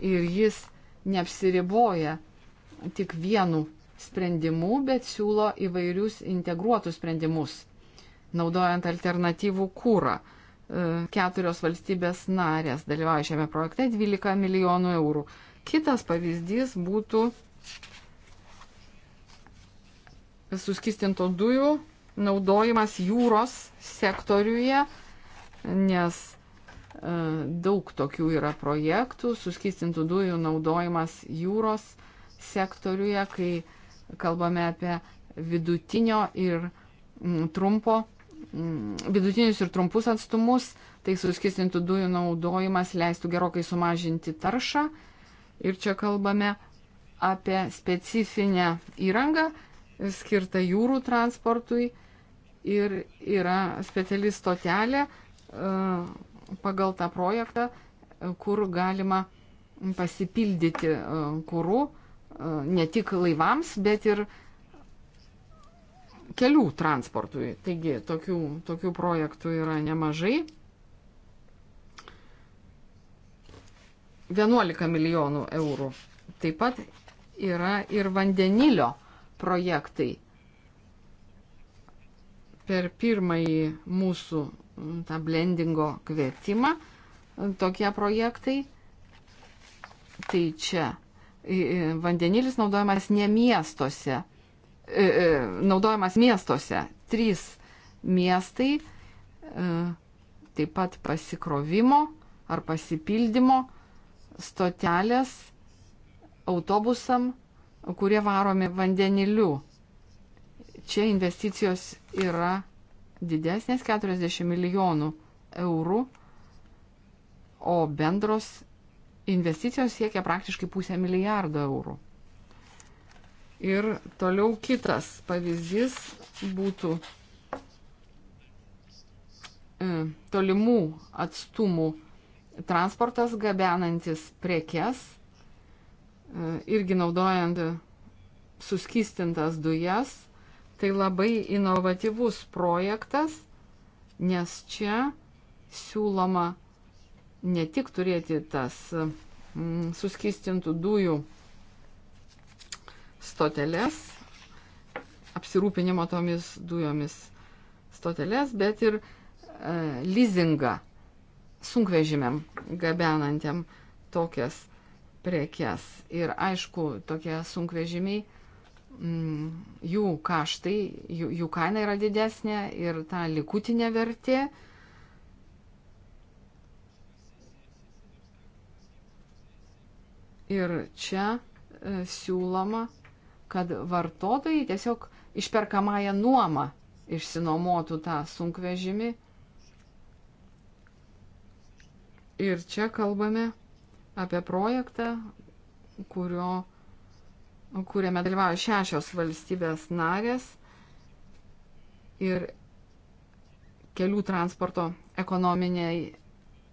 ir jis neapsiriboja tik vienu sprendimų, bet siūlo įvairius integruotus sprendimus, naudojant alternatyvų kūrą. E, keturios valstybės narės dalyvauja šiame projekte 12 milijonų eurų. Kitas pavyzdys būtų suskistinto dujų naudojimas jūros sektoriuje, nes e, daug tokių yra projektų, suskistintų dujų naudojimas jūros sektoriuje, kai kalbame apie vidutinio ir mm, trumpo, mm, vidutinius ir trumpus atstumus, tai suskistintų dujų naudojimas leistų gerokai sumažinti taršą. Ir čia kalbame apie specifinę įrangą skirtą jūrų transportui ir yra speciali stotelė e, pagal tą projektą, e, kur galima pasipildyti e, kūrų E, ne tik laivams, bet ir kelių transportui. Taigi tokių, tokių projektų yra nemažai. 11 milijonų eurų. Taip pat yra ir vandenilio projektai. Per pirmąjį mūsų tą blendingo kvietimą tokie projektai. Tai čia vandenilis naudojamas ne miestuose, e, e, naudojamas miestuose. Trys miestai e, taip pat pasikrovimo ar pasipildymo stotelės autobusam, kurie varomi vandeniliu. Čia investicijos yra didesnės 40 milijonų eurų, o bendros investicijos siekia praktiškai pusę milijardo eurų. Ir toliau kitas pavyzdys būtų e, tolimų atstumų transportas gabenantis prekes, e, irgi naudojant suskistintas dujas. Tai labai inovatyvus projektas, nes čia siūloma ne tik turėti tas mm, suskistintų dujų stoteles, apsirūpinimo tomis dujomis stoteles, bet ir e, leasingą sunkvežimėm gabenantėm tokias prekes. Ir aišku, tokie sunkvežimiai, mm, jų kaštai, jų, jų kaina yra didesnė ir ta likutinė vertė, mm, Ir čia e, siūloma, kad vartotojai tiesiog išperkamąją nuomą išsinomotų tą sunkvežimį. Ir čia kalbame apie projektą, kurio, kuriame dalyvauja šešios valstybės narės ir kelių transporto ekonominiai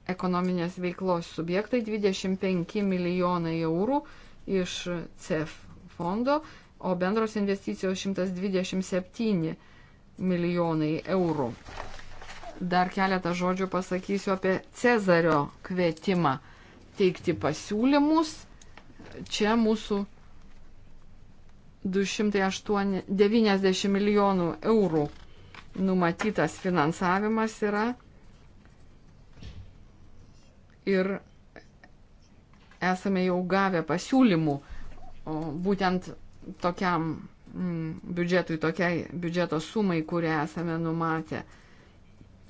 ekonominės veiklos subjektai 25 milijonai eurų iš CEF fondo, o bendros investicijos 127 milijonai eurų. Dar keletą žodžių pasakysiu apie Cezario kvietimą teikti pasiūlymus. Čia mūsų 290 milijonų eurų numatytas finansavimas yra ir esame jau gavę pasiūlymų būtent tokiam mm, biudžetui, tokiai biudžeto sumai, kurią esame numatę.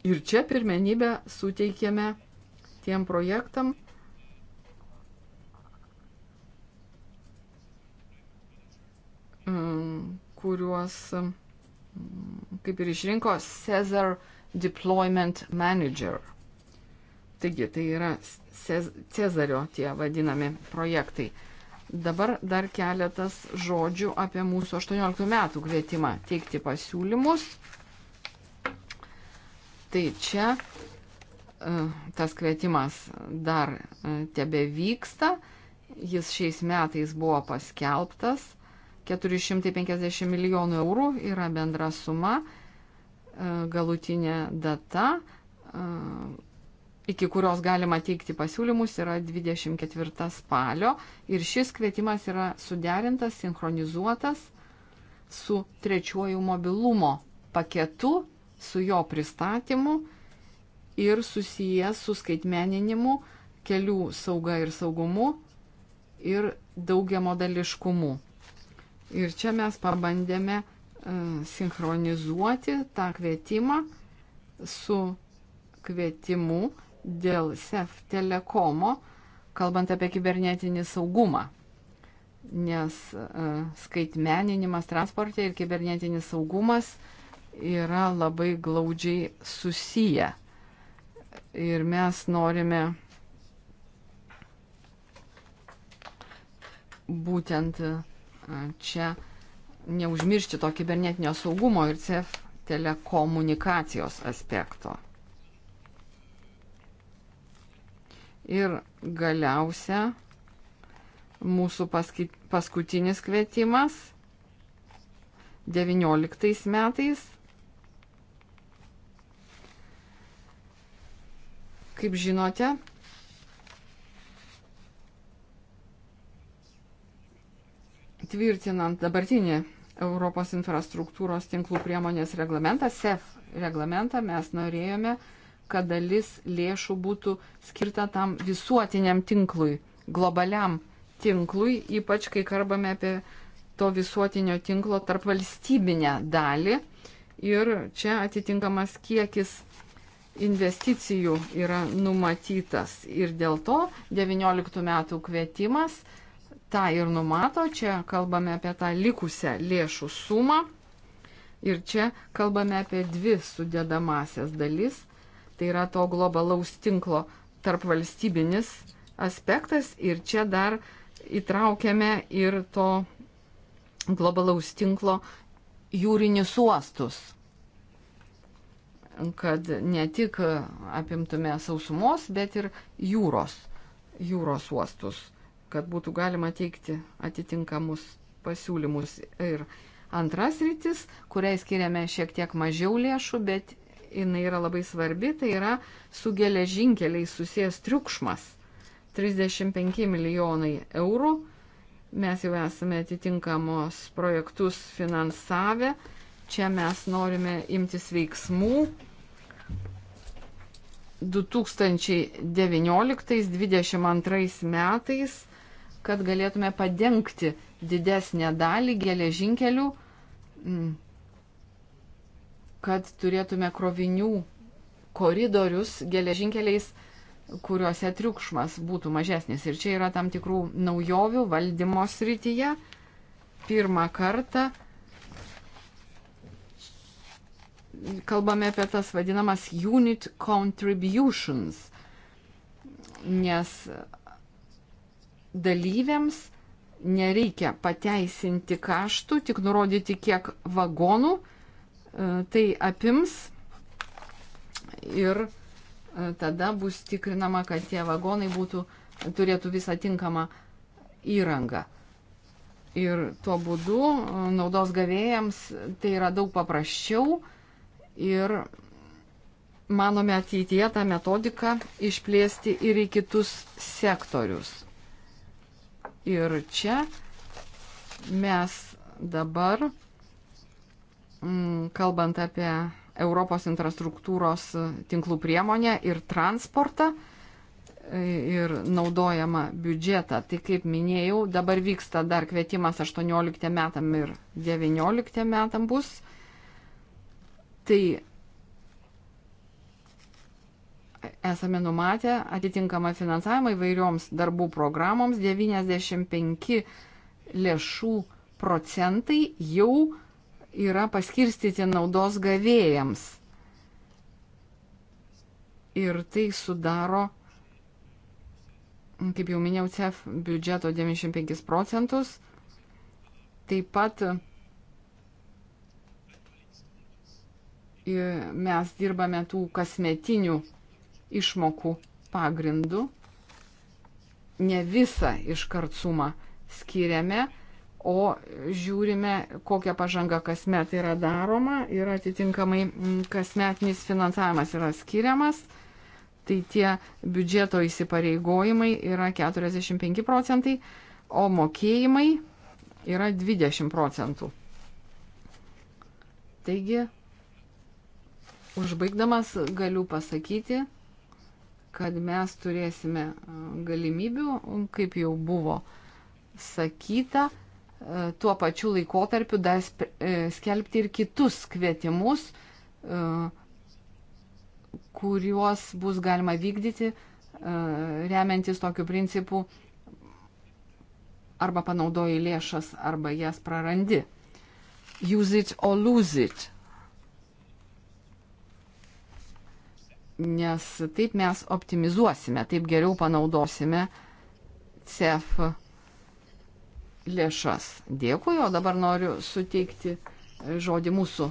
Ir čia pirmenybę suteikėme tiem projektam, mm, kuriuos mm, kaip ir išrinko Cesar Deployment Manager. Taigi tai yra Cezario tie vadinami projektai. Dabar dar keletas žodžių apie mūsų 18 metų kvietimą teikti pasiūlymus. Tai čia e, tas kvietimas dar e, tebe vyksta. Jis šiais metais buvo paskelbtas. 450 milijonų eurų yra bendra suma. E, galutinė data iki kurios galima teikti pasiūlymus, yra 24 spalio ir šis kvietimas yra suderintas, sinchronizuotas su trečiuoju mobilumo paketu, su jo pristatymu ir susijęs su skaitmeninimu, kelių sauga ir saugumu ir daugiamodališkumu. Ir čia mes pabandėme e, sinchronizuoti tą kvietimą su kvietimu dėl SEF telekomo, kalbant apie kibernetinį saugumą. Nes e, skaitmeninimas transporte ir kibernetinis saugumas yra labai glaudžiai susiję. Ir mes norime būtent e, čia neužmiršti to kibernetinio saugumo ir CEF telekomunikacijos aspekto. Ir galiausia mūsų paskait, paskutinis kvietimas 19 metais. Kaip žinote, tvirtinant dabartinį Europos infrastruktūros tinklų priemonės reglamentą, SEF reglamentą, mes norėjome, kad dalis lėšų būtų skirta tam visuotiniam tinklui, globaliam tinklui, ypač kai kalbame apie to visuotinio tinklo tarp valstybinę dalį. Ir čia atitinkamas kiekis investicijų yra numatytas. Ir dėl to 19 metų kvietimas tą ir numato. Čia kalbame apie tą likusią lėšų sumą. Ir čia kalbame apie dvi sudėdamasias dalis. Tai yra to globalaus tinklo tarp valstybinis aspektas ir čia dar įtraukiame ir to globalaus tinklo jūrinius uostus, kad ne tik apimtume sausumos, bet ir jūros, jūros uostus, kad būtų galima teikti atitinkamus pasiūlymus. Ir antras rytis, kuriai skiriame šiek tiek mažiau lėšų, bet jinai yra labai svarbi, tai yra su geležinkeliais susijęs triukšmas. 35 milijonai eurų. Mes jau esame atitinkamos projektus finansavę. Čia mes norime imtis veiksmų. 2019-2022 metais, kad galėtume padengti didesnę dalį geležinkelių mm, kad turėtume krovinių koridorius geležinkeliais, kuriuose triukšmas būtų mažesnis. Ir čia yra tam tikrų naujovių valdymo srityje. Pirmą kartą kalbame apie tas vadinamas unit contributions, nes dalyviams nereikia pateisinti kaštų, tik nurodyti, kiek vagonų E, tai apims ir e, tada bus tikrinama, kad tie vagonai būtų, turėtų visą tinkamą įrangą. Ir tuo būdu e, naudos gavėjams tai yra daug paprasčiau ir manome ateityje tą metodiką išplėsti ir į kitus sektorius. Ir čia mes dabar Mm, kalbant apie Europos infrastruktūros e, tinklų priemonę ir transportą e, ir naudojama biudžetą. Tai kaip minėjau, dabar vyksta dar kvietimas 18 metam ir 19 metam bus. Tai esame numatę atitinkamą finansavimą įvairioms darbų programoms. 95 lėšų procentai jau yra paskirstyti naudos gavėjams. Ir tai sudaro, kaip jau minėjau, CEF biudžeto 95 procentus. Taip pat mes dirbame tų kasmetinių išmokų pagrindų. Ne visą iškart sumą skiriame, o žiūrime, kokia pažanga kasmet yra daroma ir atitinkamai kasmetinis finansavimas yra skiriamas. Tai tie biudžeto įsipareigojimai yra 45 procentai, o mokėjimai yra 20 procentų. Taigi, užbaigdamas galiu pasakyti, kad mes turėsime galimybių, kaip jau buvo sakyta, tuo pačiu laikotarpiu dar e, skelbti ir kitus kvietimus, e, kuriuos bus galima vykdyti e, remiantis tokiu principu arba panaudoji lėšas, arba jas prarandi. Use it or lose it. Nes taip mes optimizuosime, taip geriau panaudosime CEF lėšas. Dėkui, o dabar noriu suteikti žodį mūsų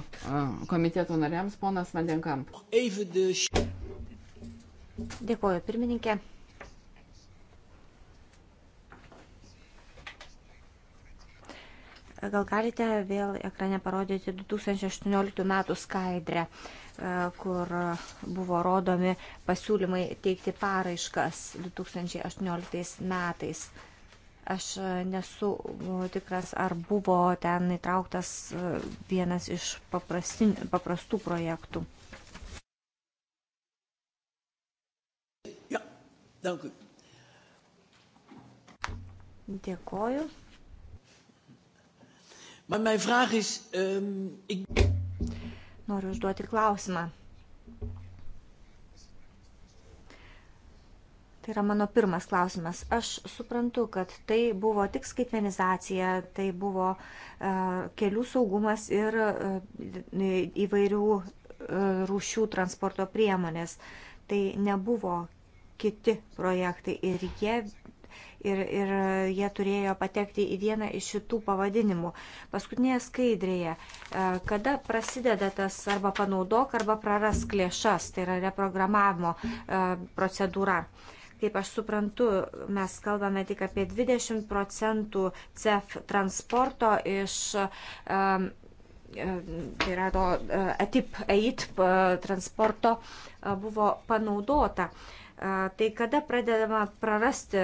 komiteto nariams, ponas Vandenkam. Dėkuoju, pirmininkė. Gal galite vėl ekrane parodyti 2018 metų skaidrę, kur buvo rodomi pasiūlymai teikti paraiškas 2018 metais. Aš e, nesu tikras, ar buvo ten įtrauktas e, vienas iš paprastin, paprastų projektų. Ja, danku. Dėkoju. Maar mijn vraag is, um, ik... Noriu užduoti klausimą. Tai yra mano pirmas klausimas. Aš suprantu, kad tai buvo tik skaitmenizacija, tai buvo e, kelių saugumas ir e, įvairių e, rūšių transporto priemonės. Tai nebuvo kiti projektai ir jie ir, ir jie turėjo patekti į vieną iš šitų pavadinimų. Paskutinėje skaidrėje, kada prasideda tas arba panaudok, arba prarask lėšas, tai yra reprogramavimo procedūra. Mhm Kaip aš suprantu, mes kalbame tik apie 20 procentų CEF transporto iš, um, tai yra to uh, ATIP, EITP uh, transporto uh, buvo panaudota. Tai kada pradedama prarasti,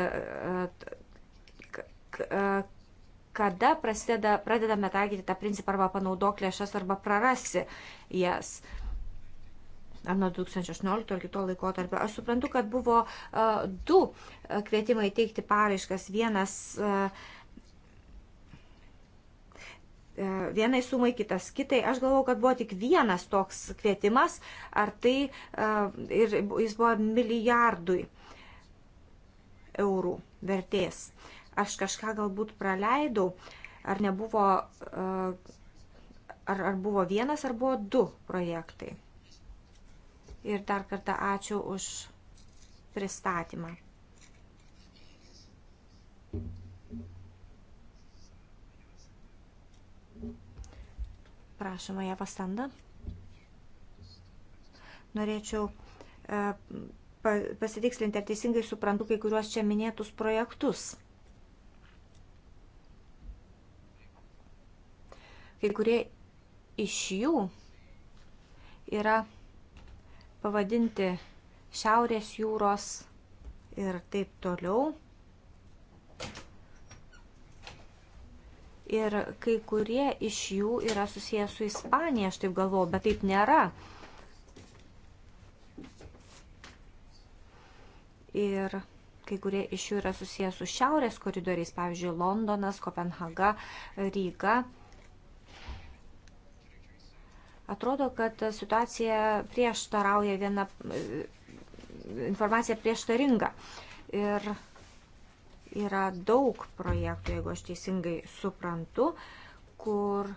kada prasideda, pradedame taikyti tą principą arba panaudok lėšas arba prarasi jas. Yes ar nuo 2018 ar kito laiko tarp. Aš suprantu, kad buvo uh, du e, kvietimai teikti paraiškas. Vienas uh, vienai sumai, kitas kitai. Aš galvau, kad buvo tik vienas toks kvietimas, ar tai ir jis buvo milijardui eurų vertės. Aš kažką galbūt praleidau, ar nebuvo, ar, ar buvo vienas, ar buvo du projektai. Ir dar kartą ačiū už pristatymą. Prašoma, ją pastanda. Norėčiau e, pasitikslinti, ar teisingai suprantu kai kuriuos čia minėtus projektus. Kai kurie iš jų yra pavadinti Šiaurės jūros ir taip toliau. Ir kai kurie iš jų yra susijęs su Ispanija, aš taip galvoju, bet taip nėra. Ir kai kurie iš jų yra susijęs su šiaurės koridoriais, pavyzdžiui, Londonas, Kopenhaga, Ryga. Atrodo, kad situacija prieštarauja viena informacija prieštaringa. Ir yra daug projektų, jeigu aš teisingai suprantu, kur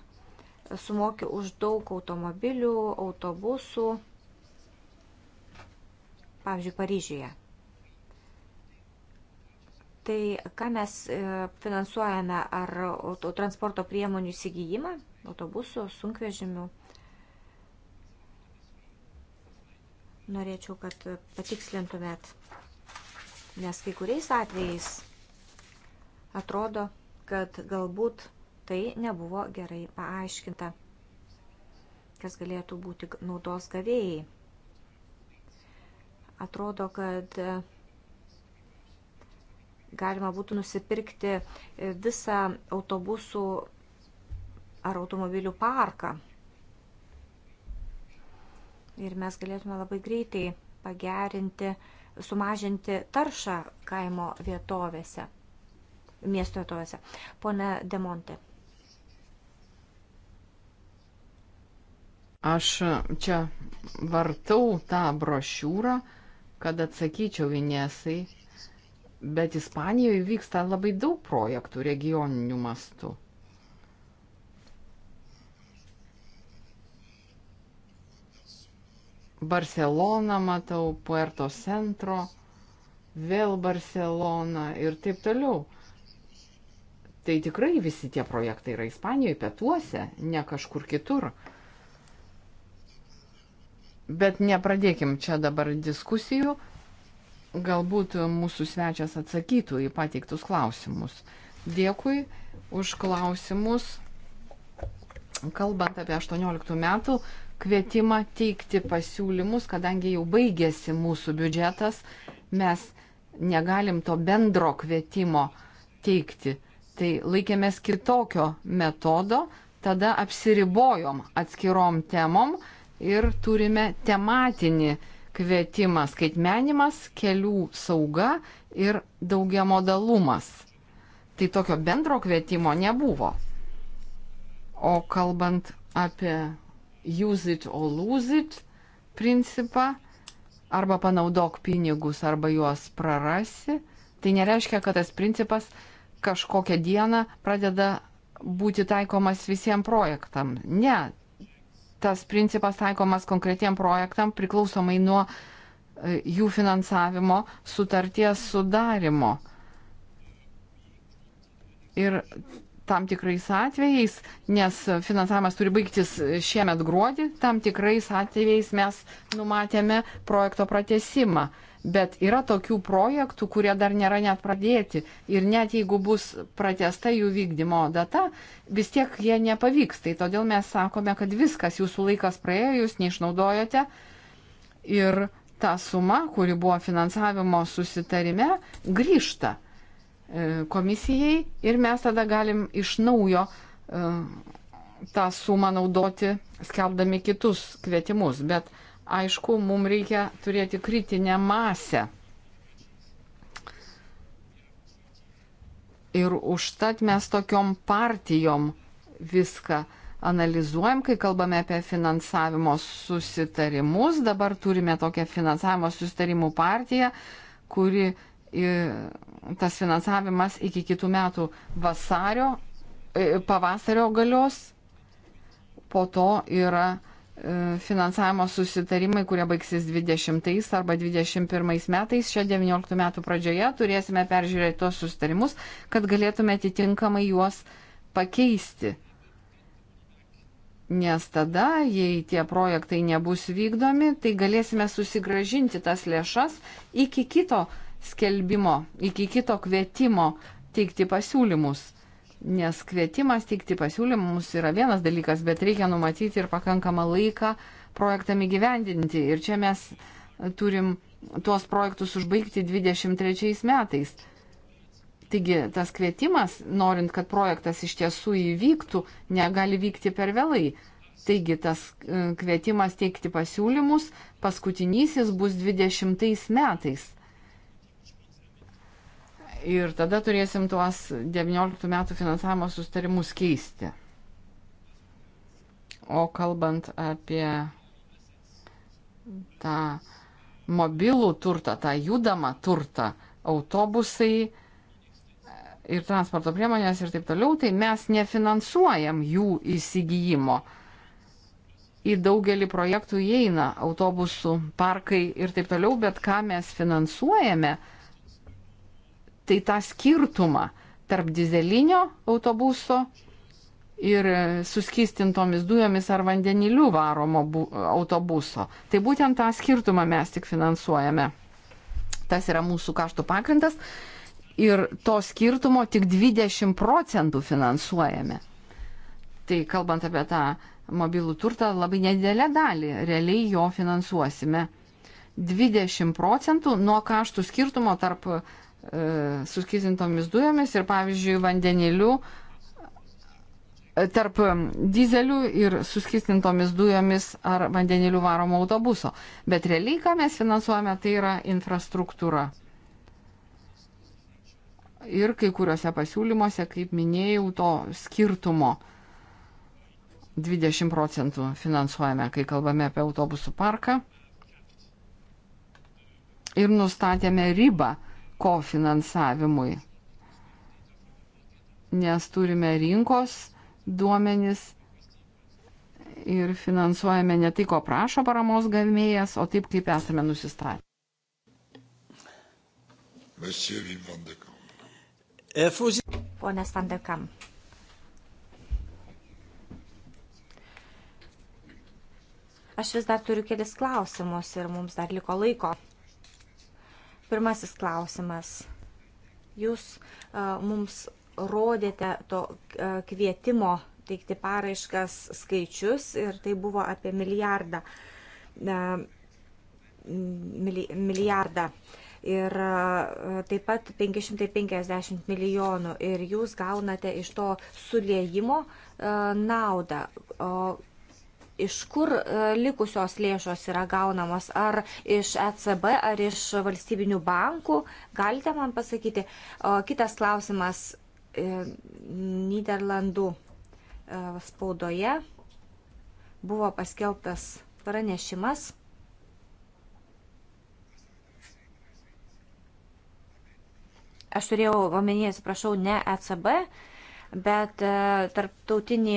sumoki už daug automobilių, autobusų, pavyzdžiui, Paryžiuje. Tai ką mes e, finansuojame, ar transporto priemonių įsigijimą, autobusų, sunkvežimių? Norėčiau, kad patikslintumėt, nes kai kuriais atvejais atrodo, kad galbūt tai nebuvo gerai paaiškinta, kas galėtų būti naudos gavėjai. Atrodo, kad e, galima būtų nusipirkti e, visą autobusų ar automobilių parką ir mes galėtume labai greitai pagerinti, sumažinti taršą kaimo vietovėse, miesto vietovėse. Pone Demonte. Aš čia vartau tą brošiūrą, kad atsakyčiau Vinesai, bet Ispanijoje vyksta labai daug projektų regioninių mastų. Barceloną matau, Puerto Centro, vėl Barcelona ir taip toliau. Tai tikrai visi tie projektai yra Ispanijoje, pietuose, ne kažkur kitur. Bet nepradėkim čia dabar diskusijų. Galbūt mūsų svečias atsakytų į pateiktus klausimus. Dėkui už klausimus. Kalbant apie 18 metų kvietimą teikti pasiūlymus, kadangi jau baigėsi mūsų biudžetas, mes negalim to bendro kvietimo teikti. Tai laikėmės kitokio metodo, tada apsiribojom atskirom temom ir turime tematinį kvietimą skaitmenimas, kelių sauga ir daugiamodalumas. Tai tokio bendro kvietimo nebuvo. O kalbant apie use it or lose it principą, arba panaudok pinigus, arba juos prarasi, tai nereiškia, kad tas principas kažkokią dieną pradeda būti taikomas visiems projektam. Ne, tas principas taikomas konkretiem projektam priklausomai nuo e, jų finansavimo sutarties sudarimo. Ir tam tikrais atvejais, nes finansavimas turi baigtis šiemet gruodį, tam tikrais atvejais mes numatėme projekto pratesimą. Bet yra tokių projektų, kurie dar nėra net pradėti ir net jeigu bus pratesta jų vykdymo data, vis tiek jie nepavyks. Tai todėl mes sakome, kad viskas jūsų laikas praėjo, jūs neišnaudojote ir ta suma, kuri buvo finansavimo susitarime, grįžta E, komisijai ir mes tada galim iš naujo e, tą sumą naudoti, skelbdami kitus kvietimus. Bet aišku, mums reikia turėti kritinę masę. Ir užtat mes tokiom partijom viską analizuojam, kai kalbame apie finansavimo susitarimus. Dabar turime tokią finansavimo susitarimų partiją, kuri tas finansavimas iki kitų metų vasario, e, pavasario galios, po to yra e, finansavimo susitarimai, kurie baigsis 20 arba 21 metais, šią 19 metų pradžioje turėsime peržiūrėti tos susitarimus, kad galėtume atitinkamai juos pakeisti. Nes tada, jei tie projektai nebus vykdomi, tai galėsime susigražinti tas lėšas iki kito skelbimo, iki kito kvietimo teikti pasiūlymus. Nes kvietimas teikti pasiūlymus yra vienas dalykas, bet reikia numatyti ir pakankamą laiką projektam įgyvendinti. Ir čia mes turim tuos projektus užbaigti 23 metais. Taigi tas kvietimas, norint, kad projektas iš tiesų įvyktų, negali vykti per vėlai. Taigi tas e, kvietimas teikti pasiūlymus paskutinysis bus 20 metais ir tada turėsim tuos 19 metų finansavimo sustarimus keisti. O kalbant apie tą mobilų turtą, tą judamą turtą, autobusai ir transporto priemonės ir taip toliau, tai mes nefinansuojam jų įsigijimo. Į daugelį projektų įeina autobusų, parkai ir taip toliau, bet ką mes finansuojame, uh, tai tą skirtumą tarp dizelinio autobuso ir suskystintomis dujomis ar vandeniliu varomo autobuso. Tai būtent tą skirtumą mes tik finansuojame. Tas yra mūsų kaštų pagrindas ir to skirtumo tik 20 procentų finansuojame. Tai kalbant apie tą mobilų turtą, labai nedidelę dalį realiai jo finansuosime. 20 procentų nuo kaštų skirtumo tarp E, suskizintomis dujomis ir, pavyzdžiui, vandeniliu e, tarp dizelių ir suskistintomis dujomis ar vandeniliu varomo autobuso. Bet realiai, ką mes finansuojame, tai yra infrastruktūra. Ir kai kuriuose pasiūlymuose, kaip minėjau, to skirtumo 20 procentų finansuojame, kai kalbame apie autobusų parką. Ir nustatėme ribą kofinansavimui. Nes turime rinkos duomenis ir finansuojame ne tai, ko prašo paramos gavėjas, o taip, kaip esame nusistatę. Ponas Vandekam. E, Aš vis dar turiu kelis klausimus ir mums dar liko laiko. Pirmasis klausimas. Jūs a, mums rodėte to a, kvietimo teikti paraiškas skaičius ir tai buvo apie milijardą. A, mili, milijardą. Ir taip pat 550 milijonų. Ir jūs gaunate iš to suliejimo naudą. O iš kur e, likusios lėšos yra gaunamos, ar iš ECB, ar iš valstybinių bankų, galite man pasakyti. O kitas klausimas e, Niderlandų e, spaudoje buvo paskelbtas pranešimas. Aš turėjau omenyje, atsiprašau, ne ECB, bet tarptautinį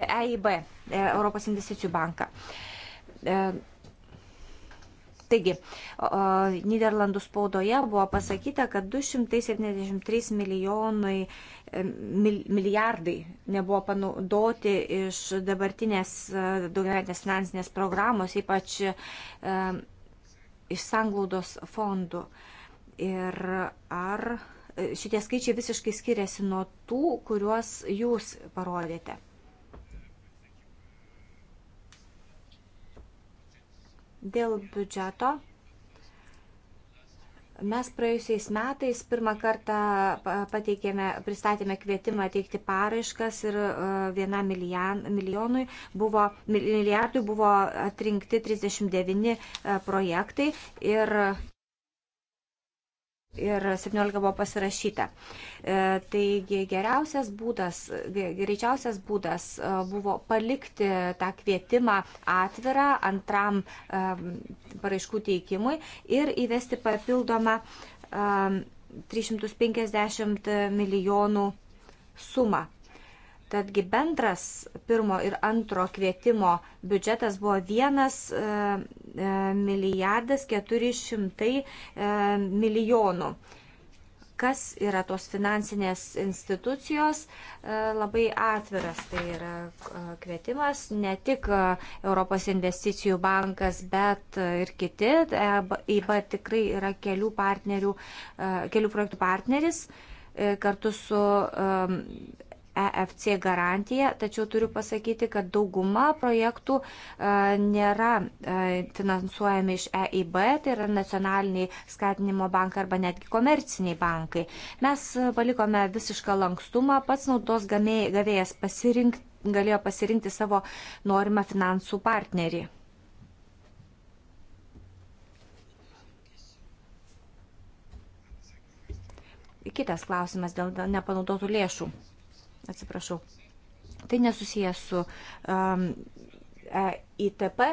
EIB, e, Europos investicijų banką. E, taigi, Niderlandų spaudoje buvo pasakyta, kad 273 milijonai, e, milijardai nebuvo panaudoti iš dabartinės daugiametės finansinės programos, ypač iš sanglaudos fondų. Ir ar šitie skaičiai visiškai skiriasi nuo tų, kuriuos jūs parodėte? Dėl biudžeto mes praėjusiais metais pirmą kartą pateikėme, pristatėme kvietimą teikti paraiškas ir e, vienam milijonui buvo, milijardui buvo atrinkti 39 e, projektai ir ir 17 buvo pasirašyta. E, taigi geriausias būdas, greičiausias būdas e, buvo palikti tą kvietimą atvirą antram e, paraiškų teikimui ir įvesti papildomą 350 milijonų sumą. Tadgi bendras pirmo ir antro kvietimo biudžetas buvo 1 e, e, milijardas 400 e, milijonų. Kas yra tos finansinės institucijos? Labai atviras tai yra kvietimas, ne tik Europos investicijų bankas, bet ir kiti. EIB tikrai yra kelių, kelių projektų partneris kartu su EFC garantiją, tačiau turiu pasakyti, kad dauguma projektų e, nėra e, finansuojami iš EIB, tai yra nacionaliniai skatinimo bankai arba netgi komerciniai bankai. Mes palikome visišką lankstumą, pats naudos gavėjas pasirinkti galėjo pasirinkti savo norimą finansų partnerį. kitas klausimas dėl nepanaudotų lėšų atsiprašau. Tai nesusijęs su um, e, ITP, e,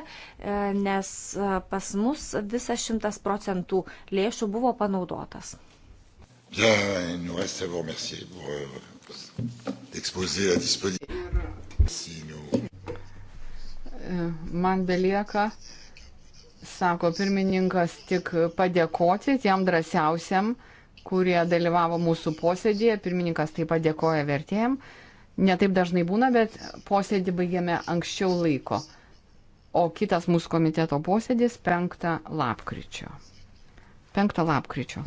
nes e, pas mus visas šimtas procentų lėšų buvo panaudotas. Bien, nous reste à vous remercier pour euh, exposer la disponibilité. Si nous... Man belieka, sako pirmininkas, tik padėkoti tiem drąsiausiam uh, kurie dalyvavo mūsų posėdėje. Pirmininkas taip pat dėkoja vertėjim. Netaip dažnai būna, bet posėdį baigėme anksčiau laiko. O kitas mūsų komiteto posėdis 5 lapkričio. 5 lapkričio.